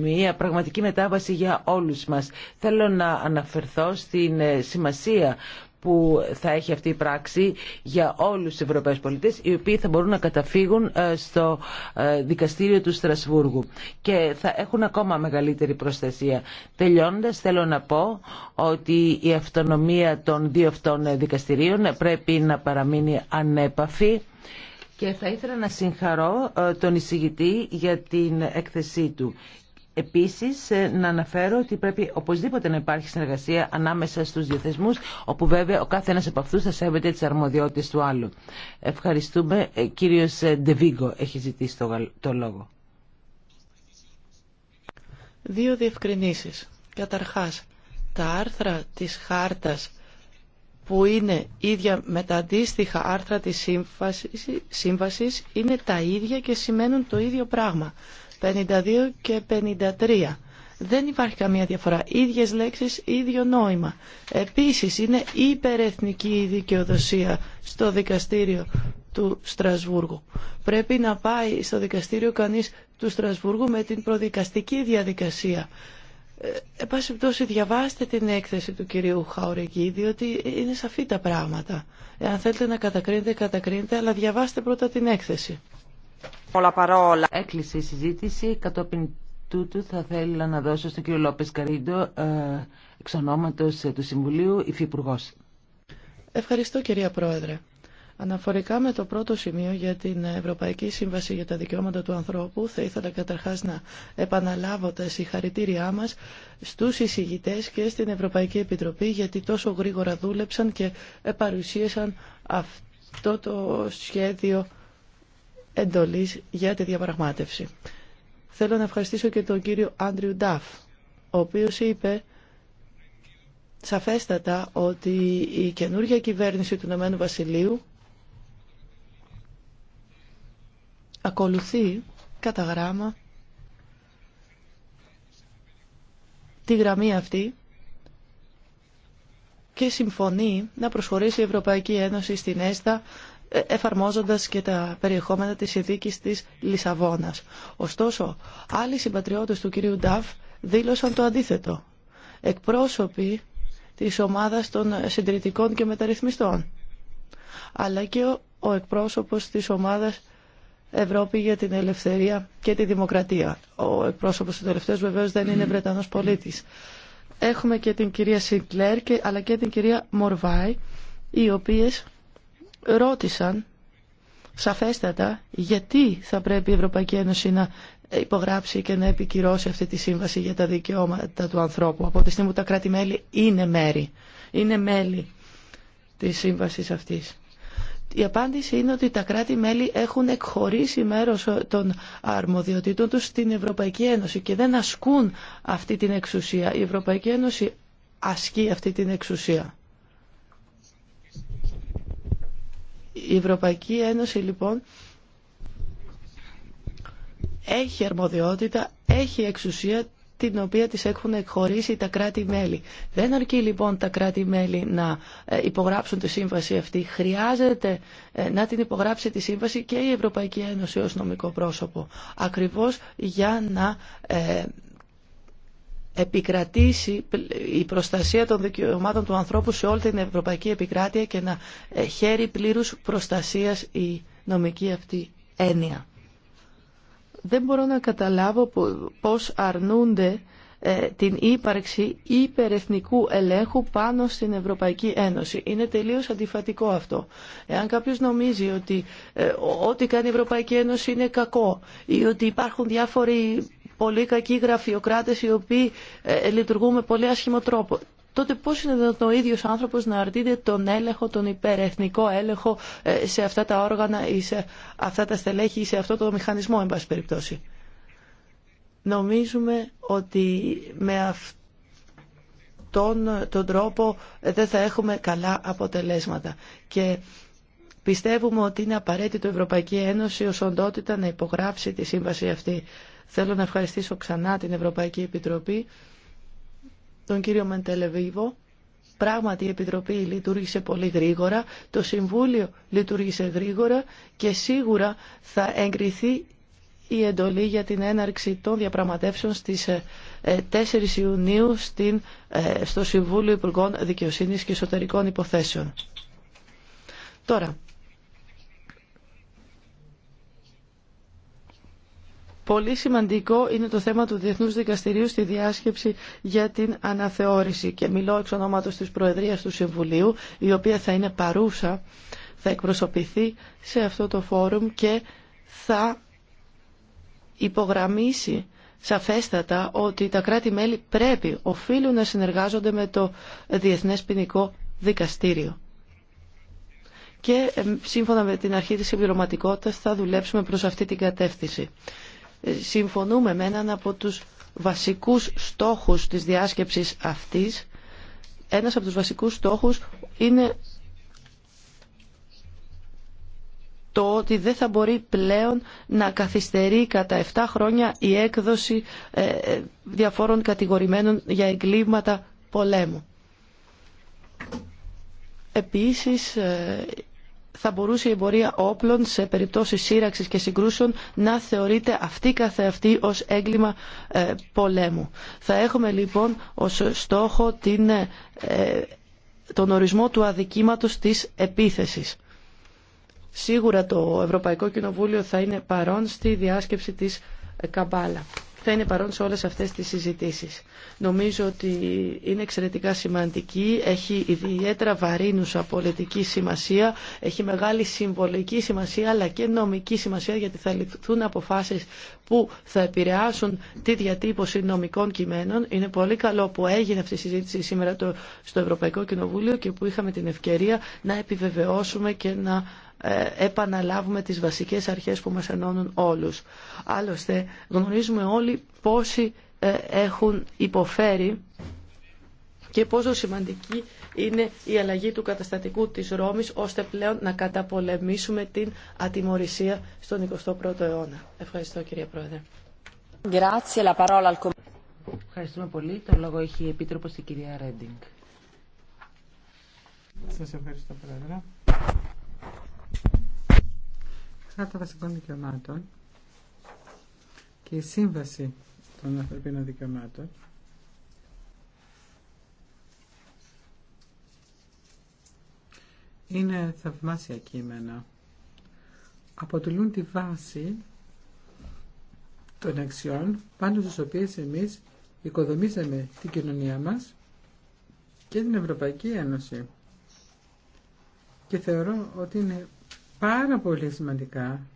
μια πραγματική μετάβαση για όλους μας. Θέλω να αναφερθώ στην σημασία που θα έχει αυτή η πράξη για όλους τους Ευρωπαίους πολίτες οι οποίοι θα μπορούν να καταφύγουν ε, στο ε, δικαστήριο του Στρασβούργου και θα έχουν ακόμα μεγαλύτερη προστασία. Τελειώνοντας θέλω να πω ότι η αυτονομία των δύο αυτών δικαστηρίων πρέπει να παραμείνει ανέπαφη και θα ήθελα να συγχαρώ ε, τον εισηγητή για την έκθεσή του. Επίσης ε, να αναφέρω ότι πρέπει οπωσδήποτε να υπάρχει συνεργασία ανάμεσα στους διαθεσμούς όπου βέβαια ο κάθε ένας από αυτούς θα σέβεται τις αρμοδιότητες του άλλου. Ευχαριστούμε. Ε, κύριος ε, Ντεβίγκο έχει ζητήσει το λόγο. Δύο διευκρινήσεις. Καταρχάς, τα άρθρα της χάρτας που είναι ίδια με τα αντίστοιχα άρθρα της σύμβασης, σύμβασης είναι τα ίδια και σημαίνουν το ίδιο πράγμα. 52 και 53. Δεν υπάρχει καμία διαφορά. Ίδιες λέξεις, ίδιο νόημα. Επίσης είναι υπερεθνική η δικαιοδοσία στο δικαστήριο του Στρασβούργου. Πρέπει να πάει στο δικαστήριο κανείς του Στρασβούργου με την προδικαστική διαδικασία. Ε, εν πάση πτώση διαβάστε την έκθεση του κυρίου Χαουρεγκή διότι είναι σαφή τα πράγματα. Εάν θέλετε να κατακρίνετε, κατακρίνετε, αλλά διαβάστε πρώτα την έκθεση. Έκλεισε η συζήτηση. Κατόπιν τούτου θα θέλω να δώσω στον κύριο Λόπε Καρίντο, ε, εξ ονόματος ε, του Συμβουλίου, υφυπουργό. Ευχαριστώ κυρία Πρόεδρε. Αναφορικά με το πρώτο σημείο για την Ευρωπαϊκή Σύμβαση για τα Δικαιώματα του Ανθρώπου, θα ήθελα καταρχάς να επαναλάβω τα συγχαρητήριά μας στους εισηγητές και στην Ευρωπαϊκή Επιτροπή, γιατί τόσο γρήγορα δούλεψαν και παρουσίασαν αυτό το σχέδιο εντολής για τη διαπραγμάτευση. Θέλω να ευχαριστήσω και τον κύριο Άντριου Νταφ, ο οποίος είπε σαφέστατα ότι η καινούργια κυβέρνηση του Ηνωμένου Βασιλείου ακολουθεί κατά γράμμα τη γραμμή αυτή και συμφωνεί να προσχωρήσει η Ευρωπαϊκή Ένωση στην ΕΣΤΑ εφαρμόζοντας και τα περιεχόμενα της ειδικής της Λισαβόνας. Ωστόσο, άλλοι συμπατριώτες του κυρίου Νταφ δήλωσαν το αντίθετο. Εκπρόσωποι της ομάδας των συντηρητικών και μεταρρυθμιστών, αλλά και ο εκπρόσωπος της ομάδας Ευρώπη για την ελευθερία και τη δημοκρατία. Ο εκπρόσωπος του τελευταίου βεβαίως δεν είναι Βρετανός πολίτης. Έχουμε και την κυρία Σιγκλέρ αλλά και την κυρία Μορβάη, οι οποίες ρώτησαν σαφέστατα γιατί θα πρέπει η Ευρωπαϊκή Ένωση να υπογράψει και να επικυρώσει αυτή τη σύμβαση για τα δικαιώματα του ανθρώπου. Από τη στιγμή που τα κράτη-μέλη είναι μέρη, είναι μέλη της σύμβασης αυτής. Η απάντηση είναι ότι τα κράτη-μέλη έχουν εκχωρήσει μέρος των αρμοδιοτήτων τους στην Ευρωπαϊκή Ένωση και δεν ασκούν αυτή την εξουσία. Η Ευρωπαϊκή Ένωση ασκεί αυτή την εξουσία. Η Ευρωπαϊκή Ένωση λοιπόν έχει αρμοδιότητα, έχει εξουσία την οποία τις έχουν εκχωρήσει τα κράτη-μέλη. Δεν αρκεί λοιπόν τα κράτη-μέλη να ε, υπογράψουν τη σύμβαση αυτή. Χρειάζεται ε, να την υπογράψει τη σύμβαση και η Ευρωπαϊκή Ένωση ως νομικό πρόσωπο. Ακριβώς για να ε, επικρατήσει η προστασία των δικαιωμάτων του ανθρώπου σε όλη την ευρωπαϊκή επικράτεια και να ε, χαίρει πλήρους προστασίας η νομική αυτή έννοια. Δεν μπορώ να καταλάβω πώς αρνούνται ε, την ύπαρξη υπερεθνικού ελέγχου πάνω στην Ευρωπαϊκή Ένωση. Είναι τελείως αντιφατικό αυτό. Εάν κάποιος νομίζει ότι ε, ό,τι κάνει η Ευρωπαϊκή Ένωση είναι κακό ή ότι υπάρχουν διάφοροι πολύ κακοί γραφειοκράτες οι οποίοι ε, λειτουργούν με πολύ άσχημο τρόπο τότε πώς είναι το ίδιος άνθρωπος να αρνείται τον έλεγχο, τον υπερεθνικό έλεγχο ε, σε αυτά τα όργανα ή σε αυτά τα στελέχη ή σε αυτό το μηχανισμό, εν πάση περιπτώσει. Νομίζουμε ότι με αυτόν τον τρόπο ε, δεν θα έχουμε καλά αποτελέσματα. Και πιστεύουμε ότι είναι απαραίτητο η Ευρωπαϊκή Ένωση ως οντότητα να υπογράψει τη σύμβαση αυτή. Θέλω να ευχαριστήσω ξανά την Ευρωπαϊκή Επιτροπή, τον κύριο Μεντελεβίβο. Πράγματι η Επιτροπή λειτουργήσε πολύ γρήγορα, το Συμβούλιο λειτουργήσε γρήγορα και σίγουρα θα εγκριθεί η εντολή για την έναρξη των διαπραγματεύσεων στις 4 ε, ε, Ιουνίου στην, ε, στο Συμβούλιο Υπουργών Δικαιοσύνης και Εσωτερικών Υποθέσεων. Τώρα, Πολύ σημαντικό είναι το θέμα του Διεθνούς Δικαστηρίου στη διάσκεψη για την αναθεώρηση και μιλώ εξ ονόματος της Προεδρίας του Συμβουλίου η οποία θα είναι παρούσα, θα εκπροσωπηθεί σε αυτό το φόρουμ και θα υπογραμμίσει σαφέστατα ότι τα κράτη-μέλη πρέπει, οφείλουν να συνεργάζονται με το Διεθνές Ποινικό Δικαστήριο. Και σύμφωνα με την αρχή της συμπληρωματικότητας θα δουλέψουμε προς αυτή την κατεύθυνση συμφωνούμε με έναν από τους βασικούς στόχους της διάσκεψης αυτής. Ένας από τους βασικούς στόχους είναι το ότι δεν θα μπορεί πλέον να καθυστερεί κατά 7 χρόνια η έκδοση ε, ε, διαφόρων κατηγορημένων για εγκλήματα πολέμου. Επίσης ε, θα μπορούσε η εμπορία όπλων σε περιπτώσεις σύραξης και συγκρούσεων να θεωρείται αυτή καθεαυτή ως έγκλημα ε, πολέμου. Θα έχουμε λοιπόν ως στόχο την, ε, τον ορισμό του αδικήματος της επίθεσης. Σίγουρα το Ευρωπαϊκό Κοινοβούλιο θα είναι παρόν στη διάσκεψη της Καμπάλα θα είναι παρόν σε όλες αυτές τις συζητήσεις. Νομίζω ότι είναι εξαιρετικά σημαντική, έχει ιδιαίτερα βαρύνουσα πολιτική σημασία, έχει μεγάλη συμβολική σημασία αλλά και νομική σημασία γιατί θα ληφθούν αποφάσεις που θα επηρεάσουν τη διατύπωση νομικών κειμένων. Είναι πολύ καλό που έγινε αυτή η συζήτηση σήμερα στο Ευρωπαϊκό Κοινοβούλιο και που είχαμε την ευκαιρία να επιβεβαιώσουμε και να ε, επαναλάβουμε τις βασικές αρχές που μας ενώνουν όλους. Άλλωστε γνωρίζουμε όλοι πόσοι ε, έχουν υποφέρει και πόσο σημαντική είναι η αλλαγή του καταστατικού της Ρώμης ώστε πλέον να καταπολεμήσουμε την ατιμορρησία στον 21ο αιώνα. Ευχαριστώ κύριε Πρόεδρε. Ευχαριστούμε πολύ. Το λόγο έχει η Επίτροπος η κυρία Ρέντινγκ. Σας ευχαριστώ Πρόεδρε. Χάρτα Βασικών Δικαιωμάτων και η Σύμβαση των Ανθρωπίνων Δικαιωμάτων είναι θαυμάσια κείμενα. Αποτελούν τη βάση των αξιών πάνω στις οποίες εμείς οικοδομήσαμε την κοινωνία μας και την Ευρωπαϊκή Ένωση. Και θεωρώ ότι είναι πάρα πολύ σημαντικά,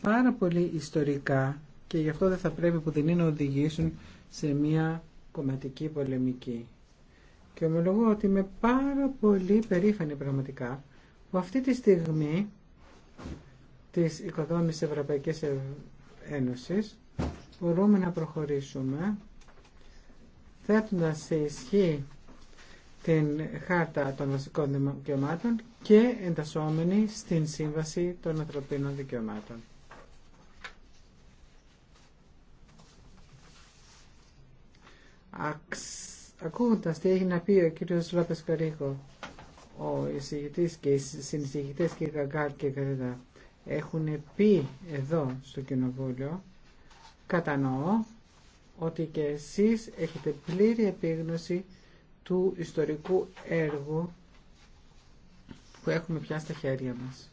πάρα πολύ ιστορικά και γι' αυτό δεν θα πρέπει που δεν είναι να οδηγήσουν σε μια κομματική πολεμική. Και ομολογώ ότι είμαι πάρα πολύ περήφανη πραγματικά που αυτή τη στιγμή της οικοδόμησης Ευρωπαϊκής Ένωσης μπορούμε να προχωρήσουμε θέτοντας σε ισχύ την Χάρτα των Βασικών Δικαιωμάτων και εντασσόμενη στην Σύμβαση των Ανθρωπίνων Δικαιωμάτων. Ακούγοντας τι έχει να πει ο κύριος Λόπες Καρίχο, ο εισηγητής και οι συνεισηγητές και η και Καρίδα έχουν πει εδώ στο Κοινοβούλιο, κατανοώ ότι και εσείς έχετε πλήρη επίγνωση του ιστορικού έργου που έχουμε πια στα χέρια μας.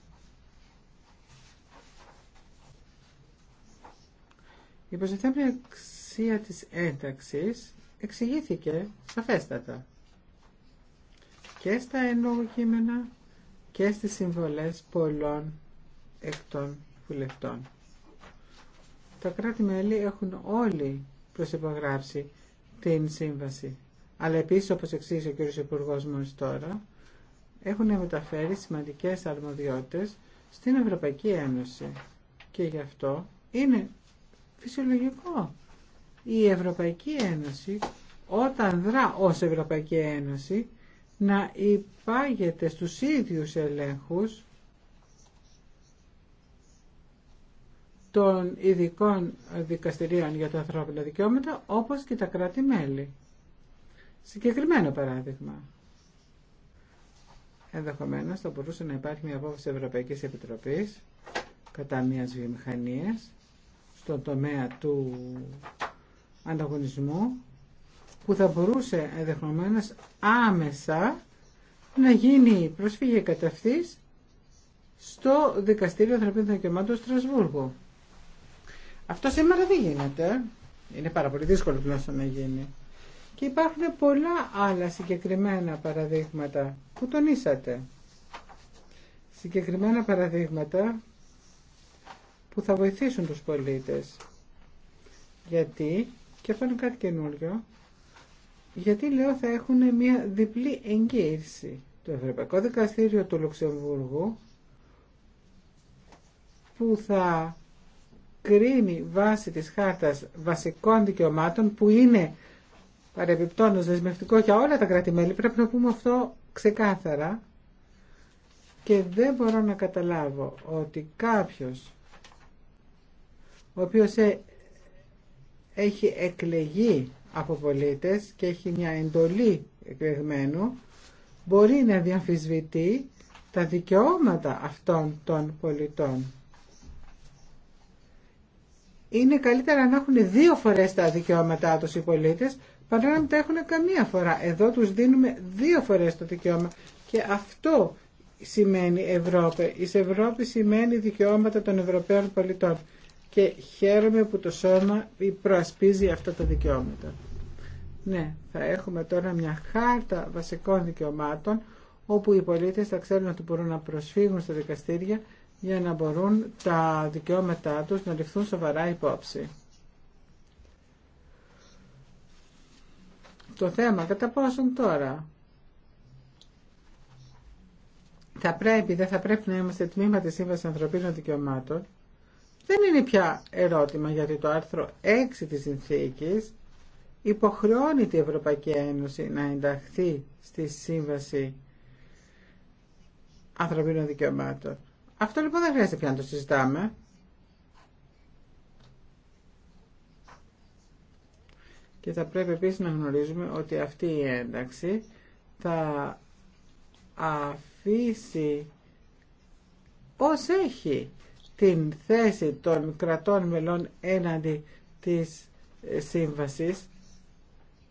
Η προστιθέμενη αξία της ένταξης εξηγήθηκε σαφέστατα και στα εν και στις συμβολές πολλών εκ των βουλευτών. Τα κράτη-μέλη έχουν όλοι προσυπογράψει την σύμβαση αλλά επίσης όπως εξήγησε ο κ. Υπουργό μόλις τώρα, έχουν μεταφέρει σημαντικές αρμοδιότητες στην Ευρωπαϊκή Ένωση. Και γι' αυτό είναι φυσιολογικό. Η Ευρωπαϊκή Ένωση όταν δρά ως Ευρωπαϊκή Ένωση να υπάγεται στους ίδιους ελέγχους των ειδικών δικαστηρίων για τα ανθρώπινα δικαιώματα όπως και τα κράτη-μέλη. Συγκεκριμένο παράδειγμα. Ενδεχομένω θα μπορούσε να υπάρχει μια απόφαση Ευρωπαϊκή Επιτροπή κατά μια βιομηχανία στον τομέα του ανταγωνισμού που θα μπορούσε ενδεχομένω άμεσα να γίνει προσφύγη κατά στο Δικαστήριο Ανθρωπίνων Δικαιωμάτων του Στρασβούργου. Αυτό σήμερα δεν γίνεται. Είναι πάρα πολύ δύσκολο πλέον να γίνει. Και υπάρχουν πολλά άλλα συγκεκριμένα παραδείγματα που τονίσατε. Συγκεκριμένα παραδείγματα που θα βοηθήσουν τους πολίτες. Γιατί, και αυτό είναι κάτι καινούριο, γιατί λέω θα έχουν μια διπλή εγγύηση. Το Ευρωπαϊκό Δικαστήριο του Λουξεμβούργου που θα κρίνει βάσει της χάρτας βασικών δικαιωμάτων που είναι παρεμπιπτόντως δεσμευτικό για όλα τα κρατη πρέπει να πούμε αυτό ξεκάθαρα και δεν μπορώ να καταλάβω ότι κάποιος ο οποίος ε, έχει εκλεγεί από πολίτες και έχει μια εντολή εκλεγμένου μπορεί να διαμφισβητεί τα δικαιώματα αυτών των πολιτών. Είναι καλύτερα να έχουν δύο φορές τα δικαιώματά τους οι πολίτες παρά να μην τα έχουν καμία φορά. Εδώ τους δίνουμε δύο φορές το δικαίωμα και αυτό σημαίνει Ευρώπη. Η Ευρώπη σημαίνει δικαιώματα των Ευρωπαίων πολιτών και χαίρομαι που το σώμα προασπίζει αυτά τα δικαιώματα. Ναι, θα έχουμε τώρα μια χάρτα βασικών δικαιωμάτων όπου οι πολίτες θα ξέρουν ότι μπορούν να προσφύγουν στα δικαστήρια για να μπορούν τα δικαιώματά τους να ληφθούν σοβαρά υπόψη. το θέμα κατά πόσον τώρα θα πρέπει, δεν θα πρέπει να είμαστε τμήμα της Σύμβασης Ανθρωπίνων Δικαιωμάτων δεν είναι πια ερώτημα γιατί το άρθρο 6 της συνθήκης υποχρεώνει την Ευρωπαϊκή Ένωση να ενταχθεί στη Σύμβαση Ανθρωπίνων Δικαιωμάτων. Αυτό λοιπόν δεν χρειάζεται πια να το συζητάμε. και θα πρέπει επίσης να γνωρίζουμε ότι αυτή η ένταξη θα αφήσει ως έχει την θέση των κρατών μελών έναντι της σύμβασης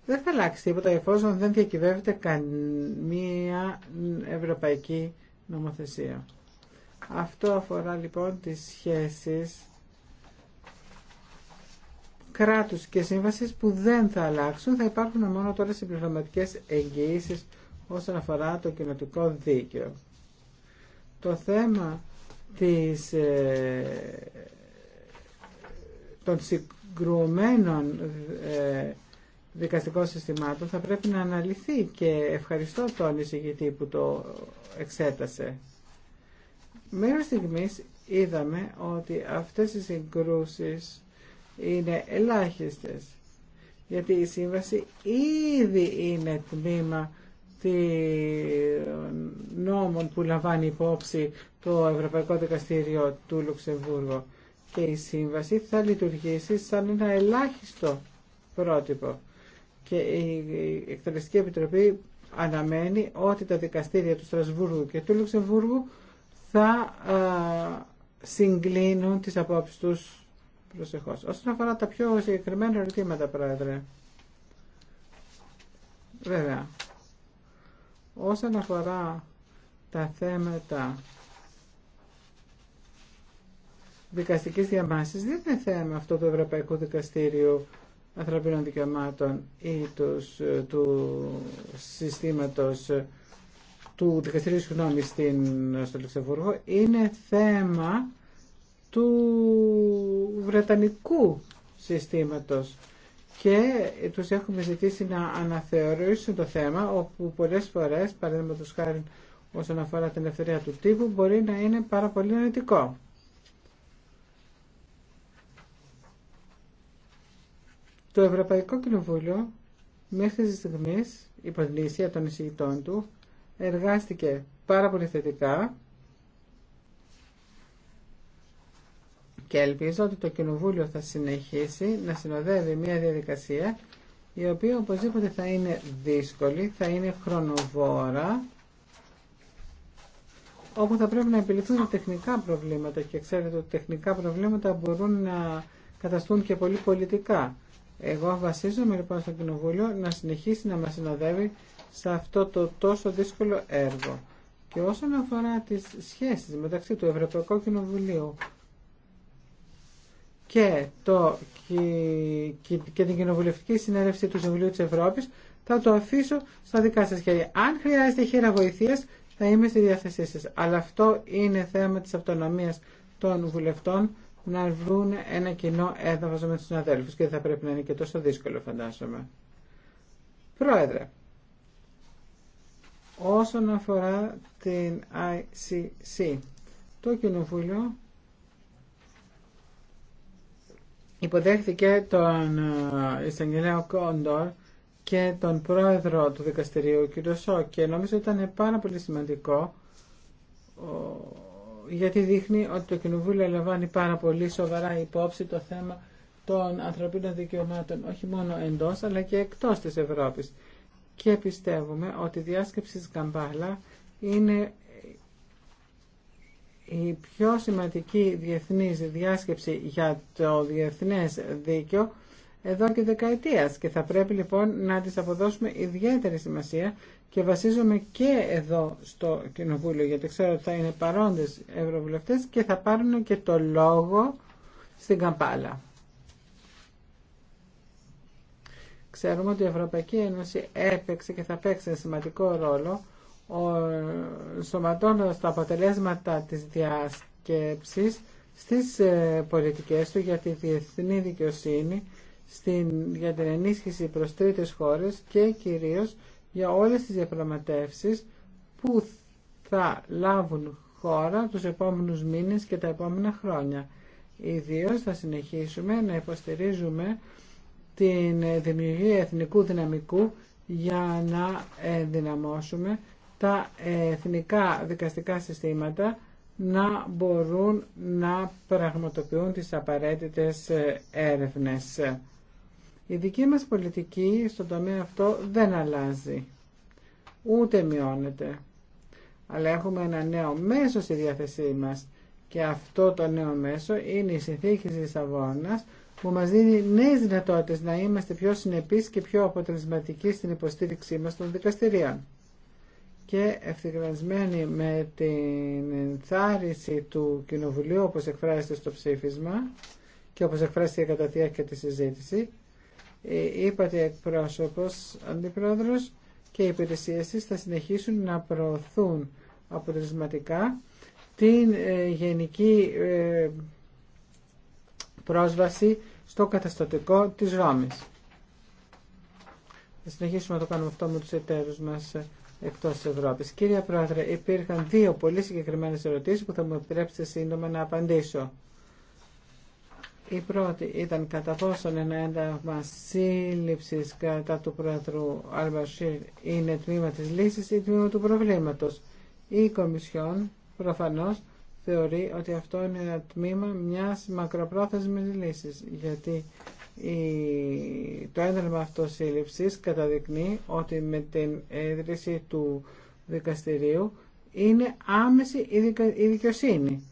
δεν θα αλλάξει τίποτα εφόσον δεν διακυβεύεται καμία ευρωπαϊκή νομοθεσία. Αυτό αφορά λοιπόν τις σχέσεις κράτους και σύμβασεις που δεν θα αλλάξουν, θα υπάρχουν μόνο τώρα συμπληρωματικές εγγυήσεις όσον αφορά το κοινοτικό δίκαιο. Το θέμα της, ε, των συγκρουμένων ε, δικαστικών συστημάτων θα πρέπει να αναλυθεί και ευχαριστώ τον εισηγητή που το εξέτασε. Μέχρι στιγμής είδαμε ότι αυτές οι συγκρούσεις είναι ελάχιστες. Γιατί η σύμβαση ήδη είναι τμήμα των νόμων που λαμβάνει υπόψη το Ευρωπαϊκό Δικαστήριο του Λουξεμβούργου και η σύμβαση θα λειτουργήσει σαν ένα ελάχιστο πρότυπο και η Εκτελεστική Επιτροπή αναμένει ότι τα δικαστήρια του Στρασβούργου και του Λουξεμβούργου θα ε, συγκλίνουν τις απόψεις τους προσεχώς. Όσον αφορά τα πιο συγκεκριμένα ερωτήματα, Πρόεδρε, βέβαια, όσον αφορά τα θέματα δικαστική διαμάση, δεν είναι θέμα αυτό του Ευρωπαϊκού Δικαστήριου Ανθρωπίνων Δικαιωμάτων ή του συστήματος του δικαστηρίου συγγνώμη στην, στο Λουξεμβούργο είναι θέμα του Βρετανικού συστήματος και τους έχουμε ζητήσει να αναθεωρήσουν το θέμα όπου πολλές φορές, παραδείγματο χάρη όσον αφορά την ελευθερία του τύπου, μπορεί να είναι πάρα πολύ νοητικό. Το Ευρωπαϊκό Κοινοβούλιο μέχρι τη στιγμή, υπό την των εισηγητών του, εργάστηκε πάρα πολύ θετικά και ελπίζω ότι το Κοινοβούλιο θα συνεχίσει να συνοδεύει μια διαδικασία η οποία οπωσδήποτε θα είναι δύσκολη, θα είναι χρονοβόρα όπου θα πρέπει να επιληθούν τεχνικά προβλήματα και ξέρετε ότι τεχνικά προβλήματα μπορούν να καταστούν και πολύ πολιτικά. Εγώ βασίζομαι λοιπόν στο Κοινοβούλιο να συνεχίσει να μας συνοδεύει σε αυτό το τόσο δύσκολο έργο. Και όσον αφορά τις σχέσεις μεταξύ του Ευρωπαϊκού Κοινοβουλίου και, το, και, την κοινοβουλευτική συνέλευση του Συμβουλίου της Ευρώπης θα το αφήσω στα δικά σας χέρια. Αν χρειάζεται χέρα βοηθείας θα είμαι στη διάθεσή σας. Αλλά αυτό είναι θέμα της αυτονομίας των βουλευτών να βρουν ένα κοινό έδαφος με τους συναδέλφους και δεν θα πρέπει να είναι και τόσο δύσκολο φαντάζομαι. Πρόεδρε, όσον αφορά την ICC, το Κοινοβούλιο υποδέχθηκε τον εισαγγελέο Κόντορ και τον πρόεδρο του δικαστηρίου κ. και νομίζω ήταν πάρα πολύ σημαντικό γιατί δείχνει ότι το Κοινοβούλιο λαμβάνει πάρα πολύ σοβαρά υπόψη το θέμα των ανθρωπίνων δικαιωμάτων όχι μόνο εντός αλλά και εκτός της Ευρώπης. Και πιστεύουμε ότι η διάσκεψη της Καμπάλα είναι η πιο σημαντική διεθνής διάσκεψη για το διεθνές δίκαιο εδώ και δεκαετίας και θα πρέπει λοιπόν να της αποδώσουμε ιδιαίτερη σημασία και βασίζομαι και εδώ στο Κοινοβούλιο γιατί ξέρω ότι θα είναι παρόντες ευρωβουλευτές και θα πάρουν και το λόγο στην Καμπάλα. Ξέρουμε ότι η Ευρωπαϊκή Ένωση έπαιξε και θα παίξει ένα σημαντικό ρόλο σωματώνοντας τα αποτελέσματα της διάσκεψης στις ε, πολιτικές του για τη διεθνή δικαιοσύνη, στην, για την ενίσχυση προς τρίτες χώρες και κυρίως για όλες τις διαπραγματεύσει που θα λάβουν χώρα τους επόμενους μήνες και τα επόμενα χρόνια. Ιδίως θα συνεχίσουμε να υποστηρίζουμε την δημιουργία εθνικού δυναμικού για να ενδυναμώσουμε τα εθνικά δικαστικά συστήματα να μπορούν να πραγματοποιούν τις απαραίτητες έρευνες. Η δική μας πολιτική στον τομέα αυτό δεν αλλάζει, ούτε μειώνεται. Αλλά έχουμε ένα νέο μέσο στη διάθεσή μας και αυτό το νέο μέσο είναι η συνθήκη της Λισαβόνας που μας δίνει νέες δυνατότητες να είμαστε πιο συνεπείς και πιο αποτελεσματικοί στην υποστήριξή μας των δικαστηρίων και ευθυγρασμένη με την ενθάρρυνση του Κοινοβουλίου όπως εκφράζεται στο ψήφισμα και όπως εκφράστηκε κατά τη διάρκεια της συζήτηση είπατε εκπρόσωπος αντιπρόεδρος και οι υπηρεσίε της θα συνεχίσουν να προωθούν αποτελεσματικά την ε, γενική ε, πρόσβαση στο καταστατικό της Ρώμης. Θα συνεχίσουμε να το κάνουμε αυτό με τους εταίρους μας εκτός της Ευρώπης. Κύριε Πρόεδρε, υπήρχαν δύο πολύ συγκεκριμένες ερωτήσεις που θα μου επιτρέψετε σύντομα να απαντήσω. Η πρώτη ήταν κατά πόσον ένα ένταγμα σύλληψη κατά του Πρόεδρου Αλμπασίρ είναι τμήμα της λύσης ή τμήμα του προβλήματος. Η Κομισιόν προφανώς θεωρεί ότι αυτό είναι ένα τμήμα μιας μακροπρόθεσμης λύσης, γιατί το αυτό αυτοσύλληψης καταδεικνύει ότι με την έδρυση του δικαστηρίου είναι άμεση η δικαιοσύνη.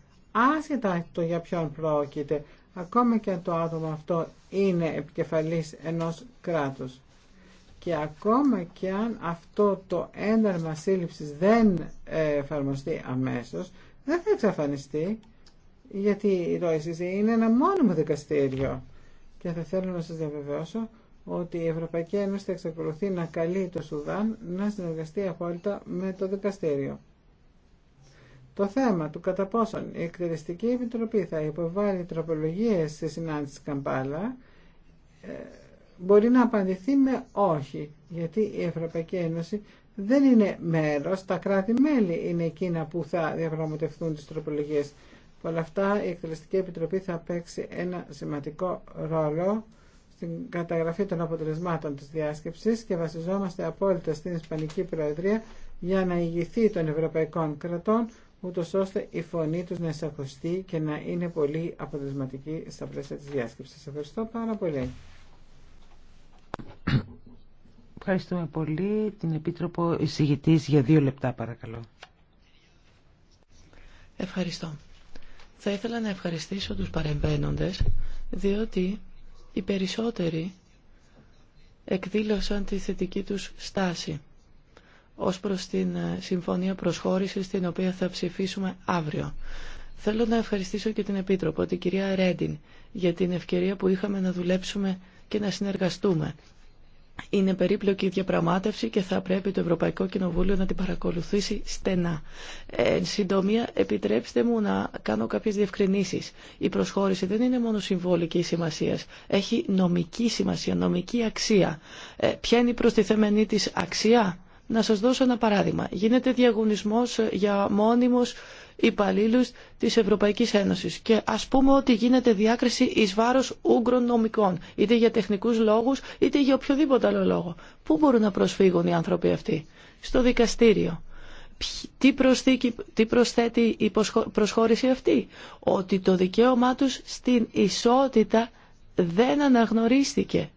Άσχετα το για ποιον πρόκειται, ακόμα και αν το άτομο αυτό είναι επικεφαλής ενός κράτους. Και ακόμα και αν αυτό το ένταλμα σύλληψης δεν ε, εφαρμοστεί αμέσως, δεν θα εξαφανιστεί, γιατί η Ρόησης είναι ένα μόνιμο δικαστήριο και θα θέλω να σας διαβεβαιώσω ότι η Ευρωπαϊκή Ένωση θα εξακολουθεί να καλεί το Σουδάν να συνεργαστεί απόλυτα με το δικαστήριο. Το θέμα του κατά πόσον η Εκτελεστική Επιτροπή θα υποβάλει τροπολογίες σε συνάντηση Καμπάλα ε, μπορεί να απαντηθεί με όχι, γιατί η Ευρωπαϊκή Ένωση δεν είναι μέρος, τα κράτη-μέλη είναι εκείνα που θα διαπραγματευτούν τις τροπολογίες Παρ' όλα αυτά η Εκτελεστική Επιτροπή θα παίξει ένα σημαντικό ρόλο στην καταγραφή των αποτελεσμάτων της διάσκεψης και βασιζόμαστε απόλυτα στην Ισπανική Προεδρία για να ηγηθεί των ευρωπαϊκών κρατών ούτω ώστε η φωνή τους να εισακουστεί και να είναι πολύ αποτελεσματική στα πλαίσια της διάσκεψης. Ευχαριστώ πάρα πολύ. Ευχαριστούμε πολύ. Την Επίτροπο εισηγητής για δύο λεπτά παρακαλώ. Ευχαριστώ. Θα ήθελα να ευχαριστήσω τους παρεμβαίνοντες, διότι οι περισσότεροι εκδήλωσαν τη θετική τους στάση ως προς την ε, Συμφωνία Προσχώρησης, την οποία θα ψηφίσουμε αύριο. Θέλω να ευχαριστήσω και την Επίτροπο, την κυρία Ρέντιν, για την ευκαιρία που είχαμε να δουλέψουμε και να συνεργαστούμε είναι περίπλοκη η διαπραγμάτευση και θα πρέπει το Ευρωπαϊκό Κοινοβούλιο να την παρακολουθήσει στενά. Ε, συντομία, επιτρέψτε μου να κάνω κάποιε διευκρινήσει. Η προσχώρηση δεν είναι μόνο συμβολική σημασία. Έχει νομική σημασία, νομική αξία. Ε, ποια είναι η προστιθέμενή τη αξία. Να σας δώσω ένα παράδειγμα. Γίνεται διαγωνισμός για μόνιμους υπαλλήλους της Ευρωπαϊκής Ένωσης. Και ας πούμε ότι γίνεται διάκριση εις βάρος νομικών, είτε για τεχνικούς λόγους, είτε για οποιοδήποτε άλλο λόγο. Πού μπορούν να προσφύγουν οι άνθρωποι αυτοί. Στο δικαστήριο. Τι, τι προσθέτει η προσχώρηση αυτή. Ότι το δικαίωμά τους στην ισότητα δεν αναγνωρίστηκε.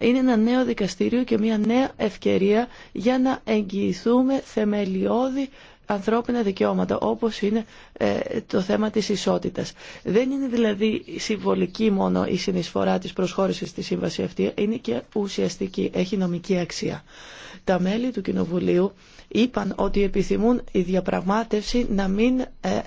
Είναι ένα νέο δικαστήριο και μια νέα ευκαιρία για να εγγυηθούμε θεμελιώδη ανθρώπινα δικαιώματα όπως είναι ε, το θέμα της ισότητας. Δεν είναι δηλαδή συμβολική μόνο η συνεισφορά της προσχώρησης στη σύμβαση αυτή, είναι και ουσιαστική, έχει νομική αξία. Τα μέλη του Κοινοβουλίου είπαν ότι επιθυμούν η διαπραγμάτευση να μην ε,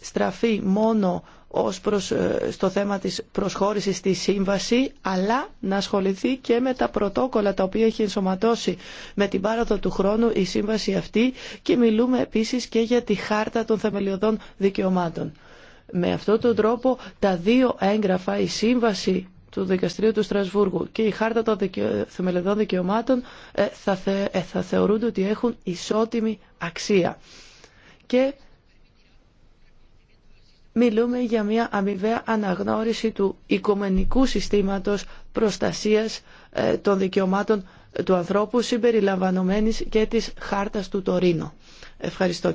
στραφεί μόνο ως προς, ε, στο θέμα της προσχώρησης στη σύμβαση αλλά να ασχοληθεί και με τα πρωτόκολλα τα οποία έχει ενσωματώσει με την πάροδο του χρόνου η σύμβαση αυτή και μιλούμε επίσης και για τη χάρτα των θεμελιωδών δικαιωμάτων. Με αυτόν τον τρόπο τα δύο έγγραφα, η σύμβαση του Δικαστηρίου του Στρασβούργου και η Χάρτα των Θεμελιωδών Δικαιωμάτων ε, θα, ε, θα θεωρούνται ότι έχουν ισότιμη αξία. Και μιλούμε για μια αμοιβαία αναγνώριση του οικομενικού συστήματος προστασίας ε, των δικαιωμάτων του ανθρώπου συμπεριλαμβανομένης και της χάρτας του Τωρίνο. Ευχαριστώ.